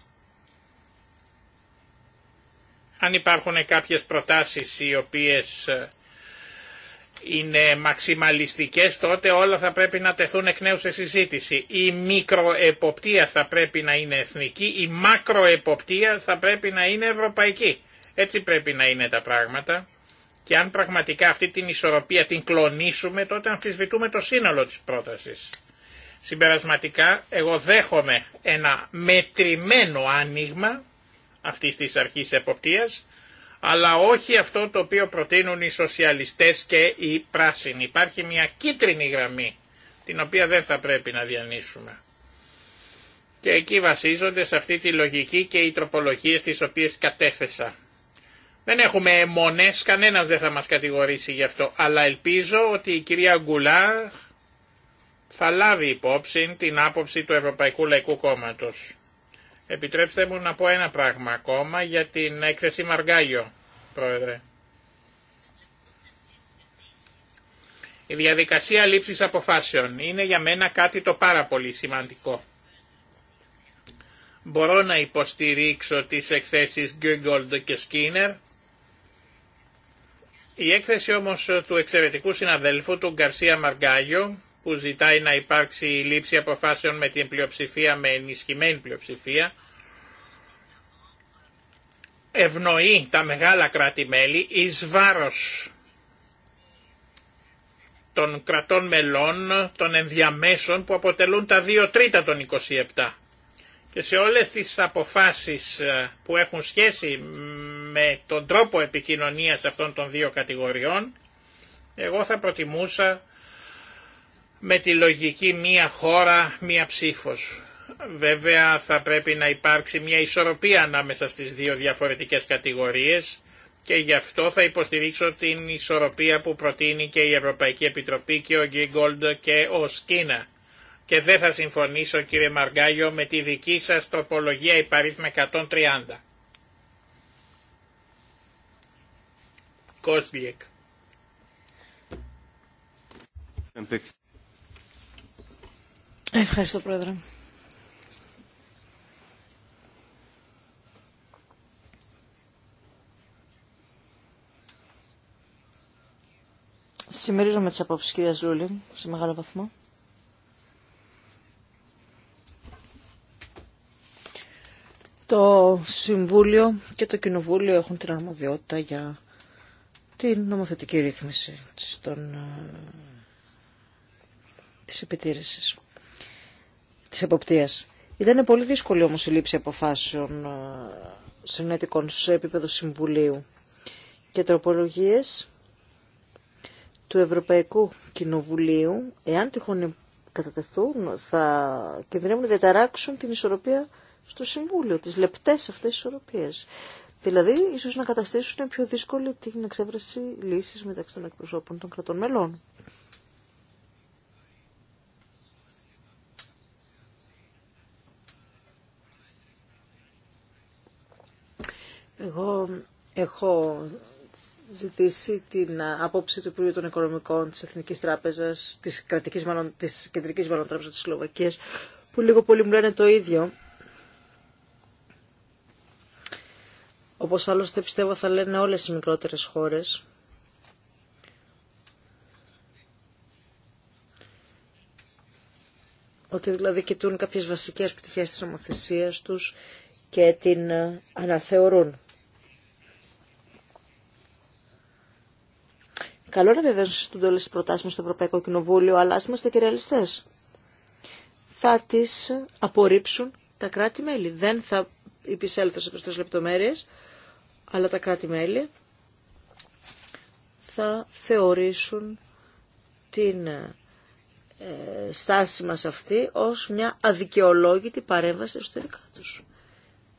Αν υπάρχουν κάποιες προτάσεις οι οποίες είναι μαξιμαλιστικές τότε όλα θα πρέπει να τεθούν εκ νέου σε συζήτηση. Η μικροεποπτεία θα πρέπει να είναι εθνική, η μακροεποπτεία θα πρέπει να είναι ευρωπαϊκή. Έτσι πρέπει να είναι τα πράγματα και αν πραγματικά αυτή την ισορροπία την κλονίσουμε τότε αμφισβητούμε το σύνολο της πρότασης. Συμπερασματικά, εγώ δέχομαι ένα μετρημένο άνοιγμα αυτή της αρχής εποπτείας, αλλά όχι αυτό το οποίο προτείνουν οι σοσιαλιστές και οι πράσινοι. Υπάρχει μια κίτρινη γραμμή, την οποία δεν θα πρέπει να διανύσουμε. Και εκεί βασίζονται σε αυτή τη λογική και οι τροπολογίες τις οποίες κατέθεσα. Δεν έχουμε αιμονές, κανένας δεν θα μας κατηγορήσει γι' αυτό, αλλά ελπίζω ότι η κυρία Γκουλά θα λάβει υπόψη την άποψη του Ευρωπαϊκού Λαϊκού Κόμματος. Επιτρέψτε μου να πω ένα πράγμα ακόμα για την έκθεση Μαργκάγιο, Πρόεδρε. Η διαδικασία λήψης αποφάσεων είναι για μένα κάτι το πάρα πολύ σημαντικό. Μπορώ να υποστηρίξω τις εκθέσεις Γκίγκολντ και Σκίνερ. Η έκθεση όμως του εξαιρετικού συναδέλφου του Γκαρσία Μαργκάγιο που ζητάει να υπάρξει η λήψη αποφάσεων με την πλειοψηφία, με ενισχυμένη πλειοψηφία, ευνοεί τα μεγάλα κράτη-μέλη εις βάρος των κρατών μελών, των ενδιαμέσων που αποτελούν τα δύο τρίτα των 27. Και σε όλες τις αποφάσεις ε, που έχουν σχέση με τον τρόπο επικοινωνίας αυτών των δύο κατηγοριών, εγώ θα προτιμούσα με τη λογική μία χώρα, μία ψήφος. Βέβαια θα πρέπει να υπάρξει μια ισορροπία ανάμεσα στις δύο διαφορετικές κατηγορίες και γι' αυτό θα υποστηρίξω την ισορροπία που προτείνει και η Ευρωπαϊκή Επιτροπή και ο Γκίγκολντ και ο Σκίνα. Και δεν θα συμφωνήσω κύριε Μαργκάγιο με τη δική σας τροπολογία υπαρίθμη 130. Ευχαριστώ, Πρόεδρε. Συμμερίζομαι τις απόψεις κυρία Ζούλη, σε μεγάλο βαθμό. Το Συμβούλιο και το Κοινοβούλιο έχουν την αρμοδιότητα για την νομοθετική ρύθμιση των, ε, της επιτήρησης της εποπτείας. Ήταν πολύ δύσκολη όμως η λήψη αποφάσεων ε, συνέτικων σε επίπεδο Συμβουλίου και τροπολογίες του Ευρωπαϊκού Κοινοβουλίου, εάν τυχόν κατατεθούν, θα κινδυνεύουν να διαταράξουν την ισορροπία στο Συμβούλιο, τις λεπτές αυτές ισορροπίες. Δηλαδή, ίσως να καταστήσουν πιο δύσκολη την εξέβρεση λύσης μεταξύ των εκπροσώπων των κρατών μελών. Εγώ έχω ζητήσει την απόψη του Υπουργείου των Οικονομικών της Εθνικής Τράπεζας, της, κρατικής, μάλλον, της Κεντρικής μάλλον, Τράπεζας της Σλοβακίας, που λίγο πολύ μου λένε το ίδιο. Όπως άλλωστε πιστεύω θα λένε όλες οι μικρότερες χώρες. Ότι δηλαδή κοιτούν κάποιες βασικές πτυχές της νομοθεσίας τους και την ε, αναθεωρούν. Καλό είναι βέβαια να συζητούνται όλε τι προτάσει στο Ευρωπαϊκό Κοινοβούλιο, αλλά α είμαστε και ρεαλιστέ. Θα τι απορρίψουν τα κράτη-μέλη. Δεν θα υπησέλθω σε προστασίες λεπτομέρειε, αλλά τα κράτη-μέλη θα θεωρήσουν την ε, στάση μας αυτή ως μια αδικαιολόγητη παρέμβαση εσωτερικά τους.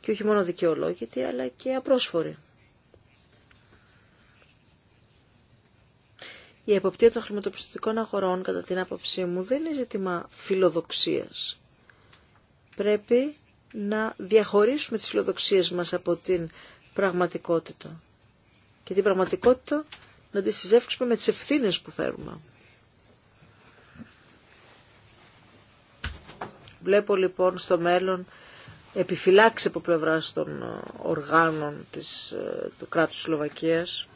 Και όχι μόνο δικαιολόγητη, αλλά και απρόσφορη. Η εποπτεία των χρηματοπιστωτικών αγορών, κατά την άποψή μου, δεν είναι ζήτημα φιλοδοξίας. Πρέπει να διαχωρίσουμε τις φιλοδοξίες μας από την πραγματικότητα. Και την πραγματικότητα να τη συζεύξουμε με τις ευθύνες που φέρουμε. Βλέπω λοιπόν στο μέλλον επιφυλάξει από πλευρά των ε, οργάνων της, ε, του κράτους Σλοβακίας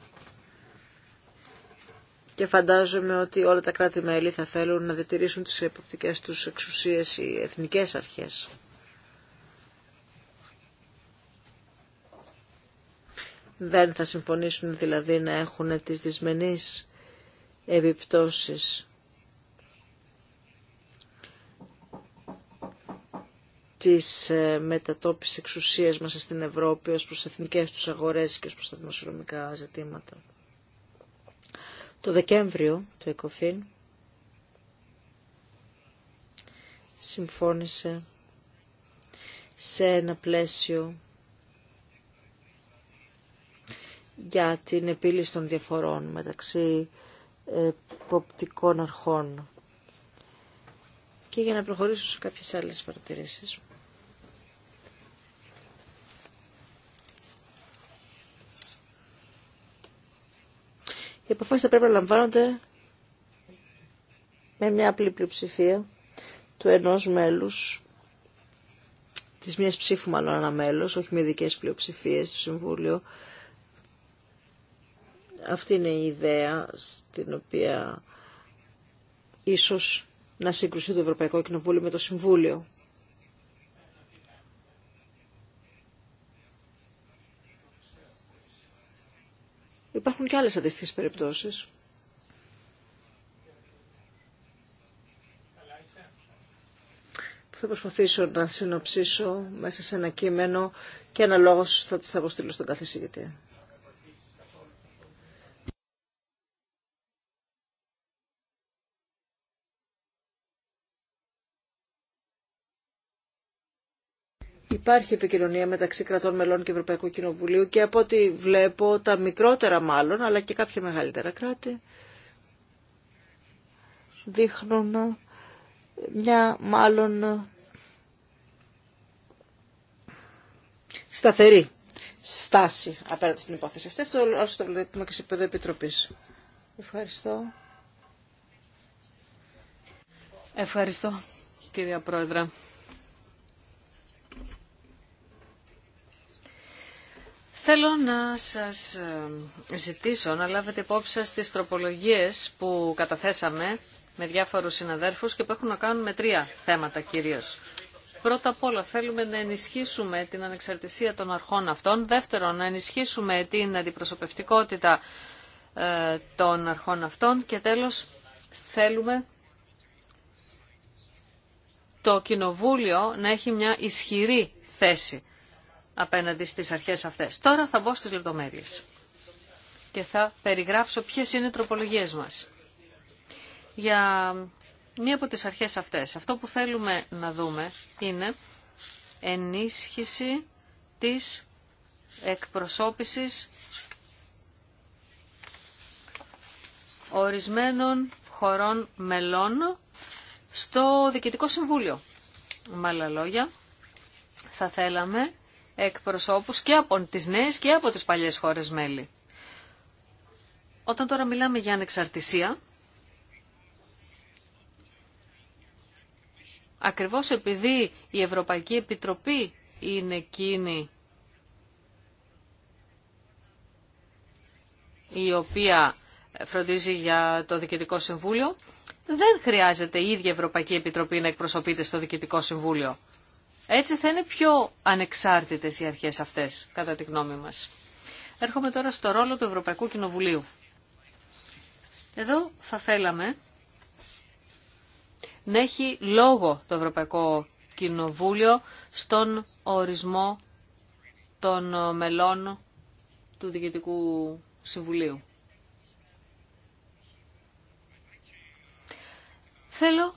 και φαντάζομαι ότι όλα τα κράτη-μέλη θα θέλουν να διατηρήσουν τις εποπτικές τους εξουσίες οι εθνικές αρχές. Δεν θα συμφωνήσουν δηλαδή να έχουν τις δυσμενείς επιπτώσεις της ε, μετατόπισης εξουσίας μας στην Ευρώπη ως προς εθνικές τους αγορές και ως προς τα δημοσιονομικά ζητήματα το Δεκέμβριο το ΕΚΟΦΗΝ συμφώνησε σε ένα πλαίσιο για την επίλυση των διαφορών μεταξύ ποπτικών αρχών και για να προχωρήσω σε κάποιες άλλες παρατηρήσεις. Οι αποφάσεις θα πρέπει να λαμβάνονται με μια απλή πλειοψηφία του ενός μέλους, της μιας ψήφου μάλλον ένα μέλος, όχι με ειδικέ πλειοψηφίες στο Συμβούλιο. Αυτή είναι η ιδέα στην οποία ίσως να συγκρουστεί το Ευρωπαϊκό Κοινοβούλιο με το Συμβούλιο. Υπάρχουν και άλλες αντίστοιχε περιπτώσεις. θα προσπαθήσω να συνοψίσω μέσα σε ένα κείμενο και ένα λόγο θα τις θα αποστείλω στον καθησυγητή. υπάρχει επικοινωνία μεταξύ κρατών μελών και Ευρωπαϊκού Κοινοβουλίου και από ό,τι βλέπω τα μικρότερα μάλλον, αλλά και κάποια μεγαλύτερα κράτη, δείχνουν μια μάλλον σταθερή στάση απέναντι στην υπόθεση Αυτό όσο το βλέπουμε και σε επίπεδο Ευχαριστώ. Ευχαριστώ, κυρία Πρόεδρε. Θέλω να σας ε, ζητήσω να λάβετε υπόψη σας τις τροπολογίες που καταθέσαμε με διάφορους συναδέρφους και που έχουν να κάνουν με τρία θέματα κυρίως. Πρώτα απ' όλα θέλουμε να ενισχύσουμε την ανεξαρτησία των αρχών αυτών. Δεύτερον, να ενισχύσουμε την αντιπροσωπευτικότητα ε, των αρχών αυτών. Και τέλος, θέλουμε το Κοινοβούλιο να έχει μια ισχυρή θέση απέναντι στις αρχές αυτές. Τώρα θα μπω στις λεπτομέρειες και θα περιγράψω ποιες είναι οι τροπολογίες μας. Για μία από τις αρχές αυτές, αυτό που θέλουμε να δούμε είναι ενίσχυση της εκπροσώπησης ορισμένων χωρών μελών στο Διοικητικό Συμβούλιο. Με άλλα λόγια, θα θέλαμε εκπροσώπους και από τις νέες και από τις παλιές χώρες μέλη. Όταν τώρα μιλάμε για ανεξαρτησία, ακριβώς επειδή η Ευρωπαϊκή Επιτροπή είναι εκείνη η οποία φροντίζει για το Διοικητικό Συμβούλιο, δεν χρειάζεται η ίδια Ευρωπαϊκή Επιτροπή να εκπροσωπείται στο Διοικητικό Συμβούλιο. Έτσι θα είναι πιο ανεξάρτητες οι αρχές αυτές, κατά τη γνώμη μας. Έρχομαι τώρα στο ρόλο του Ευρωπαϊκού Κοινοβουλίου. Εδώ θα θέλαμε να έχει λόγο το Ευρωπαϊκό Κοινοβούλιο στον ορισμό των μελών του Διοικητικού Συμβουλίου. Θέλω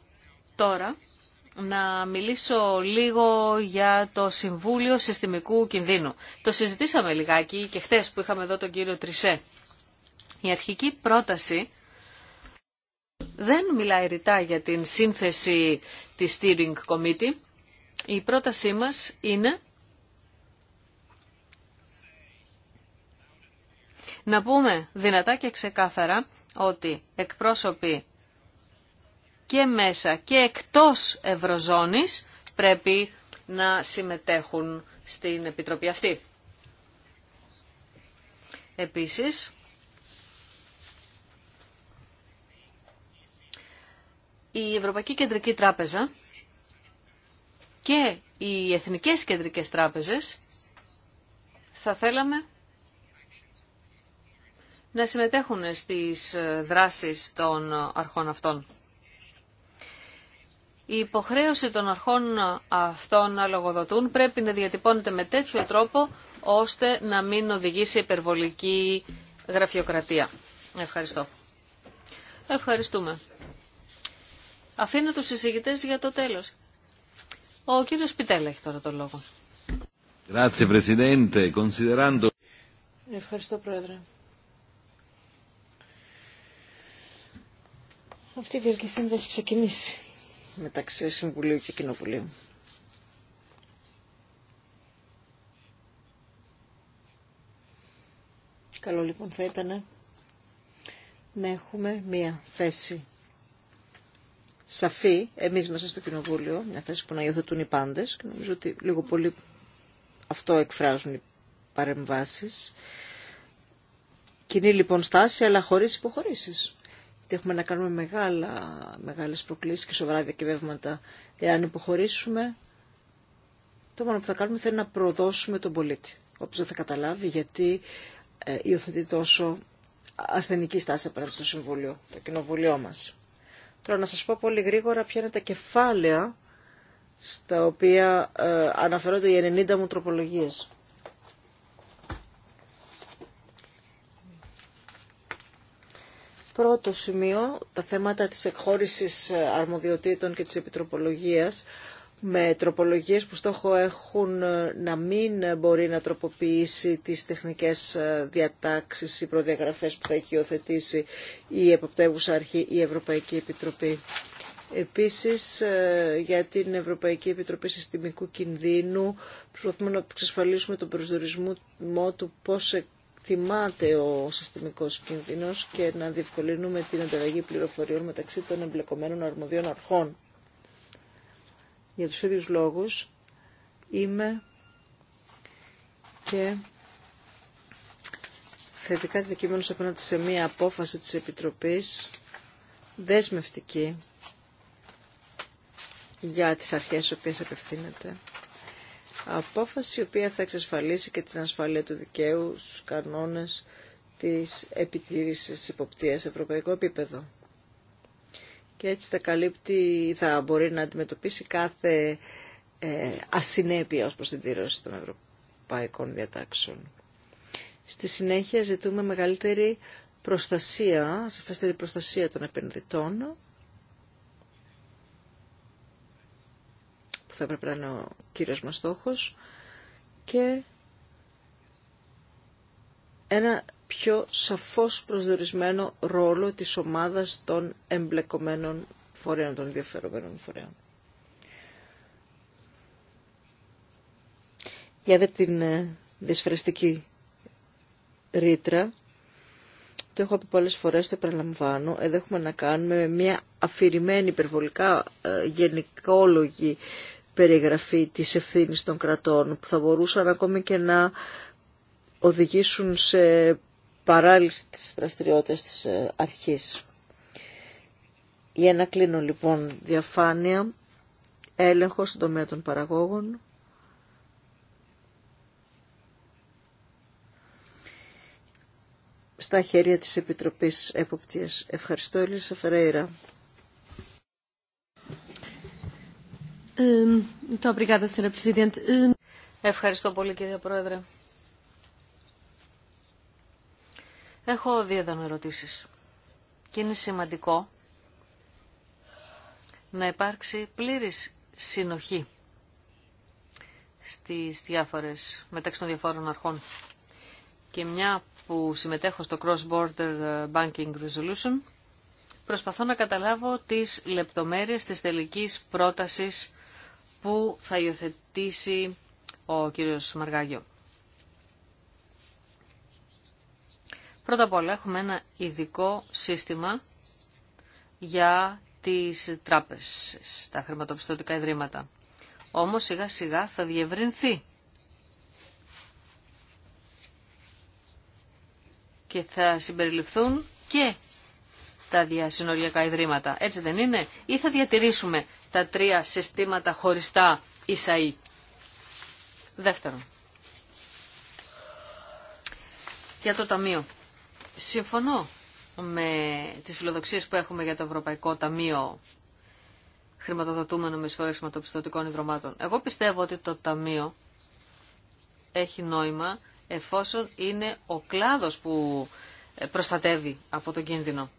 τώρα να μιλήσω λίγο για το Συμβούλιο Συστημικού Κινδύνου. Το συζητήσαμε λιγάκι και χθες που είχαμε εδώ τον κύριο Τρισέ. Η αρχική πρόταση δεν μιλάει ρητά για την σύνθεση της Steering Committee. Η πρότασή μας είναι να πούμε δυνατά και ξεκάθαρα ότι εκπρόσωποι και μέσα και εκτός Ευρωζώνης πρέπει να συμμετέχουν στην Επιτροπή αυτή. Επίσης, η Ευρωπαϊκή Κεντρική Τράπεζα και οι Εθνικές Κεντρικές Τράπεζες θα θέλαμε να συμμετέχουν στις δράσεις των αρχών αυτών. Η υποχρέωση των αρχών αυτών να λογοδοτούν πρέπει να διατυπώνεται με τέτοιο τρόπο ώστε να μην οδηγήσει υπερβολική γραφειοκρατία. Ευχαριστώ. Ευχαριστούμε. Αφήνω τους συζητητές για το τέλος. Ο κύριος Πιτέλα έχει τώρα τον λόγο. Ευχαριστώ, Πρόεδρε. Αυτή η διαρκή δεν έχει ξεκινήσει μεταξύ Συμβουλίου και Κοινοβουλίου. Καλό λοιπόν θα ήταν να έχουμε μία θέση σαφή εμείς μέσα στο Κοινοβούλιο, μια θέση που να υιοθετούν οι πάντες και νομίζω ότι λίγο πολύ αυτό εκφράζουν οι παρεμβάσεις. Κοινή λοιπόν στάση αλλά χωρίς υποχωρήσεις ότι έχουμε να κάνουμε μεγάλα, μεγάλες προκλήσεις και σοβαρά διακυβεύματα. Εάν υποχωρήσουμε, το μόνο που θα κάνουμε θα είναι να προδώσουμε τον πολίτη. Όποιος δεν θα καταλάβει γιατί ε, υιοθετεί τόσο ασθενική στάση απέναντι στο Συμβούλιο, το κοινοβουλίο μας. Τώρα να σας πω πολύ γρήγορα ποια είναι τα κεφάλαια στα οποία ε, αναφέρονται οι 90 μου τροπολογίες. Πρώτο σημείο, τα θέματα της εκχώρησης ε, αρμοδιοτήτων και της επιτροπολογίας με τροπολογίες που στόχο έχουν ε, να μην μπορεί να τροποποιήσει τις τεχνικές ε, διατάξεις ή προδιαγραφές που θα έχει υιοθετήσει η Εποπτεύουσα Αρχή η Ευρωπαϊκή Επιτροπή. Επίσης, για την Ευρωπαϊκή Επιτροπή Συστημικού Κινδύνου, προσπαθούμε να εξασφαλίσουμε τον προσδορισμό του πώς θυμάται ο συστημικός κίνδυνος και να διευκολύνουμε την ανταλλαγή πληροφοριών μεταξύ των εμπλεκομένων αρμοδίων αρχών. Για τους ίδιους λόγους είμαι και θετικά δικαιμένος απέναντι σε μία απόφαση της Επιτροπής δεσμευτική για τις αρχές στις οποίες απευθύνεται απόφαση η οποία θα εξασφαλίσει και την ασφάλεια του δικαίου στους κανόνες της επιτήρησης υποπτίας σε ευρωπαϊκό επίπεδο. Και έτσι θα, καλύπτει, θα μπορεί να αντιμετωπίσει κάθε ε, ασυνέπεια ως προς την τήρωση των ευρωπαϊκών διατάξεων. Στη συνέχεια ζητούμε μεγαλύτερη προστασία, σαφέστερη προστασία των επενδυτών θα έπρεπε να είναι ο κύριος μας στόχος και ένα πιο σαφώς προσδιορισμένο ρόλο της ομάδας των εμπλεκομένων φορέων, των ενδιαφερομένων φορέων. Για δε την ε, δυσφαιριστική ρήτρα, το έχω πει πολλές φορές, το επαναλαμβάνω, εδώ έχουμε να κάνουμε με μια αφηρημένη υπερβολικά ε, γενικόλογη περιγραφή της ευθύνης των κρατών που θα μπορούσαν ακόμη και να οδηγήσουν σε παράλυση της δραστηριότητας της ε, αρχής. Για να κλείνω λοιπόν διαφάνεια, έλεγχο στον τομέα των παραγόγων, στα χέρια της Επιτροπής Εποπτείας. Ευχαριστώ Ελίσσα Φεραίρα. Ευχαριστώ πολύ κύριε Πρόεδρε. Έχω δύο ερωτήσεις. Και είναι σημαντικό να υπάρξει πλήρης συνοχή στις διάφορες, μεταξύ των διαφόρων αρχών. Και μια που συμμετέχω στο Cross Border ε, Banking Resolution, προσπαθώ να καταλάβω τις λεπτομέρειες της τελικής πρότασης που θα υιοθετήσει ο κύριος Μαργάγιο. Πρώτα απ' όλα έχουμε ένα ειδικό σύστημα για τις τράπεζες, τα χρηματοπιστωτικά ιδρύματα. Όμως σιγά σιγά θα διευρυνθεί και θα συμπεριληφθούν και τα διασυνοριακά ιδρύματα. Έτσι δεν είναι. Ή θα διατηρήσουμε τα τρία συστήματα χωριστά Ισαΐ. Δεύτερον. Για το Ταμείο. Συμφωνώ με τις φιλοδοξίες που έχουμε για το Ευρωπαϊκό Ταμείο χρηματοδοτούμενο με συγχωρές χρηματοπιστωτικών ιδρωμάτων. Εγώ πιστεύω ότι το Ταμείο έχει νόημα εφόσον είναι ο κλάδος που προστατεύει από τον κίνδυνο.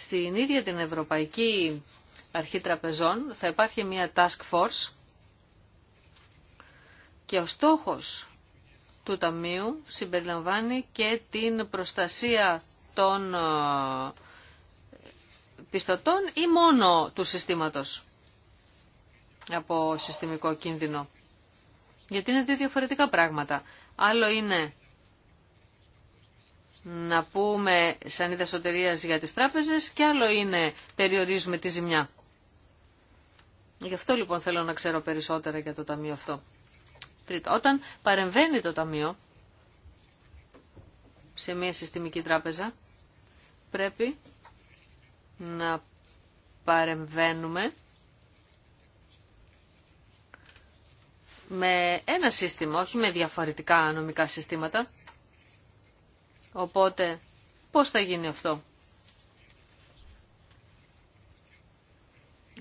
Στην ίδια την Ευρωπαϊκή Αρχή Τραπεζών θα υπάρχει μια task force και ο στόχος του Ταμείου συμπεριλαμβάνει και την προστασία των ε, πιστωτών ή μόνο του συστήματος από συστημικό κίνδυνο. Γιατί είναι δύο διαφορετικά πράγματα. Άλλο είναι να πούμε σαν είδα σωτηρίας για τις τράπεζες και άλλο είναι περιορίζουμε τη ζημιά. Γι' αυτό λοιπόν θέλω να ξέρω περισσότερα για το ταμείο αυτό. Τρίτο, όταν παρεμβαίνει το ταμείο σε μια συστημική τράπεζα, πρέπει να παρεμβαίνουμε με ένα σύστημα, όχι με διαφορετικά νομικά συστήματα. Οπότε, πώς θα γίνει αυτό.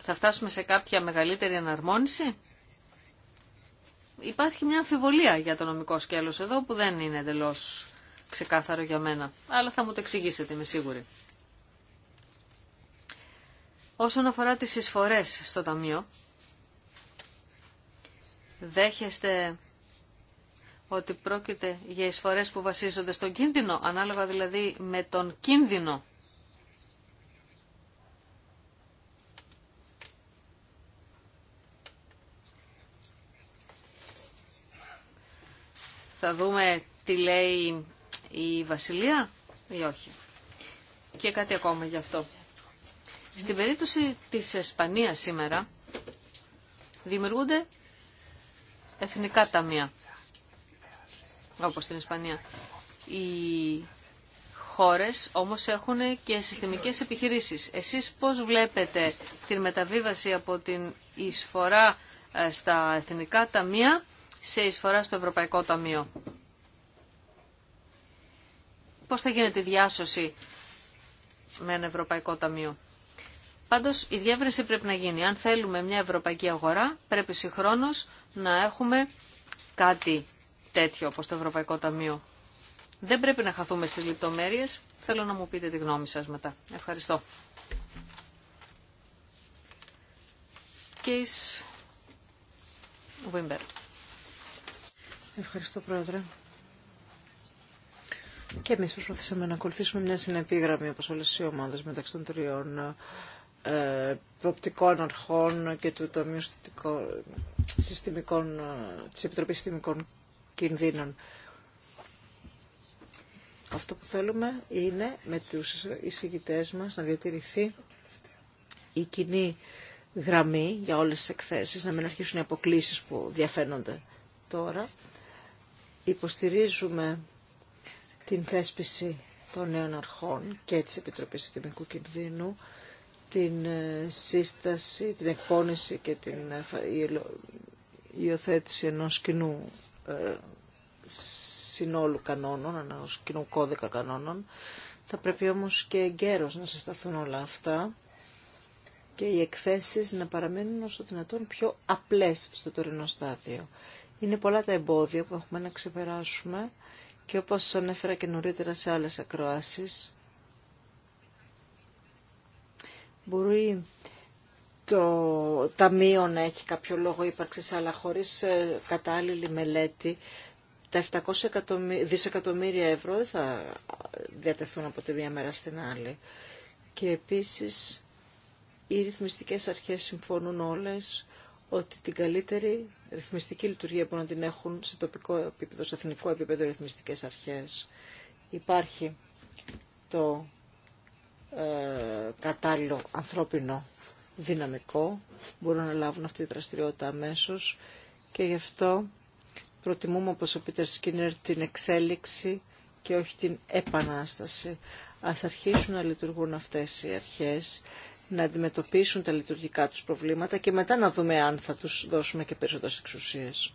Θα φτάσουμε σε κάποια μεγαλύτερη εναρμόνιση. Υπάρχει μια αμφιβολία για το νομικό σκέλος εδώ που δεν είναι εντελώ ξεκάθαρο για μένα. Αλλά θα μου το εξηγήσετε, είμαι σίγουρη. Όσον αφορά τις εισφορές στο Ταμείο, δέχεστε ότι πρόκειται για εισφορές που βασίζονται στον κίνδυνο, ανάλογα δηλαδή με τον κίνδυνο. Θα δούμε τι λέει η Βασιλεία ή όχι. Και κάτι ακόμα γι' αυτό. Στην περίπτωση της Ισπανίας σήμερα δημιουργούνται εθνικά ταμεία όπως στην Ισπανία. Οι χώρες όμως έχουν και συστημικές επιχειρήσεις. Εσείς πώς βλέπετε την μεταβίβαση από την εισφορά ε, στα εθνικά ταμεία σε εισφορά στο Ευρωπαϊκό Ταμείο. Πώς θα γίνεται η διάσωση με ένα Ευρωπαϊκό Ταμείο. Πάντως η διάβρεση πρέπει να γίνει. Αν θέλουμε μια ευρωπαϊκή αγορά πρέπει συγχρόνως να έχουμε κάτι τέτοιο όπως το Ευρωπαϊκό Ταμείο. Δεν πρέπει να χαθούμε στις λεπτομέρειες. Θέλω να μου πείτε τη γνώμη σας μετά. Ευχαριστώ. Case Ευχαριστώ, Πρόεδρε. Και εμείς προσπαθήσαμε να ακολουθήσουμε μια συνεπή γραμμή, όπως όλες οι ομάδες, μεταξύ των τριών ε, προοπτικών αρχών και του Ταμείου Συστημικών, ε, ε, της Επιτροπής Συστημικών κινδύνων. Αυτό που θέλουμε είναι με τους εισηγητές μας να διατηρηθεί η κοινή γραμμή για όλες τις εκθέσεις, να μην αρχίσουν οι αποκλήσεις που διαφαίνονται τώρα. Υποστηρίζουμε την θέσπιση των νέων αρχών και της Επιτροπής Συστημικού Κινδύνου, την ε, σύσταση, την εκπόνηση και την ε, υιοθέτηση ενός κοινού ε, συνόλου κανόνων, ενό κοινού κώδικα κανόνων. Θα πρέπει όμως και εγκαίρως να συσταθούν όλα αυτά και οι εκθέσεις να παραμένουν όσο δυνατόν πιο απλές στο τωρινό στάδιο. Είναι πολλά τα εμπόδια που έχουμε να ξεπεράσουμε και όπως σας ανέφερα και νωρίτερα σε άλλες ακροάσεις, μπορεί το Ταμείο να έχει κάποιο λόγο ύπαρξης, αλλά χωρίς ε, κατάλληλη μελέτη, τα 700 δισεκατομμύρια ευρώ δεν θα διατεθούν από τη μία μέρα στην άλλη. Και επίσης οι ρυθμιστικές αρχές συμφωνούν όλες ότι την καλύτερη ρυθμιστική λειτουργία μπορούν να την έχουν σε τοπικό επίπεδο, σε εθνικό επίπεδο οι ρυθμιστικές αρχές. Υπάρχει το ε, κατάλληλο ανθρώπινο δυναμικό, μπορούν να λάβουν αυτή τη δραστηριότητα αμέσω και γι' αυτό προτιμούμε όπως ο Πίτερ Σκίνερ την εξέλιξη και όχι την επανάσταση. Ας αρχίσουν να λειτουργούν αυτές οι αρχές, να αντιμετωπίσουν τα λειτουργικά τους προβλήματα και μετά να δούμε αν θα τους δώσουμε και περισσότερες εξουσίες.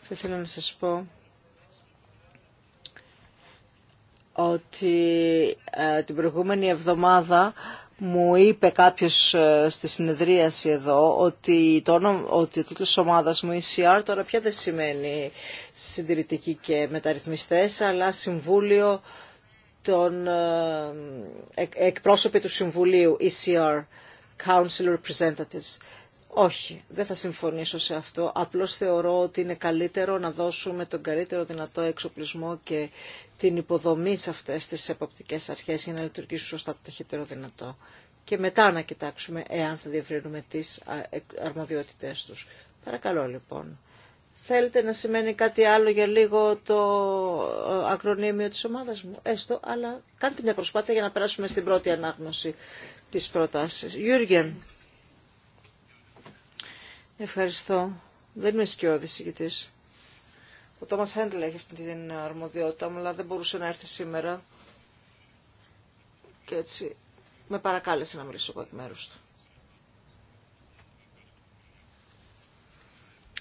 Θα ήθελα να σας πω ότι ε, την προηγούμενη εβδομάδα μου είπε κάποιος ε, στη συνεδρίαση εδώ ότι, το όνομα, ότι ο τίτλος ομάδας μου ECR τώρα πια δεν σημαίνει συντηρητικοί και μεταρρυθμιστές αλλά Συμβούλιο των ε, εκπρόσωποι του Συμβουλίου ECR, Council Representatives. Όχι, δεν θα συμφωνήσω σε αυτό. Απλώς θεωρώ ότι είναι καλύτερο να δώσουμε τον καλύτερο δυνατό εξοπλισμό και την υποδομή σε αυτές τις εποπτικές αρχές για να λειτουργήσουν σωστά το ταχύτερο δυνατό. Και μετά να κοιτάξουμε εάν θα διευρύνουμε τις αρμοδιότητές τους. Παρακαλώ λοιπόν. Θέλετε να σημαίνει κάτι άλλο για λίγο το ε, ακρονίμιο της ομάδας μου. Έστω, αλλά κάντε μια προσπάθεια για να περάσουμε στην πρώτη ανάγνωση της πρότασης. Γιούργεν. Ευχαριστώ. Δεν είμαι σκιώδης ηγητής. Ο Τόμας Χέντλ έχει αυτή την αρμοδιότητα μου, αλλά δεν μπορούσε να έρθει σήμερα. Και έτσι με παρακάλεσε να μιλήσω εγώ εκ μέρου του.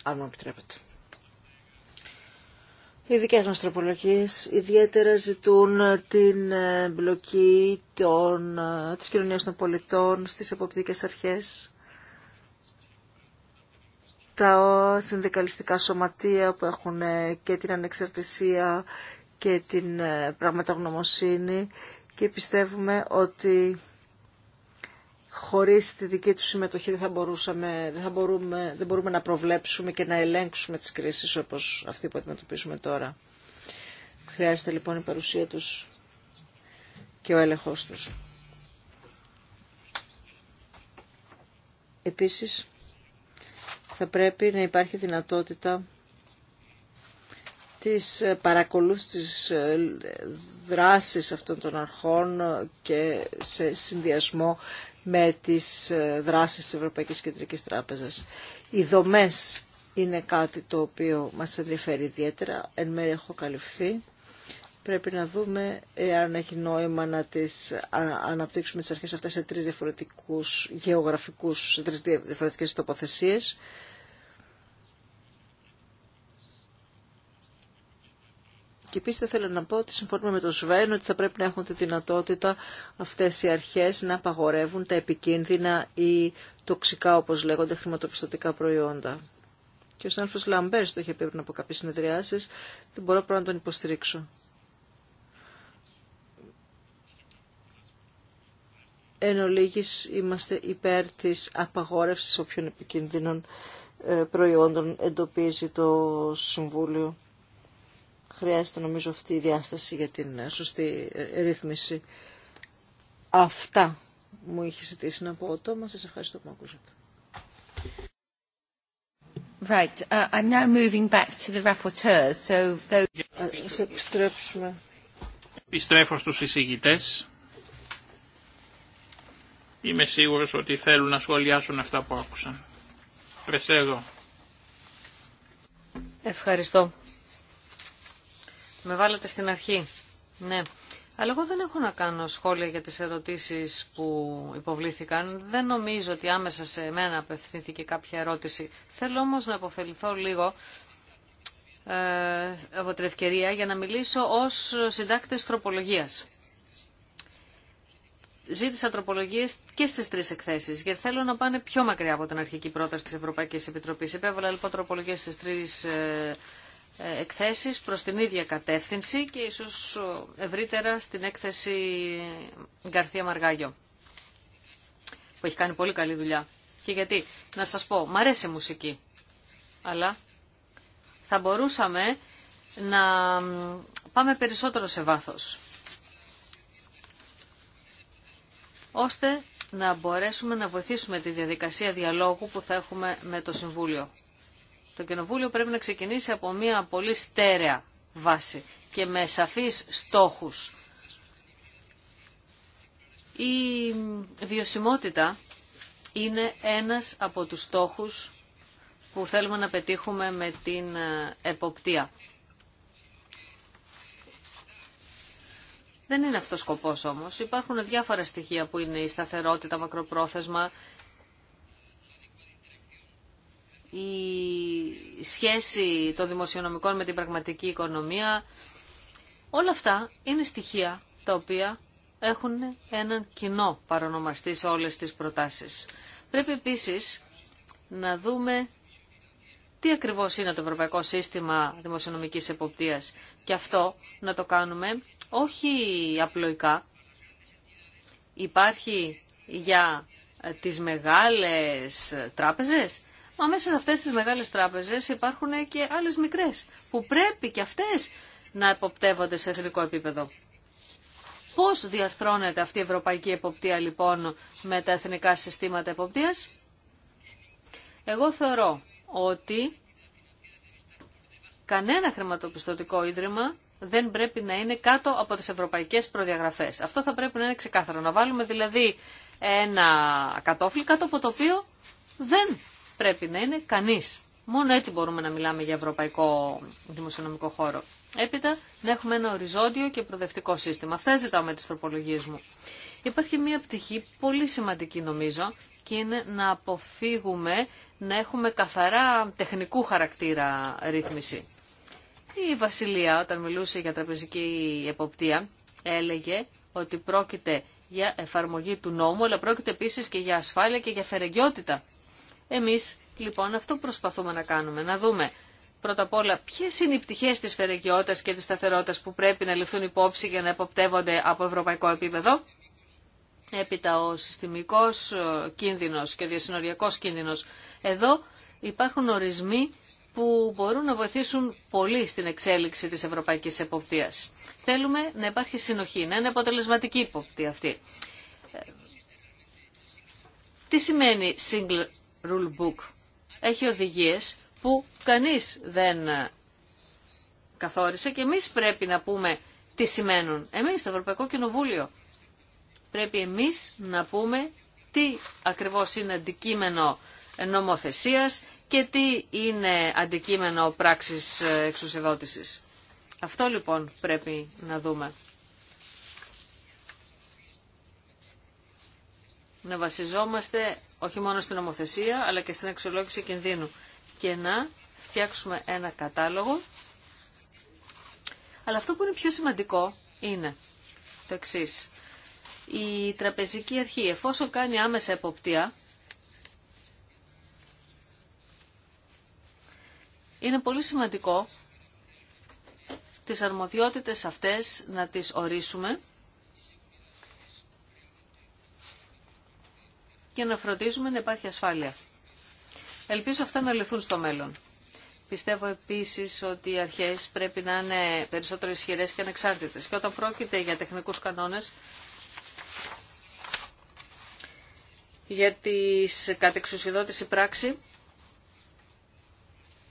Αν μου επιτρέπετε. Οι δικέ μα τροπολογίε ιδιαίτερα ζητούν την ε, μπλοκή των, ε, της κοινωνίας των πολιτών στις εποπτικές αρχές τα συνδικαλιστικά σωματεία που έχουν ε, και την ανεξαρτησία και την ε, πραγματογνωμοσύνη και πιστεύουμε ότι χωρίς τη δική του συμμετοχή δεν θα, μπορούσαμε, δεν, θα μπορούμε, δεν μπορούμε να προβλέψουμε και να ελέγξουμε τις κρίσεις όπως αυτή που αντιμετωπίζουμε τώρα. Χρειάζεται λοιπόν η παρουσία τους και ο έλεγχος τους. Επίσης, θα πρέπει να υπάρχει δυνατότητα της παρακολούθησης της ε, δράσης αυτών των αρχών και σε συνδυασμό με τις ε, δράσεις της Ευρωπαϊκής Κεντρικής Τράπεζας. Οι δομές είναι κάτι το οποίο μας ενδιαφέρει ιδιαίτερα, εν μέρει έχω καλυφθεί πρέπει να δούμε εάν έχει νόημα να τις αναπτύξουμε τις αρχές αυτές σε τρεις διαφορετικούς γεωγραφικούς, σε τρεις διαφορετικές τοποθεσίες. Και επίση θέλω να πω ότι συμφωνούμε με τον Σβέν ότι θα πρέπει να έχουν τη δυνατότητα αυτέ οι αρχέ να απαγορεύουν τα επικίνδυνα ή τοξικά, όπω λέγονται, χρηματοπιστωτικά προϊόντα. Και ο συνάδελφο Λαμπέρ το είχε πει πριν από κάποιε συνεδριάσει, δεν μπορώ πρώτα να τον υποστηρίξω. εν ολίγης είμαστε υπέρ της απαγόρευσης όποιων επικίνδυνων ε, προϊόντων εντοπίζει το Συμβούλιο. Χρειάζεται νομίζω αυτή η διάσταση για την ε, σωστή ε, ρύθμιση. Αυτά μου είχε ζητήσει να πω ο Τόμας. σας ευχαριστώ που με ακούσατε. Right. Uh, I'm now moving back to the rapporteurs. So those... Επιστρέψουμε. Επιστρέφω στους εισηγητές. Είμαι σίγουρος ότι θέλουν να σχολιάσουν αυτά που άκουσαν. Πρεσέδω. Ευχαριστώ. Με βάλατε στην αρχή. Ναι. Αλλά εγώ δεν έχω να κάνω σχόλια για τις ερωτήσεις που υποβλήθηκαν. Δεν νομίζω ότι άμεσα σε μένα απευθύνθηκε κάποια ερώτηση. Θέλω όμως να αποφεληθώ λίγο ε, από την ευκαιρία για να μιλήσω ως συντάκτης τροπολογίας ζήτησα τροπολογίες και στις τρεις εκθέσεις, γιατί θέλω να πάνε πιο μακριά από την αρχική πρόταση τη Ευρωπαϊκή Επιτροπή. Επέβαλα λοιπόν τροπολογίες στις τρεις ε, ε, εκθέσεις προς την ίδια κατεύθυνση και ίσως ευρύτερα στην έκθεση Γκαρθία Μαργάγιο, που έχει κάνει πολύ καλή δουλειά. Και γιατί, να σας πω, μ' αρέσει η μουσική, αλλά θα μπορούσαμε να πάμε περισσότερο σε βάθος. ώστε να μπορέσουμε να βοηθήσουμε τη διαδικασία διαλόγου που θα έχουμε με το Συμβούλιο. Το Κοινοβούλιο πρέπει να ξεκινήσει από μια πολύ στέρεα βάση και με σαφείς στόχους. Η βιωσιμότητα είναι ένας από τους στόχους που θέλουμε να πετύχουμε με την εποπτεία. Δεν είναι αυτός σκοπός όμως. Υπάρχουν διάφορα στοιχεία που είναι η σταθερότητα, μακροπρόθεσμα, η σχέση των δημοσιονομικών με την πραγματική οικονομία. Όλα αυτά είναι στοιχεία τα οποία έχουν έναν κοινό παρονομαστή σε όλες τις προτάσεις. Πρέπει επίσης να δούμε τι ακριβώς είναι το Ευρωπαϊκό Σύστημα Δημοσιονομικής Εποπτείας και αυτό να το κάνουμε όχι απλοϊκά. Υπάρχει για τις μεγάλες τράπεζες, μα μέσα σε αυτές τις μεγάλες τράπεζες υπάρχουν και άλλες μικρές, που πρέπει και αυτές να εποπτεύονται σε εθνικό επίπεδο. Πώς διαρθρώνεται αυτή η ευρωπαϊκή εποπτεία λοιπόν με τα εθνικά συστήματα εποπτείας. Εγώ θεωρώ ότι κανένα χρηματοπιστωτικό ίδρυμα δεν πρέπει να είναι κάτω από τις ευρωπαϊκές προδιαγραφές. Αυτό θα πρέπει να είναι ξεκάθαρο. Να βάλουμε δηλαδή ένα κατόφλι κάτω από το οποίο δεν πρέπει να είναι κανείς. Μόνο έτσι μπορούμε να μιλάμε για ευρωπαϊκό δημοσιονομικό χώρο. Έπειτα να έχουμε ένα οριζόντιο και προδευτικό σύστημα. Αυτά ζητάω με τις τροπολογίες μου. Υπάρχει μια πτυχή πολύ σημαντική νομίζω και είναι να αποφύγουμε να έχουμε καθαρά τεχνικού χαρακτήρα ρύθμιση. Η Βασιλεία όταν μιλούσε για τραπεζική εποπτεία έλεγε ότι πρόκειται για εφαρμογή του νόμου, αλλά πρόκειται επίσης και για ασφάλεια και για φερεγγιότητα. Εμείς λοιπόν αυτό προσπαθούμε να κάνουμε, να δούμε πρώτα απ' όλα ποιε είναι οι πτυχέ τη φερεγγιότητα και τη σταθερότητα που πρέπει να ληφθούν υπόψη για να εποπτεύονται από ευρωπαϊκό επίπεδο. Έπειτα ο συστημικός ε, κίνδυνος και ο διασυνοριακός κίνδυνος. Εδώ υπάρχουν ορισμοί που μπορούν να βοηθήσουν πολύ στην εξέλιξη της ευρωπαϊκής εποπτείας. Θέλουμε να υπάρχει συνοχή, να είναι αποτελεσματική υποπτή αυτή. Τι σημαίνει single rule book. Έχει οδηγίες που κανείς δεν καθόρισε και εμείς πρέπει να πούμε τι σημαίνουν. Εμείς το Ευρωπαϊκό Κοινοβούλιο πρέπει εμείς να πούμε τι ακριβώς είναι αντικείμενο νομοθεσίας, και τι είναι αντικείμενο πράξης ε, εξουσιοδότησης. Αυτό λοιπόν πρέπει να δούμε. Να βασιζόμαστε όχι μόνο στην ομοθεσία αλλά και στην αξιολόγηση κινδύνου και να φτιάξουμε ένα κατάλογο. Αλλά αυτό που είναι πιο σημαντικό είναι το εξής. Η τραπεζική αρχή εφόσον κάνει άμεσα εποπτεία Είναι πολύ σημαντικό τις αρμοδιότητες αυτές να τις ορίσουμε και να φροντίζουμε να υπάρχει ασφάλεια. Ελπίζω αυτά να λυθούν στο μέλλον. Πιστεύω επίσης ότι οι αρχές πρέπει να είναι περισσότερο ισχυρές και ανεξάρτητες. Και όταν πρόκειται για τεχνικούς κανόνες, για τις κατεξουσιοδότηση πράξη,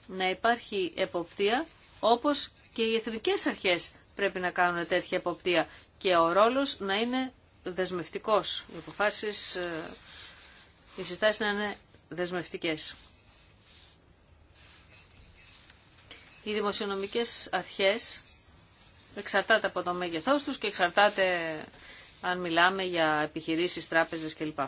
να υπάρχει εποπτεία όπως και οι εθνικές αρχές πρέπει να κάνουν τέτοια εποπτεία και ο ρόλος να είναι δεσμευτικός. Οι αποφάσεις, ε, οι συστάσεις να είναι δεσμευτικές. Οι δημοσιονομικές αρχές εξαρτάται από το μέγεθός τους και εξαρτάται αν μιλάμε για επιχειρήσεις, τράπεζες κλπ.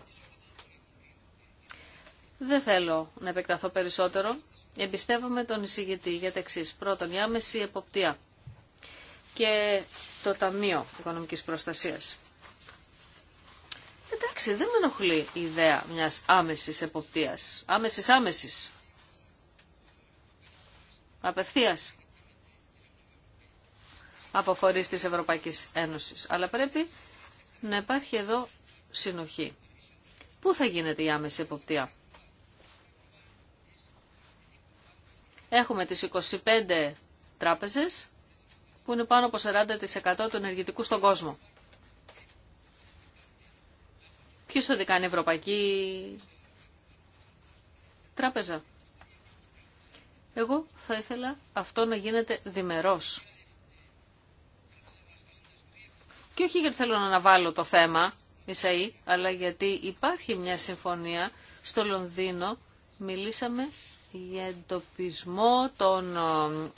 Δεν θέλω να επεκταθώ περισσότερο εμπιστεύομαι τον εισηγητή για τα εξή. Πρώτον, η άμεση εποπτεία και το Ταμείο Οικονομικής Προστασίας. Εντάξει, δεν με ενοχλεί η ιδέα μιας άμεσης εποπτείας. Άμεσης, άμεσης. Απευθείας. Από της Ευρωπαϊκής Ένωσης. Αλλά πρέπει να υπάρχει εδώ συνοχή. Πού θα γίνεται η άμεση εποπτεία. Έχουμε τις 25 τράπεζες που είναι πάνω από 40% του ενεργητικού στον κόσμο. Ποιος θα δικάνει κάνει η Ευρωπαϊκή Τράπεζα. Εγώ θα ήθελα αυτό να γίνεται διμερός. Και όχι γιατί θέλω να αναβάλω το θέμα, Ισαΐ, αλλά γιατί υπάρχει μια συμφωνία στο Λονδίνο, μιλήσαμε για εντοπισμό των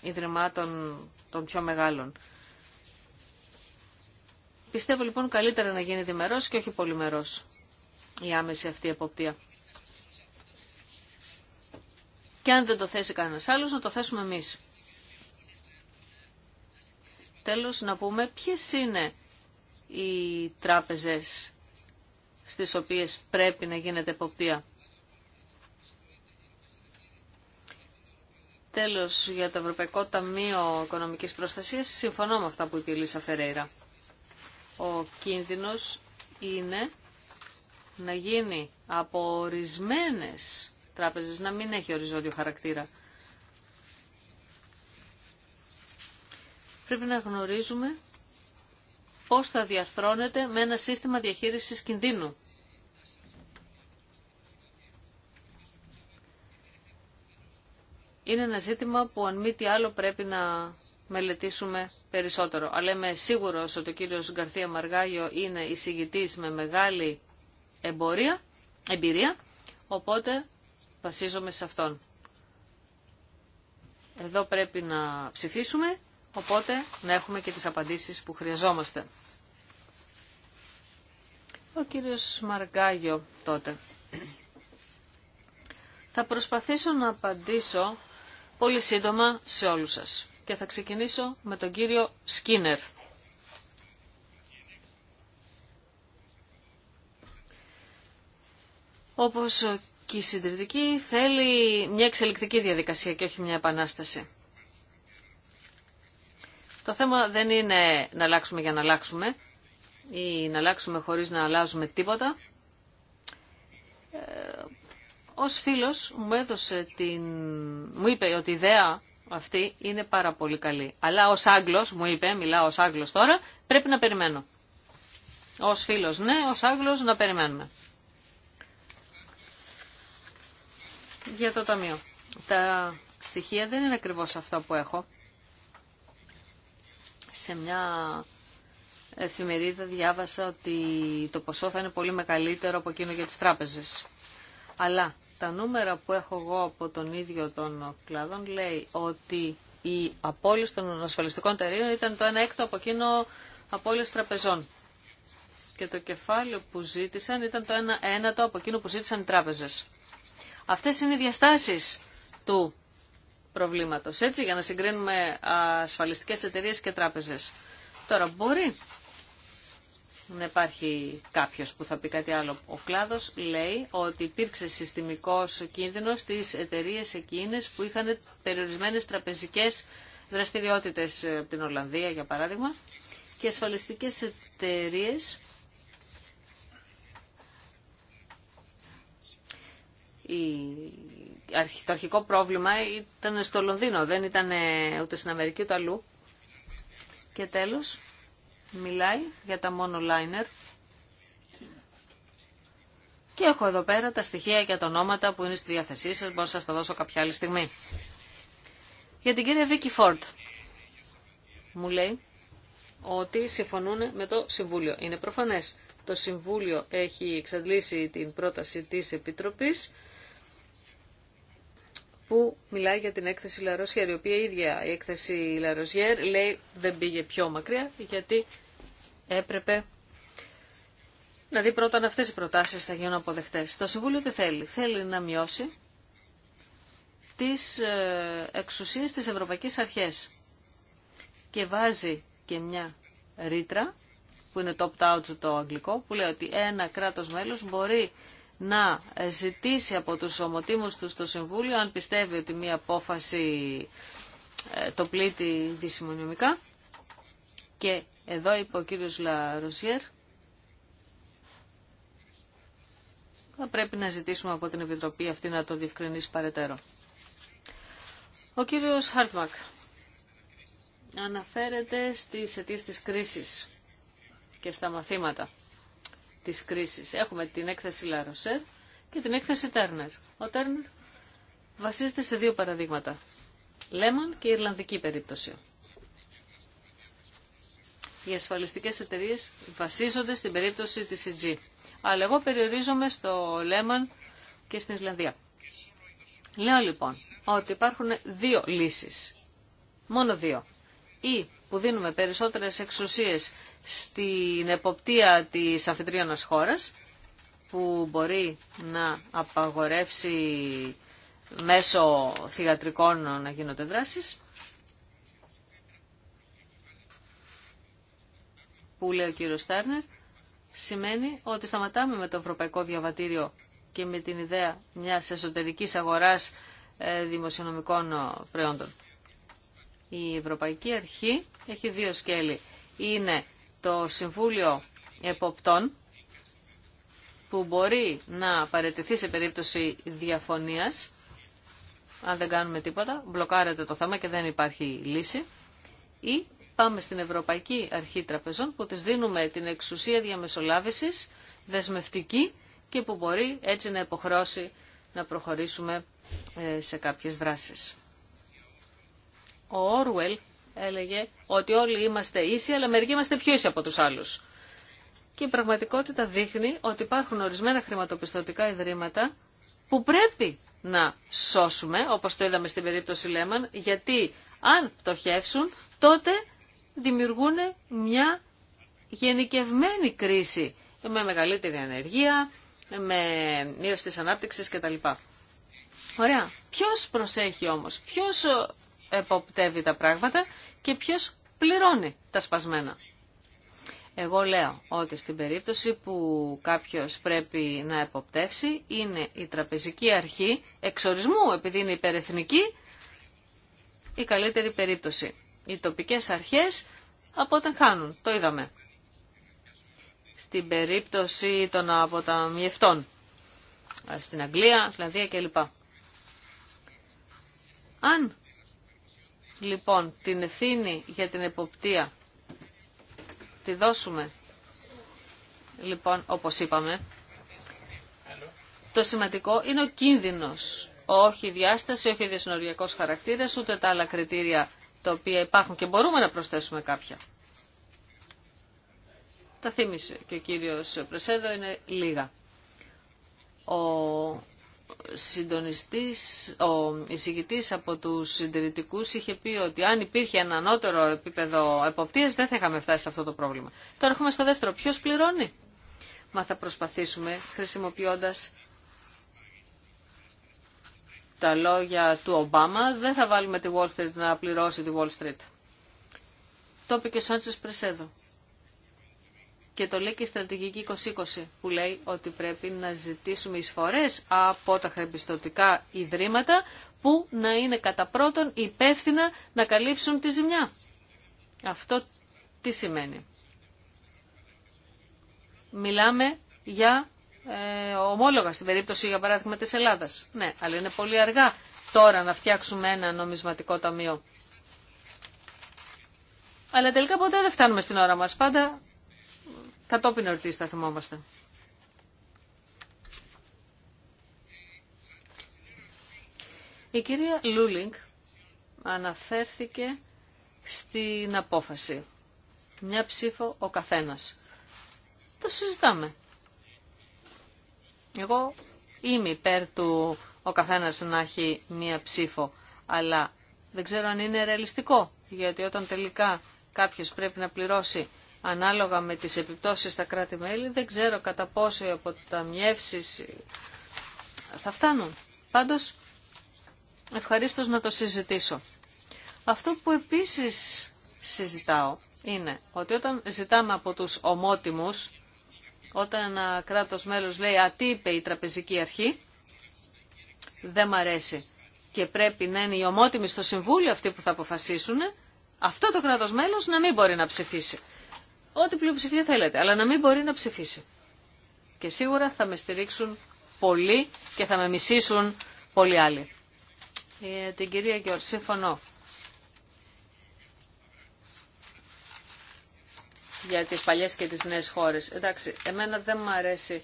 ε, ιδρυμάτων των πιο μεγάλων. Πιστεύω λοιπόν καλύτερα να γίνει διμερός και όχι πολυμερός η άμεση αυτή εποπτεία. Και αν δεν το θέσει κανένας άλλος, να το θέσουμε εμείς. Τέλος, να πούμε ποιες είναι οι τράπεζες στις οποίες πρέπει να γίνεται εποπτεία. Τέλος, για το Ευρωπαϊκό Ταμείο Οικονομικής Προστασίας, συμφωνώ με αυτά που είπε η Λίσσα Φερέιρα. Ο κίνδυνος είναι να γίνει από ορισμένε τράπεζες, να μην έχει οριζόντιο χαρακτήρα. Πρέπει να γνωρίζουμε πώς θα διαρθρώνεται με ένα σύστημα διαχείρισης κινδύνου. είναι ένα ζήτημα που αν μη τι άλλο πρέπει να μελετήσουμε περισσότερο. Αλλά είμαι σίγουρος ότι ο κύριος Γκαρθία Μαργάγιο είναι εισηγητής με μεγάλη εμπορία, εμπειρία, οπότε βασίζομαι σε αυτόν. Εδώ πρέπει να ψηφίσουμε, οπότε να έχουμε και τις απαντήσεις που χρειαζόμαστε. Ο κύριος Μαργάγιο τότε. Θα προσπαθήσω να απαντήσω πολύ σύντομα σε όλους σας. Και θα ξεκινήσω με τον κύριο Σκίνερ. Όπως και η συντηρητική θέλει μια εξελικτική διαδικασία και όχι μια επανάσταση. Το θέμα δεν είναι να αλλάξουμε για να αλλάξουμε ή να αλλάξουμε χωρίς να αλλάζουμε τίποτα. Ε, ως φίλος μου έδωσε την... μου είπε ότι η ιδέα αυτή είναι πάρα πολύ καλή. Αλλά ως Άγγλος, μου είπε, μιλάω ως Άγγλος τώρα, πρέπει να περιμένω. Ως φίλος ναι, ως Άγγλος να περιμένουμε. Για το ταμείο. Τα στοιχεία δεν είναι ακριβώς αυτά που έχω. Σε μια εφημερίδα διάβασα ότι το ποσό θα είναι πολύ μεγαλύτερο από εκείνο για τις τράπεζες. Αλλά τα νούμερα που έχω εγώ από τον ίδιο των κλάδων λέει ότι η απόλυση των ασφαλιστικών εταιρείων ήταν το ένα έκτο από εκείνο απόλυση τραπεζών. Και το κεφάλαιο που ζήτησαν ήταν το 1 ένατο από εκείνο που ζήτησαν οι τράπεζες. Αυτές είναι οι διαστάσεις του προβλήματος, έτσι, για να συγκρίνουμε ασφαλιστικές εταιρείες και τράπεζες. Τώρα μπορεί δεν υπάρχει κάποιος που θα πει κάτι άλλο. Ο κλάδος λέει ότι υπήρξε συστημικός κίνδυνος στις εταιρείε εκείνες που είχαν περιορισμένε τραπεζικές δραστηριότητες ε, από την Ολλανδία για παράδειγμα και ασφαλιστικέ εταιρείε το αρχικό πρόβλημα ήταν στο Λονδίνο, δεν ήταν ε, ούτε στην Αμερική ούτε αλλού. Και τέλος, μιλάει για τα monoliner. Και έχω εδώ πέρα τα στοιχεία και τα ονόματα που είναι στη διάθεσή σας, μπορώ να σας τα δώσω κάποια άλλη στιγμή. Για την κυρία Βίκη Φόρτ μου λέει ότι συμφωνούν με το Συμβούλιο. Είναι προφανές. Το Συμβούλιο έχει εξαντλήσει την πρόταση της Επιτροπής που μιλάει για την έκθεση Λαροσιέρ, η οποία η ίδια η έκθεση Λαροσιέρ λέει δεν πήγε πιο μακριά γιατί έπρεπε να δει πρώτα αν αυτές οι προτάσεις θα γίνουν αποδεκτές. Το Συμβούλιο τι θέλει. Θέλει να μειώσει τις ε, εξουσίες της Ευρωπαϊκή Αρχές και βάζει και μια ρήτρα που είναι το opt-out το αγγλικό που λέει ότι ένα κράτος μέλος μπορεί να ζητήσει από τους ομοτήμους του στο Συμβούλιο αν πιστεύει ότι μια απόφαση ε, το πλήττει δυσημονιωμικά και εδώ είπε ο κύριος Λαροσιέρ. Θα πρέπει να ζητήσουμε από την Επιτροπή αυτή να το διευκρινίσει παρετέρω. Ο κύριος Χάρτμακ αναφέρεται στις αιτίες της κρίσης και στα μαθήματα της κρίσης. Έχουμε την έκθεση Λάροσερ και την έκθεση Τέρνερ. Ο Τέρνερ βασίζεται σε δύο παραδείγματα. Λέμαν και η Ιρλανδική περίπτωση οι ασφαλιστικές εταιρείες βασίζονται στην περίπτωση της CG. Αλλά εγώ περιορίζομαι στο Λέμαν και στην Ισλανδία. Λέω λοιπόν ότι υπάρχουν δύο λύσεις. Μόνο δύο. Ή που δίνουμε περισσότερες εξουσίες στην εποπτεία της αφιτρίωνας χώρας, που μπορεί να απαγορεύσει μέσω θηγατρικών να γίνονται δράσεις, που λέει ο κύριος Στάρνερ σημαίνει ότι σταματάμε με το ευρωπαϊκό διαβατήριο και με την ιδέα μιας εσωτερικής αγοράς ε, δημοσιονομικών ε, προϊόντων. Η Ευρωπαϊκή Αρχή έχει δύο σκέλη. Είναι το Συμβούλιο Εποπτών που μπορεί να παρετηθεί σε περίπτωση διαφωνίας αν δεν κάνουμε τίποτα, μπλοκάρεται το θέμα και δεν υπάρχει λύση ή Πάμε στην Ευρωπαϊκή Αρχή Τραπεζών που της δίνουμε την εξουσία διαμεσολάβησης δεσμευτική και που μπορεί έτσι να υποχρώσει να προχωρήσουμε ε, σε κάποιες δράσεις. Ο Όρουελ έλεγε ότι όλοι είμαστε ίσοι, αλλά μερικοί είμαστε πιο ίσοι από τους άλλους. Και η πραγματικότητα δείχνει ότι υπάρχουν ορισμένα χρηματοπιστωτικά ιδρύματα που πρέπει να σώσουμε, όπως το είδαμε στην περίπτωση Λέμαν, γιατί αν πτωχεύσουν, τότε δημιουργούν μια γενικευμένη κρίση με μεγαλύτερη ανεργία, με μείωση της ανάπτυξης κτλ. Ωραία. Ποιος προσέχει όμως, ποιος εποπτεύει τα πράγματα και ποιος πληρώνει τα σπασμένα. Εγώ λέω ότι στην περίπτωση που κάποιος πρέπει να εποπτεύσει είναι η τραπεζική αρχή εξορισμού επειδή είναι υπερεθνική η καλύτερη περίπτωση οι τοπικές αρχές από όταν χάνουν. Το είδαμε. Στην περίπτωση των αποταμιευτών. Στην Αγγλία, Φλανδία κλπ. Αν λοιπόν την ευθύνη για την εποπτεία τη δώσουμε λοιπόν όπως είπαμε το σημαντικό είναι ο κίνδυνος όχι η διάσταση, όχι ο διασυνοριακός χαρακτήρας ούτε τα άλλα κριτήρια τα οποία υπάρχουν και μπορούμε να προσθέσουμε κάποια. Τα θύμισε και ο κύριος Πρεσέδο είναι λίγα. Ο συντονιστής, ο εισηγητής από τους συντηρητικούς είχε πει ότι αν υπήρχε ένα ανώτερο επίπεδο εποπτείας δεν θα είχαμε φτάσει σε αυτό το πρόβλημα. Τώρα έχουμε στο δεύτερο. Ποιος πληρώνει? Μα θα προσπαθήσουμε χρησιμοποιώντας τα λόγια του Ομπάμα, δεν θα βάλουμε τη Wall Street να πληρώσει τη Wall Street. Το είπε και ο Σάντσες Πρεσέδο. Και το λέει και η στρατηγική 2020 που λέει ότι πρέπει να ζητήσουμε εισφορές από τα χρεμπιστοτικά ιδρύματα που να είναι κατά πρώτον υπεύθυνα να καλύψουν τη ζημιά. Αυτό τι σημαίνει. Μιλάμε για ε, ομόλογα στην περίπτωση για παράδειγμα της Ελλάδας. Ναι, αλλά είναι πολύ αργά τώρα να φτιάξουμε ένα νομισματικό ταμείο. Αλλά τελικά ποτέ δεν φτάνουμε στην ώρα μας. Πάντα κατόπιν εορτής θα θυμόμαστε. Η κυρία Λούλινγκ αναφέρθηκε στην απόφαση. Μια ψήφο ο καθένας. Το συζητάμε. Εγώ είμαι υπέρ του ο καθένας να έχει μία ψήφο, αλλά δεν ξέρω αν είναι ρεαλιστικό, γιατί όταν τελικά κάποιος πρέπει να πληρώσει ανάλογα με τις επιπτώσεις στα κράτη-μέλη, δεν ξέρω κατά πόσο τα θα φτάνουν. Πάντως, ευχαρίστως να το συζητήσω. Αυτό που επίσης συζητάω είναι ότι όταν ζητάμε από τους ομότιμους όταν ένα κράτος μέλος λέει «Α, τι είπε η τραπεζική αρχή» δεν μ' αρέσει και πρέπει να είναι οι ομότιμοι στο Συμβούλιο αυτοί που θα αποφασίσουν, αυτό το κράτος μέλος να μην μπορεί να ψηφίσει. Ό,τι πλειοψηφία θέλετε, αλλά να μην μπορεί να ψηφίσει. Και σίγουρα θα με στηρίξουν πολλοί και θα με μισήσουν πολλοί άλλοι. Ε, την κυρία Γιώργη, συμφωνώ. για τις παλιές και τις νέες χώρες. Εντάξει, εμένα δεν μου αρέσει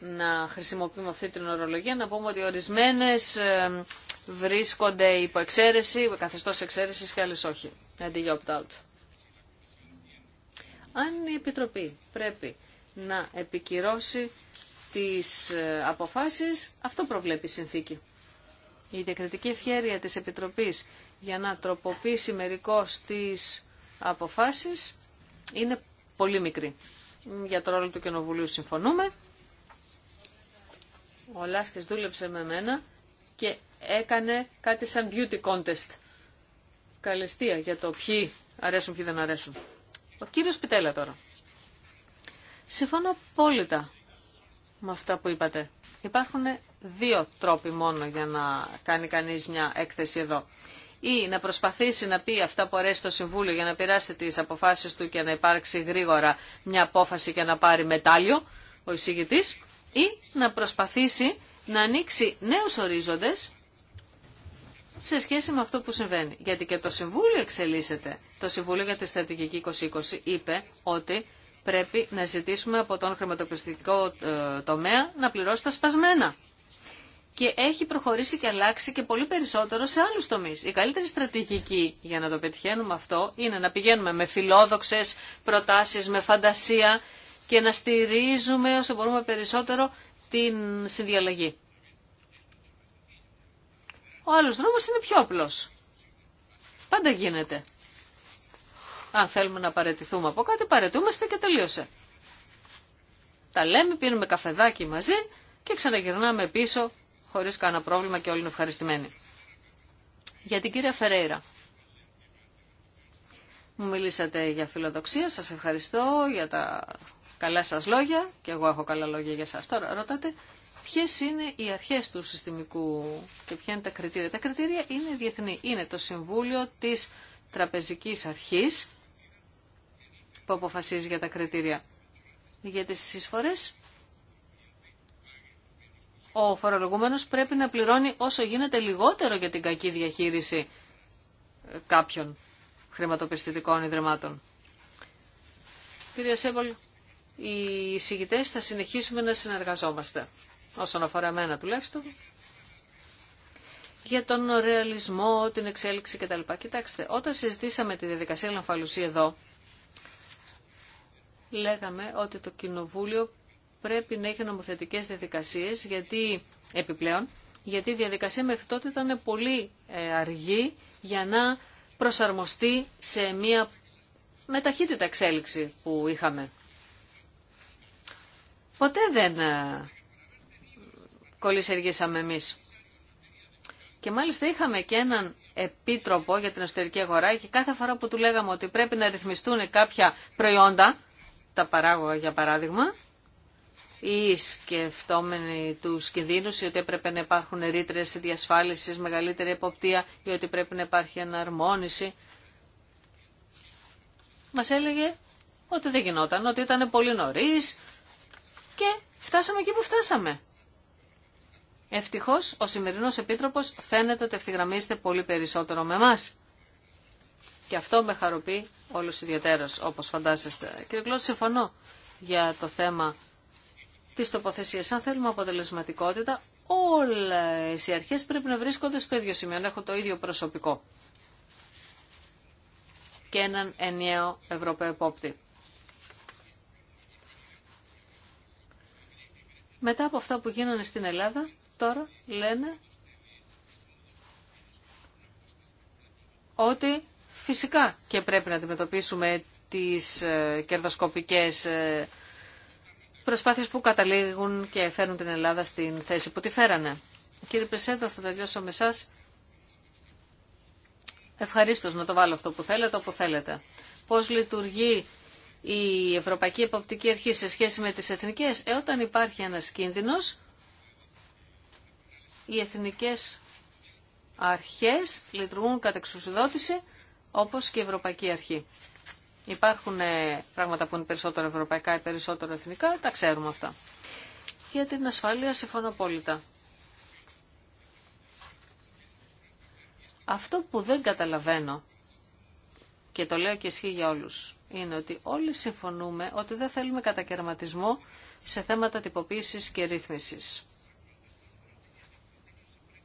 να χρησιμοποιούμε αυτή την ορολογία, να πούμε ότι ορισμένες ε, βρίσκονται υπό εξαίρεση, υπό καθεστώς εξαίρεσης και άλλες όχι, αντί opt-out. Αν η Επιτροπή πρέπει να επικυρώσει τις ε, αποφάσεις, αυτό προβλέπει η συνθήκη. Η διακριτική ευχέρεια της Επιτροπής για να τροποποιήσει μερικώς τις αποφάσεις είναι πολύ μικρή. Για το ρόλο του Κοινοβουλίου συμφωνούμε. Ο Λάσκες δούλεψε με μένα και έκανε κάτι σαν beauty contest. Καλεστία για το ποιοι αρέσουν, ποιοι δεν αρέσουν. Ο κύριος Πιτέλα τώρα. Συμφωνώ απόλυτα με αυτά που είπατε. Υπάρχουν δύο τρόποι μόνο για να κάνει κανείς μια έκθεση εδώ ή να προσπαθήσει να πει αυτά που αρέσει το Συμβούλιο για να πειράσει τις αποφάσεις του και να υπάρξει γρήγορα μια απόφαση και να πάρει μετάλλιο ο εισηγητής ή να προσπαθήσει να ανοίξει νέους ορίζοντες σε σχέση με αυτό που συμβαίνει. Γιατί και το Συμβούλιο εξελίσσεται. Το Συμβούλιο για τη Στρατηγική 2020 είπε ότι πρέπει να ζητήσουμε από τον χρηματοπιστικό ε, τομέα να πληρώσει τα σπασμένα και έχει προχωρήσει και αλλάξει και πολύ περισσότερο σε άλλους τομείς. Η καλύτερη στρατηγική για να το πετυχαίνουμε αυτό είναι να πηγαίνουμε με φιλόδοξες προτάσεις, με φαντασία και να στηρίζουμε όσο μπορούμε περισσότερο την συνδιαλλαγή. Ο άλλος δρόμος είναι πιο απλός. Πάντα γίνεται. Αν θέλουμε να παρετηθούμε από κάτι, παρετούμαστε και τελείωσε. Τα λέμε, πίνουμε καφεδάκι μαζί και ξαναγυρνάμε πίσω χωρίς κανένα πρόβλημα και όλοι είναι ευχαριστημένοι. Για την κυρία Φερέιρα. Μου μιλήσατε για φιλοδοξία, σας ευχαριστώ για τα καλά σας λόγια και εγώ έχω καλά λόγια για σας. Τώρα ρωτάτε ποιες είναι οι αρχές του συστημικού και ποια είναι τα κριτήρια. Τα κριτήρια είναι διεθνή. Είναι το Συμβούλιο της Τραπεζικής Αρχής που αποφασίζει για τα κριτήρια. Για τις εισφορές ο φορολογούμενος πρέπει να πληρώνει όσο γίνεται λιγότερο για την κακή διαχείριση ε, κάποιων χρηματοπιστωτικών ιδρυμάτων. Κύριε Σέμπολ, οι συγκητές θα συνεχίσουμε να συνεργαζόμαστε, όσον αφορά εμένα τουλάχιστον, για τον ρεαλισμό, την εξέλιξη κτλ. Κοιτάξτε, όταν συζητήσαμε τη διαδικασία λαμφαλουσία εδώ, λέγαμε ότι το Κοινοβούλιο πρέπει να έχει νομοθετικές διαδικασίες, γιατί επιπλέον, γιατί η διαδικασία μέχρι τότε ήταν πολύ ε, αργή για να προσαρμοστεί σε μια με εξέλιξη που είχαμε. Ποτέ δεν ε, κολλησεργήσαμε εμείς. Και μάλιστα είχαμε και έναν επίτροπο για την εσωτερική αγορά και κάθε φορά που του λέγαμε ότι πρέπει να ρυθμιστούν κάποια προϊόντα, τα παράγωγα για παράδειγμα, ή σκεφτόμενοι του κινδύνου ή ότι έπρεπε να υπάρχουν ρήτρε διασφάλιση, μεγαλύτερη εποπτεία ή ότι πρέπει να υπάρχει εναρμόνιση. Μα έλεγε ότι δεν γινόταν, ότι ήταν πολύ νωρί και φτάσαμε εκεί που φτάσαμε. Ευτυχώ ο σημερινό επίτροπο φαίνεται ότι ευθυγραμμίζεται πολύ περισσότερο με εμά. Και αυτό με χαροποιεί όλους ιδιαίτερος, όπως φαντάζεστε. Κύριε Κλώτ, συμφωνώ για το θέμα τις τοποθεσίες. Αν θέλουμε αποτελεσματικότητα, όλες οι αρχές πρέπει να βρίσκονται στο ίδιο σημείο, να έχουν το ίδιο προσωπικό και έναν ενιαίο Ευρωπαίο επόπτη. Μετά από αυτά που γίνανε στην Ελλάδα, τώρα λένε ότι φυσικά και πρέπει να αντιμετωπίσουμε τις ε, κερδοσκοπικές ε, προσπάθειες που καταλήγουν και φέρνουν την Ελλάδα στην θέση που τη φέρανε. Κύριε Πρεσέντα, θα τελειώσω με εσά. Ευχαρίστω να το βάλω αυτό που θέλετε, όπου θέλετε. Πώς λειτουργεί η Ευρωπαϊκή Εποπτική Αρχή σε σχέση με τις εθνικές. Ε, όταν υπάρχει ένας κίνδυνος, οι εθνικές αρχές λειτουργούν κατά εξουσιοδότηση όπως και η Ευρωπαϊκή Αρχή. Υπάρχουν ε, πράγματα που είναι περισσότερο ευρωπαϊκά ή περισσότερο εθνικά, τα ξέρουμε αυτά. Για την ασφάλεια συμφωνώ απόλυτα. Αυτό που δεν καταλαβαίνω και το λέω και ισχύει για όλους, είναι ότι όλοι συμφωνούμε ότι δεν θέλουμε κατακαιρματισμό σε θέματα τυποποίησης και ρύθμισης.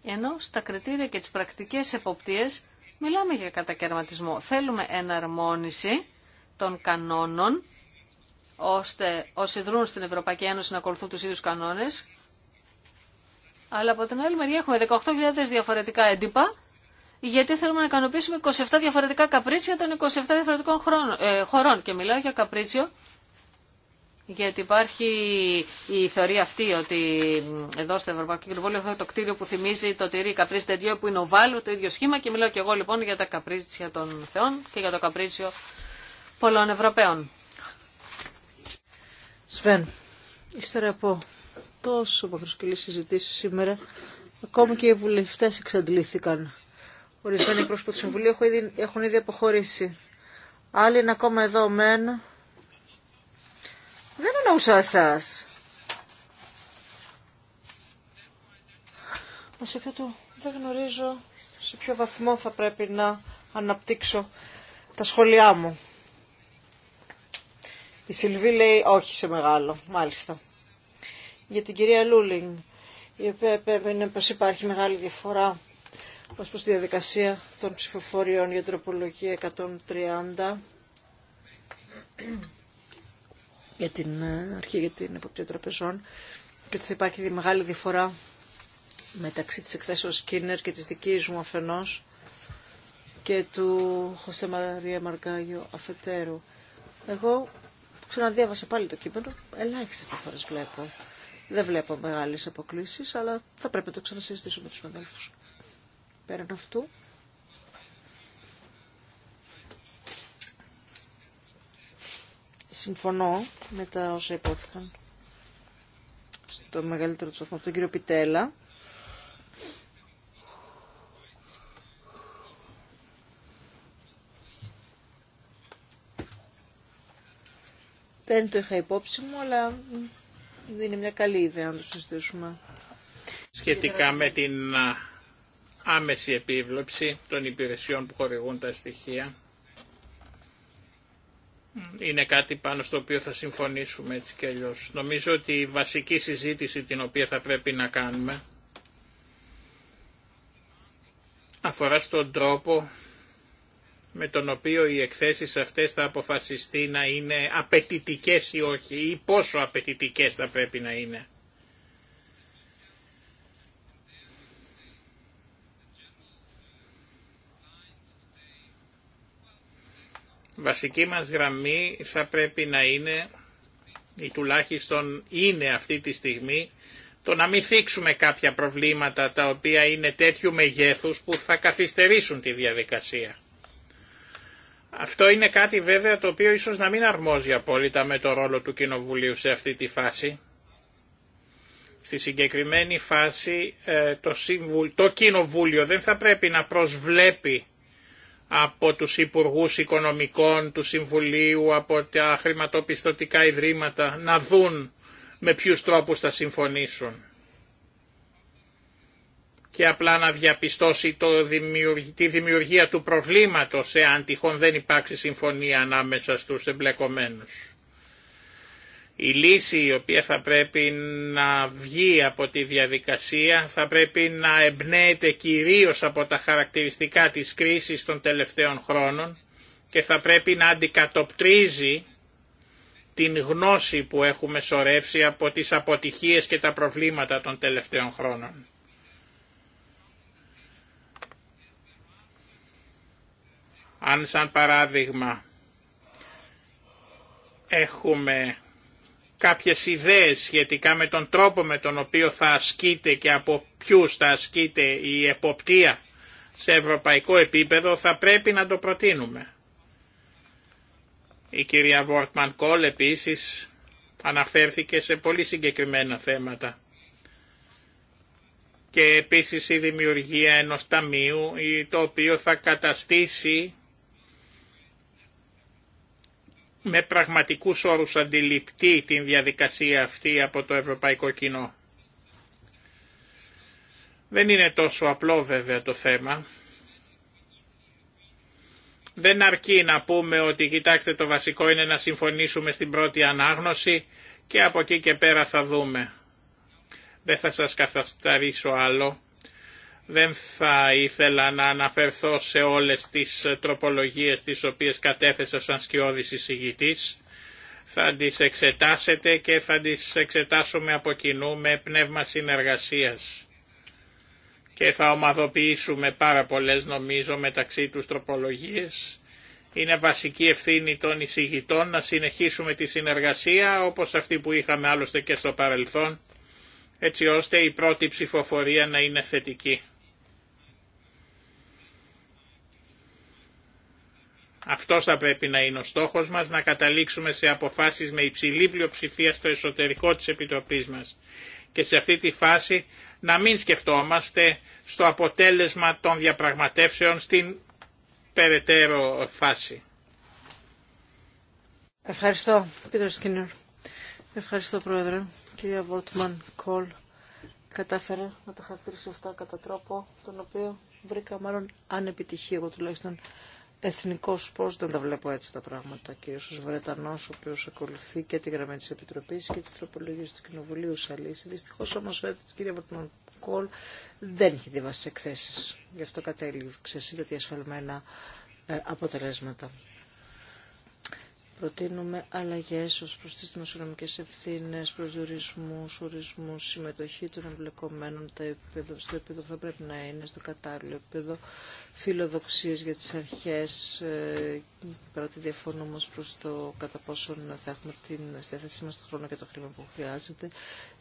Ενώ στα κριτήρια και τις πρακτικές εποπτείες μιλάμε για κατακαιρματισμό. Θέλουμε εναρμόνιση των κανόνων, ώστε όσοι δρούν στην Ευρωπαϊκή Ένωση να ακολουθούν τους ίδιους κανόνες. Αλλά από την άλλη μεριά έχουμε 18.000 διαφορετικά έντυπα, γιατί θέλουμε να ικανοποιήσουμε 27 διαφορετικά καπρίτσια των 27 διαφορετικών ε, χωρών. Και μιλάω για καπρίτσιο, γιατί υπάρχει η θεωρία αυτή ότι εδώ στο Ευρωπαϊκό Κοινοβούλιο έχουμε το κτίριο που θυμίζει το τυρί καπρίτσι 2 που είναι ο βάλου το ίδιο σχήμα και μιλάω και εγώ λοιπόν για τα καπρίτσια των θεών και για το καπρίτσιο πολλών Ευρωπαίων. Σβέν, ύστερα από τόσο μακροσκελή συζητήσει σήμερα, ακόμη και οι βουλευτέ εξαντλήθηκαν. Ορισμένοι πρόσωποι του Συμβουλίου έχουν ήδη αποχωρήσει. Άλλοι είναι ακόμα εδώ μεν. Δεν εννοούσα εσά. Μα είπε του, δεν γνωρίζω σε ποιο βαθμό θα πρέπει να αναπτύξω τα σχόλιά μου. Η Σιλβή λέει όχι σε μεγάλο, μάλιστα. Για την κυρία Λούλινγκ, η οποία επέμενε πω υπάρχει μεγάλη διαφορά ω προ τη διαδικασία των ψηφοφοριών για τροπολογία 130 για την ε, αρχή για την εποπτεία τραπεζών και ότι θα υπάρχει μεγάλη διαφορά μεταξύ της εκθέσεως Κίνερ και της δικής μου αφενός και του Χωσέ Μαρία Μαργκάγιο αφετέρου. Εγώ Ξαναδιάβασα πάλι το κείμενο. Ελάχιστε φορέ βλέπω. Δεν βλέπω μεγάλε αποκλήσει, αλλά θα πρέπει να το ξανασυζητήσω με του συναδέλφου. Πέραν αυτού. Συμφωνώ με τα όσα υπόθηκαν στο μεγαλύτερο του βαθμού τον κύριο Πιτέλα Δεν το είχα υπόψη μου, αλλά είναι μια καλή ιδέα να το συζητήσουμε. Σχετικά με την άμεση επίβλεψη των υπηρεσιών που χορηγούν τα στοιχεία, είναι κάτι πάνω στο οποίο θα συμφωνήσουμε έτσι και αλλιώ. Νομίζω ότι η βασική συζήτηση την οποία θα πρέπει να κάνουμε αφορά στον τρόπο με τον οποίο οι εκθέσεις αυτές θα αποφασιστεί να είναι απαιτητικέ ή όχι ή πόσο απαιτητικέ θα πρέπει να είναι. Βασική μας γραμμή θα πρέπει να είναι ή τουλάχιστον είναι αυτή τη στιγμή το να μην θίξουμε κάποια προβλήματα τα οποία είναι τέτοιου μεγέθους που θα καθυστερήσουν τη διαδικασία. Αυτό είναι κάτι βέβαια το οποίο ίσως να μην αρμόζει απόλυτα με το ρόλο του Κοινοβουλίου σε αυτή τη φάση. Στη συγκεκριμένη φάση ε, το, το Κοινοβούλιο δεν θα πρέπει να προσβλέπει από τους Υπουργούς Οικονομικών του Συμβουλίου, από τα χρηματοπιστωτικά ιδρύματα, να δουν με ποιους τρόπους θα συμφωνήσουν και απλά να διαπιστώσει το τη δημιουργία του προβλήματος εάν τυχόν δεν υπάρξει συμφωνία ανάμεσα στους εμπλεκομένους. Η λύση η οποία θα πρέπει να βγει από τη διαδικασία θα πρέπει να εμπνέεται κυρίως από τα χαρακτηριστικά της κρίσης των τελευταίων χρόνων και θα πρέπει να αντικατοπτρίζει την γνώση που έχουμε σωρεύσει από τις αποτυχίες και τα προβλήματα των τελευταίων χρόνων. Αν σαν παράδειγμα έχουμε κάποιες ιδέες σχετικά με τον τρόπο με τον οποίο θα ασκείται και από ποιους θα ασκείται η εποπτεία σε ευρωπαϊκό επίπεδο θα πρέπει να το προτείνουμε. Η κυρία Βόρτμαν Κόλ επίσης αναφέρθηκε σε πολύ συγκεκριμένα θέματα και επίσης η δημιουργία ενός ταμείου το οποίο θα καταστήσει με πραγματικούς όρους αντιληπτεί την διαδικασία αυτή από το ευρωπαϊκό κοινό. Δεν είναι τόσο απλό βέβαια το θέμα. Δεν αρκεί να πούμε ότι κοιτάξτε το βασικό είναι να συμφωνήσουμε στην πρώτη ανάγνωση και από εκεί και πέρα θα δούμε. Δεν θα σας καθασταρίσω άλλο δεν θα ήθελα να αναφερθώ σε όλες τις τροπολογίες τις οποίες κατέθεσα σαν σκιώδης εισηγητής. Θα τις εξετάσετε και θα τις εξετάσουμε από κοινού με πνεύμα συνεργασίας. Και θα ομαδοποιήσουμε πάρα πολλές νομίζω μεταξύ τους τροπολογίες. Είναι βασική ευθύνη των εισηγητών να συνεχίσουμε τη συνεργασία όπως αυτή που είχαμε άλλωστε και στο παρελθόν έτσι ώστε η πρώτη ψηφοφορία να είναι θετική. Αυτό θα πρέπει να είναι ο στόχο μα να καταλήξουμε σε αποφάσει με υψηλή πλειοψηφία στο εσωτερικό τη επιτροπή μα. Και σε αυτή τη φάση να μην σκεφτόμαστε στο αποτέλεσμα των διαπραγματεύσεων στην περαιτέρω φάση. Ευχαριστώ, Πίτερ Σκίνερ. Ευχαριστώ, Πρόεδρε. Κυρία Βόρτμαν Κόλ, κατάφερε να τα χαρακτηρίσω αυτά κατά τρόπο, τον οποίο βρήκα μάλλον ανεπιτυχή εγώ τουλάχιστον Εθνικό πώ δεν τα βλέπω έτσι τα πράγματα. Κύριο Βρετανό, Βρετανός, ο οποίο ακολουθεί και τη γραμμή της Επιτροπής και τις τροπολογίες του Κοινοβουλίου Σαλίση. Δυστυχώς όμως ο ε, κ. Βορτμαν Κόλ δεν έχει διαβάσει εκθέσει. Γι' αυτό κατέληξε σε διασφαλμένα ε, αποτελέσματα. Προτείνουμε αλλαγέ ω προ τι δημοσιονομικέ ευθύνε, προσδιορισμού, ορισμού, συμμετοχή των εμπλεκομένων στο επίπεδο που θα πρέπει να είναι, στο κατάλληλο επίπεδο, φιλοδοξίε για τις αρχές, ε, παρότι διαφωνούμε ω προς το κατά πόσον θα έχουμε την διάθεσή μα τον χρόνο και το χρήμα που χρειάζεται.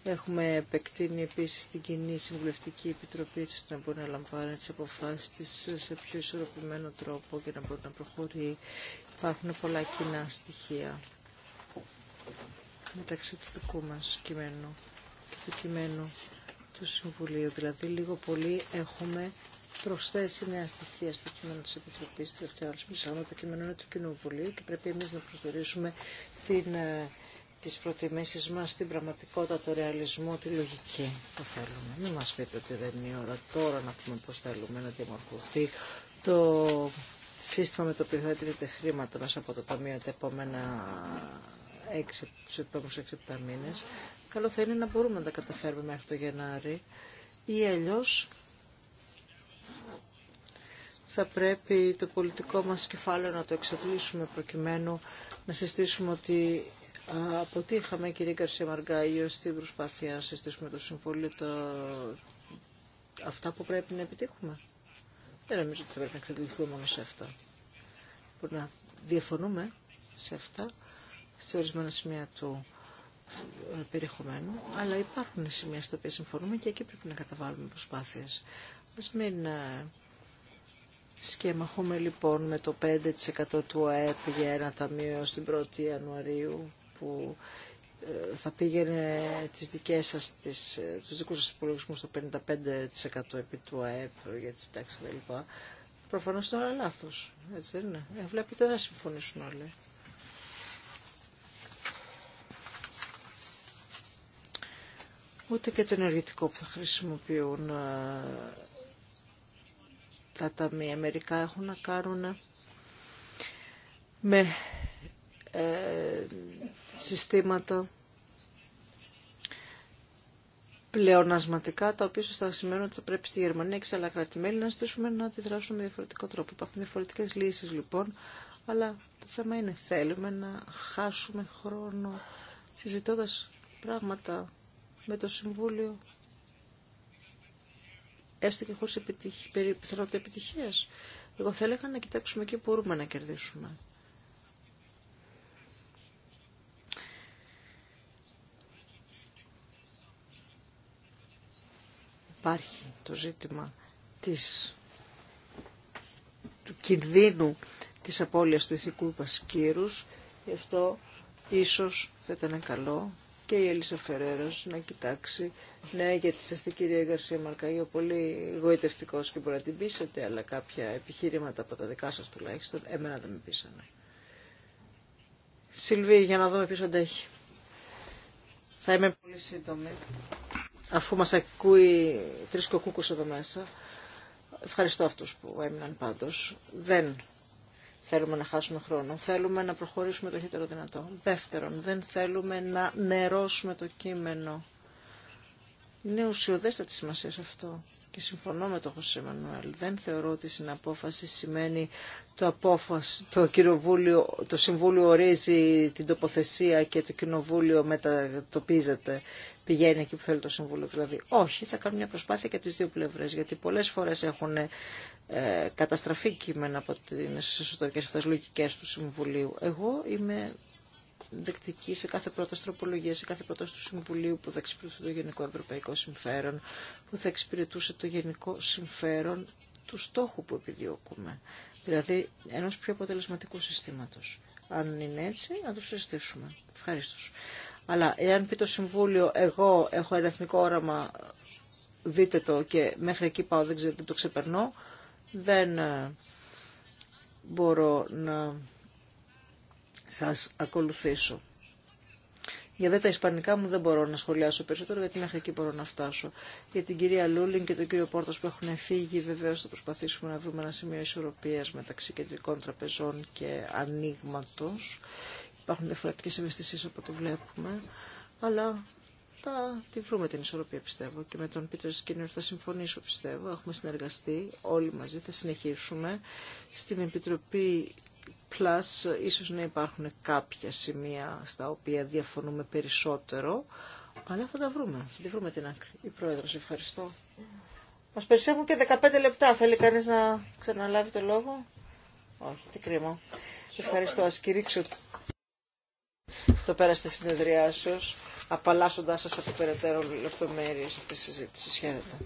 Έχουμε επεκτείνει επίση την κοινή συμβουλευτική επιτροπή έτσι ώστε να μπορεί να λαμβάνει τι αποφάσει τη σε πιο ισορροπημένο τρόπο και να μπορεί να προχωρεί Υπάρχουν πολλά κοινά στοιχεία μεταξύ του δικού μας κειμένου και του κειμένου του Συμβουλίου. Δηλαδή, λίγο πολύ έχουμε προσθέσει νέα στοιχεία στο κείμενο της Επιτροπής τελευταία ώρα. το κείμενο είναι του Κοινοβουλίου και πρέπει εμείς να προσδορίσουμε την, ε, τις προτιμήσεις μας στην πραγματικότητα, το ρεαλισμό, τη λογική που θέλουμε. Μην μας πείτε ότι δεν είναι η ώρα τώρα να πούμε πώς θέλουμε να διαμορφωθεί το σύστημα με το οποίο θα δίνετε χρήματα μέσα από το Ταμείο τα επόμενα 6, τους επομενους 6-7 μήνες, καλό θα είναι να μπορούμε να τα καταφέρουμε μέχρι το Γενάρη ή αλλιώ θα πρέπει το πολιτικό μας κεφάλαιο να το εξαντλήσουμε προκειμένου να συστήσουμε ότι αποτύχαμε κυρία Καρσία Μαργκάιο στην προσπάθεια να συστήσουμε το συμβόλαιο αυτά που πρέπει να επιτύχουμε. Δεν νομίζω ότι θα πρέπει να εξαντληθούμε μόνο σε αυτά. Μπορεί να διαφωνούμε σε αυτά, σε ορισμένα σημεία του περιεχομένου, αλλά υπάρχουν σημεία στα οποία συμφωνούμε και εκεί πρέπει να καταβάλουμε προσπάθειες. Ας μην ε, σκεμαχούμε λοιπόν με το 5% του ΑΕΠ για ένα ταμείο στην 1η Ιανουαρίου που ε, θα πήγαινε τις δικές σας, τις, ε, τους δικούς σας υπολογισμούς στο 55% επί του ΑΕΠ για τις τάξεις κλπ. Προφανώς είναι όλα λάθος, έτσι δεν είναι. Ε, βλέπετε δεν συμφωνήσουν όλοι. Ούτε και το ενεργητικό που θα χρησιμοποιούν ε, τα ταμεία. Μερικά έχουν να κάνουν με ε, συστήματα πλεονασματικά, τα οποία θα σημαίνουν ότι θα πρέπει στη Γερμανία και σε άλλα κράτη-μέλη να στήσουμε να αντιδράσουμε με διαφορετικό τρόπο. Υπάρχουν διαφορετικέ λύσει λοιπόν, αλλά το θέμα είναι θέλουμε να χάσουμε χρόνο συζητώντα πράγματα με το Συμβούλιο έστω και χωρίς επιτυχ... επιτυχίας. Εγώ θα να κοιτάξουμε εκεί που μπορούμε να κερδίσουμε. υπάρχει το ζήτημα της, του κινδύνου της απώλειας του ηθικού πασκύρους. Γι' αυτό ίσως θα ήταν καλό και η Ελίσσα Φερέρας να κοιτάξει. Ναι, γιατί είστε κυρία Γκαρσία Μαρκαγιο πολύ γοητευτικός και μπορεί να την πείσετε, αλλά κάποια επιχείρηματα από τα δικά σας τουλάχιστον, εμένα δεν με πείσανε. Σιλβί, για να δούμε ποιος αντέχει. Θα είμαι πολύ σύντομη αφού μας ακούει τρεις κούκος εδώ μέσα. Ευχαριστώ αυτούς που έμειναν πάντως. Δεν θέλουμε να χάσουμε χρόνο. Θέλουμε να προχωρήσουμε το χύτερο δυνατό. Δεύτερον, δεν θέλουμε να νερώσουμε το κείμενο. Είναι ουσιοδέστατη σημασία σε αυτό. Και συμφωνώ με τον Χωσέ Μανουέλ. Δεν θεωρώ ότι η συναπόφαση σημαίνει το απόφαση. Το, το Συμβούλιο ορίζει την τοποθεσία και το Κοινοβούλιο μετατοπίζεται πηγαίνει εκεί που θέλει το Συμβούλιο. Δηλαδή, όχι, θα κάνουν μια προσπάθεια και από τι δύο πλευρέ. Γιατί πολλέ φορέ έχουν ε, καταστραφεί κείμενα από τι εσωτερικέ αυτέ λογικέ του Συμβουλίου. Εγώ είμαι δεκτική σε κάθε πρόταση τροπολογία, σε κάθε πρόταση του Συμβουλίου που θα εξυπηρετούσε το γενικό ευρωπαϊκό συμφέρον, που θα εξυπηρετούσε το γενικό συμφέρον του στόχου που επιδιώκουμε. Δηλαδή, ενό πιο αποτελεσματικού συστήματο. Αν είναι έτσι, να το συζητήσουμε. Ευχαριστώ. Αλλά εάν πει το Συμβούλιο, εγώ έχω ένα εθνικό όραμα, δείτε το και μέχρι εκεί πάω, δεν ξέρετε το ξεπερνώ, δεν ε, μπορώ να σας ακολουθήσω. Για δε τα ισπανικά μου δεν μπορώ να σχολιάσω περισσότερο, γιατί μέχρι εκεί μπορώ να φτάσω. Για την κυρία Λούλιν και τον κύριο Πόρτος που έχουν φύγει, βεβαίω θα προσπαθήσουμε να βρούμε ένα σημείο ισορροπίας μεταξύ κεντρικών τραπεζών και ανοίγματο υπάρχουν διαφορετικέ ευαισθησίε από ό,τι βλέπουμε, αλλά θα τη βρούμε την ισορροπία πιστεύω και με τον Πίτερ Σκίνερ θα συμφωνήσω πιστεύω. Έχουμε συνεργαστεί όλοι μαζί, θα συνεχίσουμε. Στην Επιτροπή Plus ίσως να υπάρχουν κάποια σημεία στα οποία διαφωνούμε περισσότερο, αλλά θα τα βρούμε, θα τη βρούμε την άκρη. Η Πρόεδρος, ευχαριστώ. Μα περισσεύουν και 15 λεπτά. Θέλει κανεί να ξαναλάβει το λόγο. Όχι, τι κρίμα. Ευχαριστώ. Α κηρύξω το πέραστη συνεδριάσεω, συνεδριάσεως, απαλλάσσοντάς σας από περαιτέρω λεπτομέρειες αυτής της συζήτησης. Χαίρετε.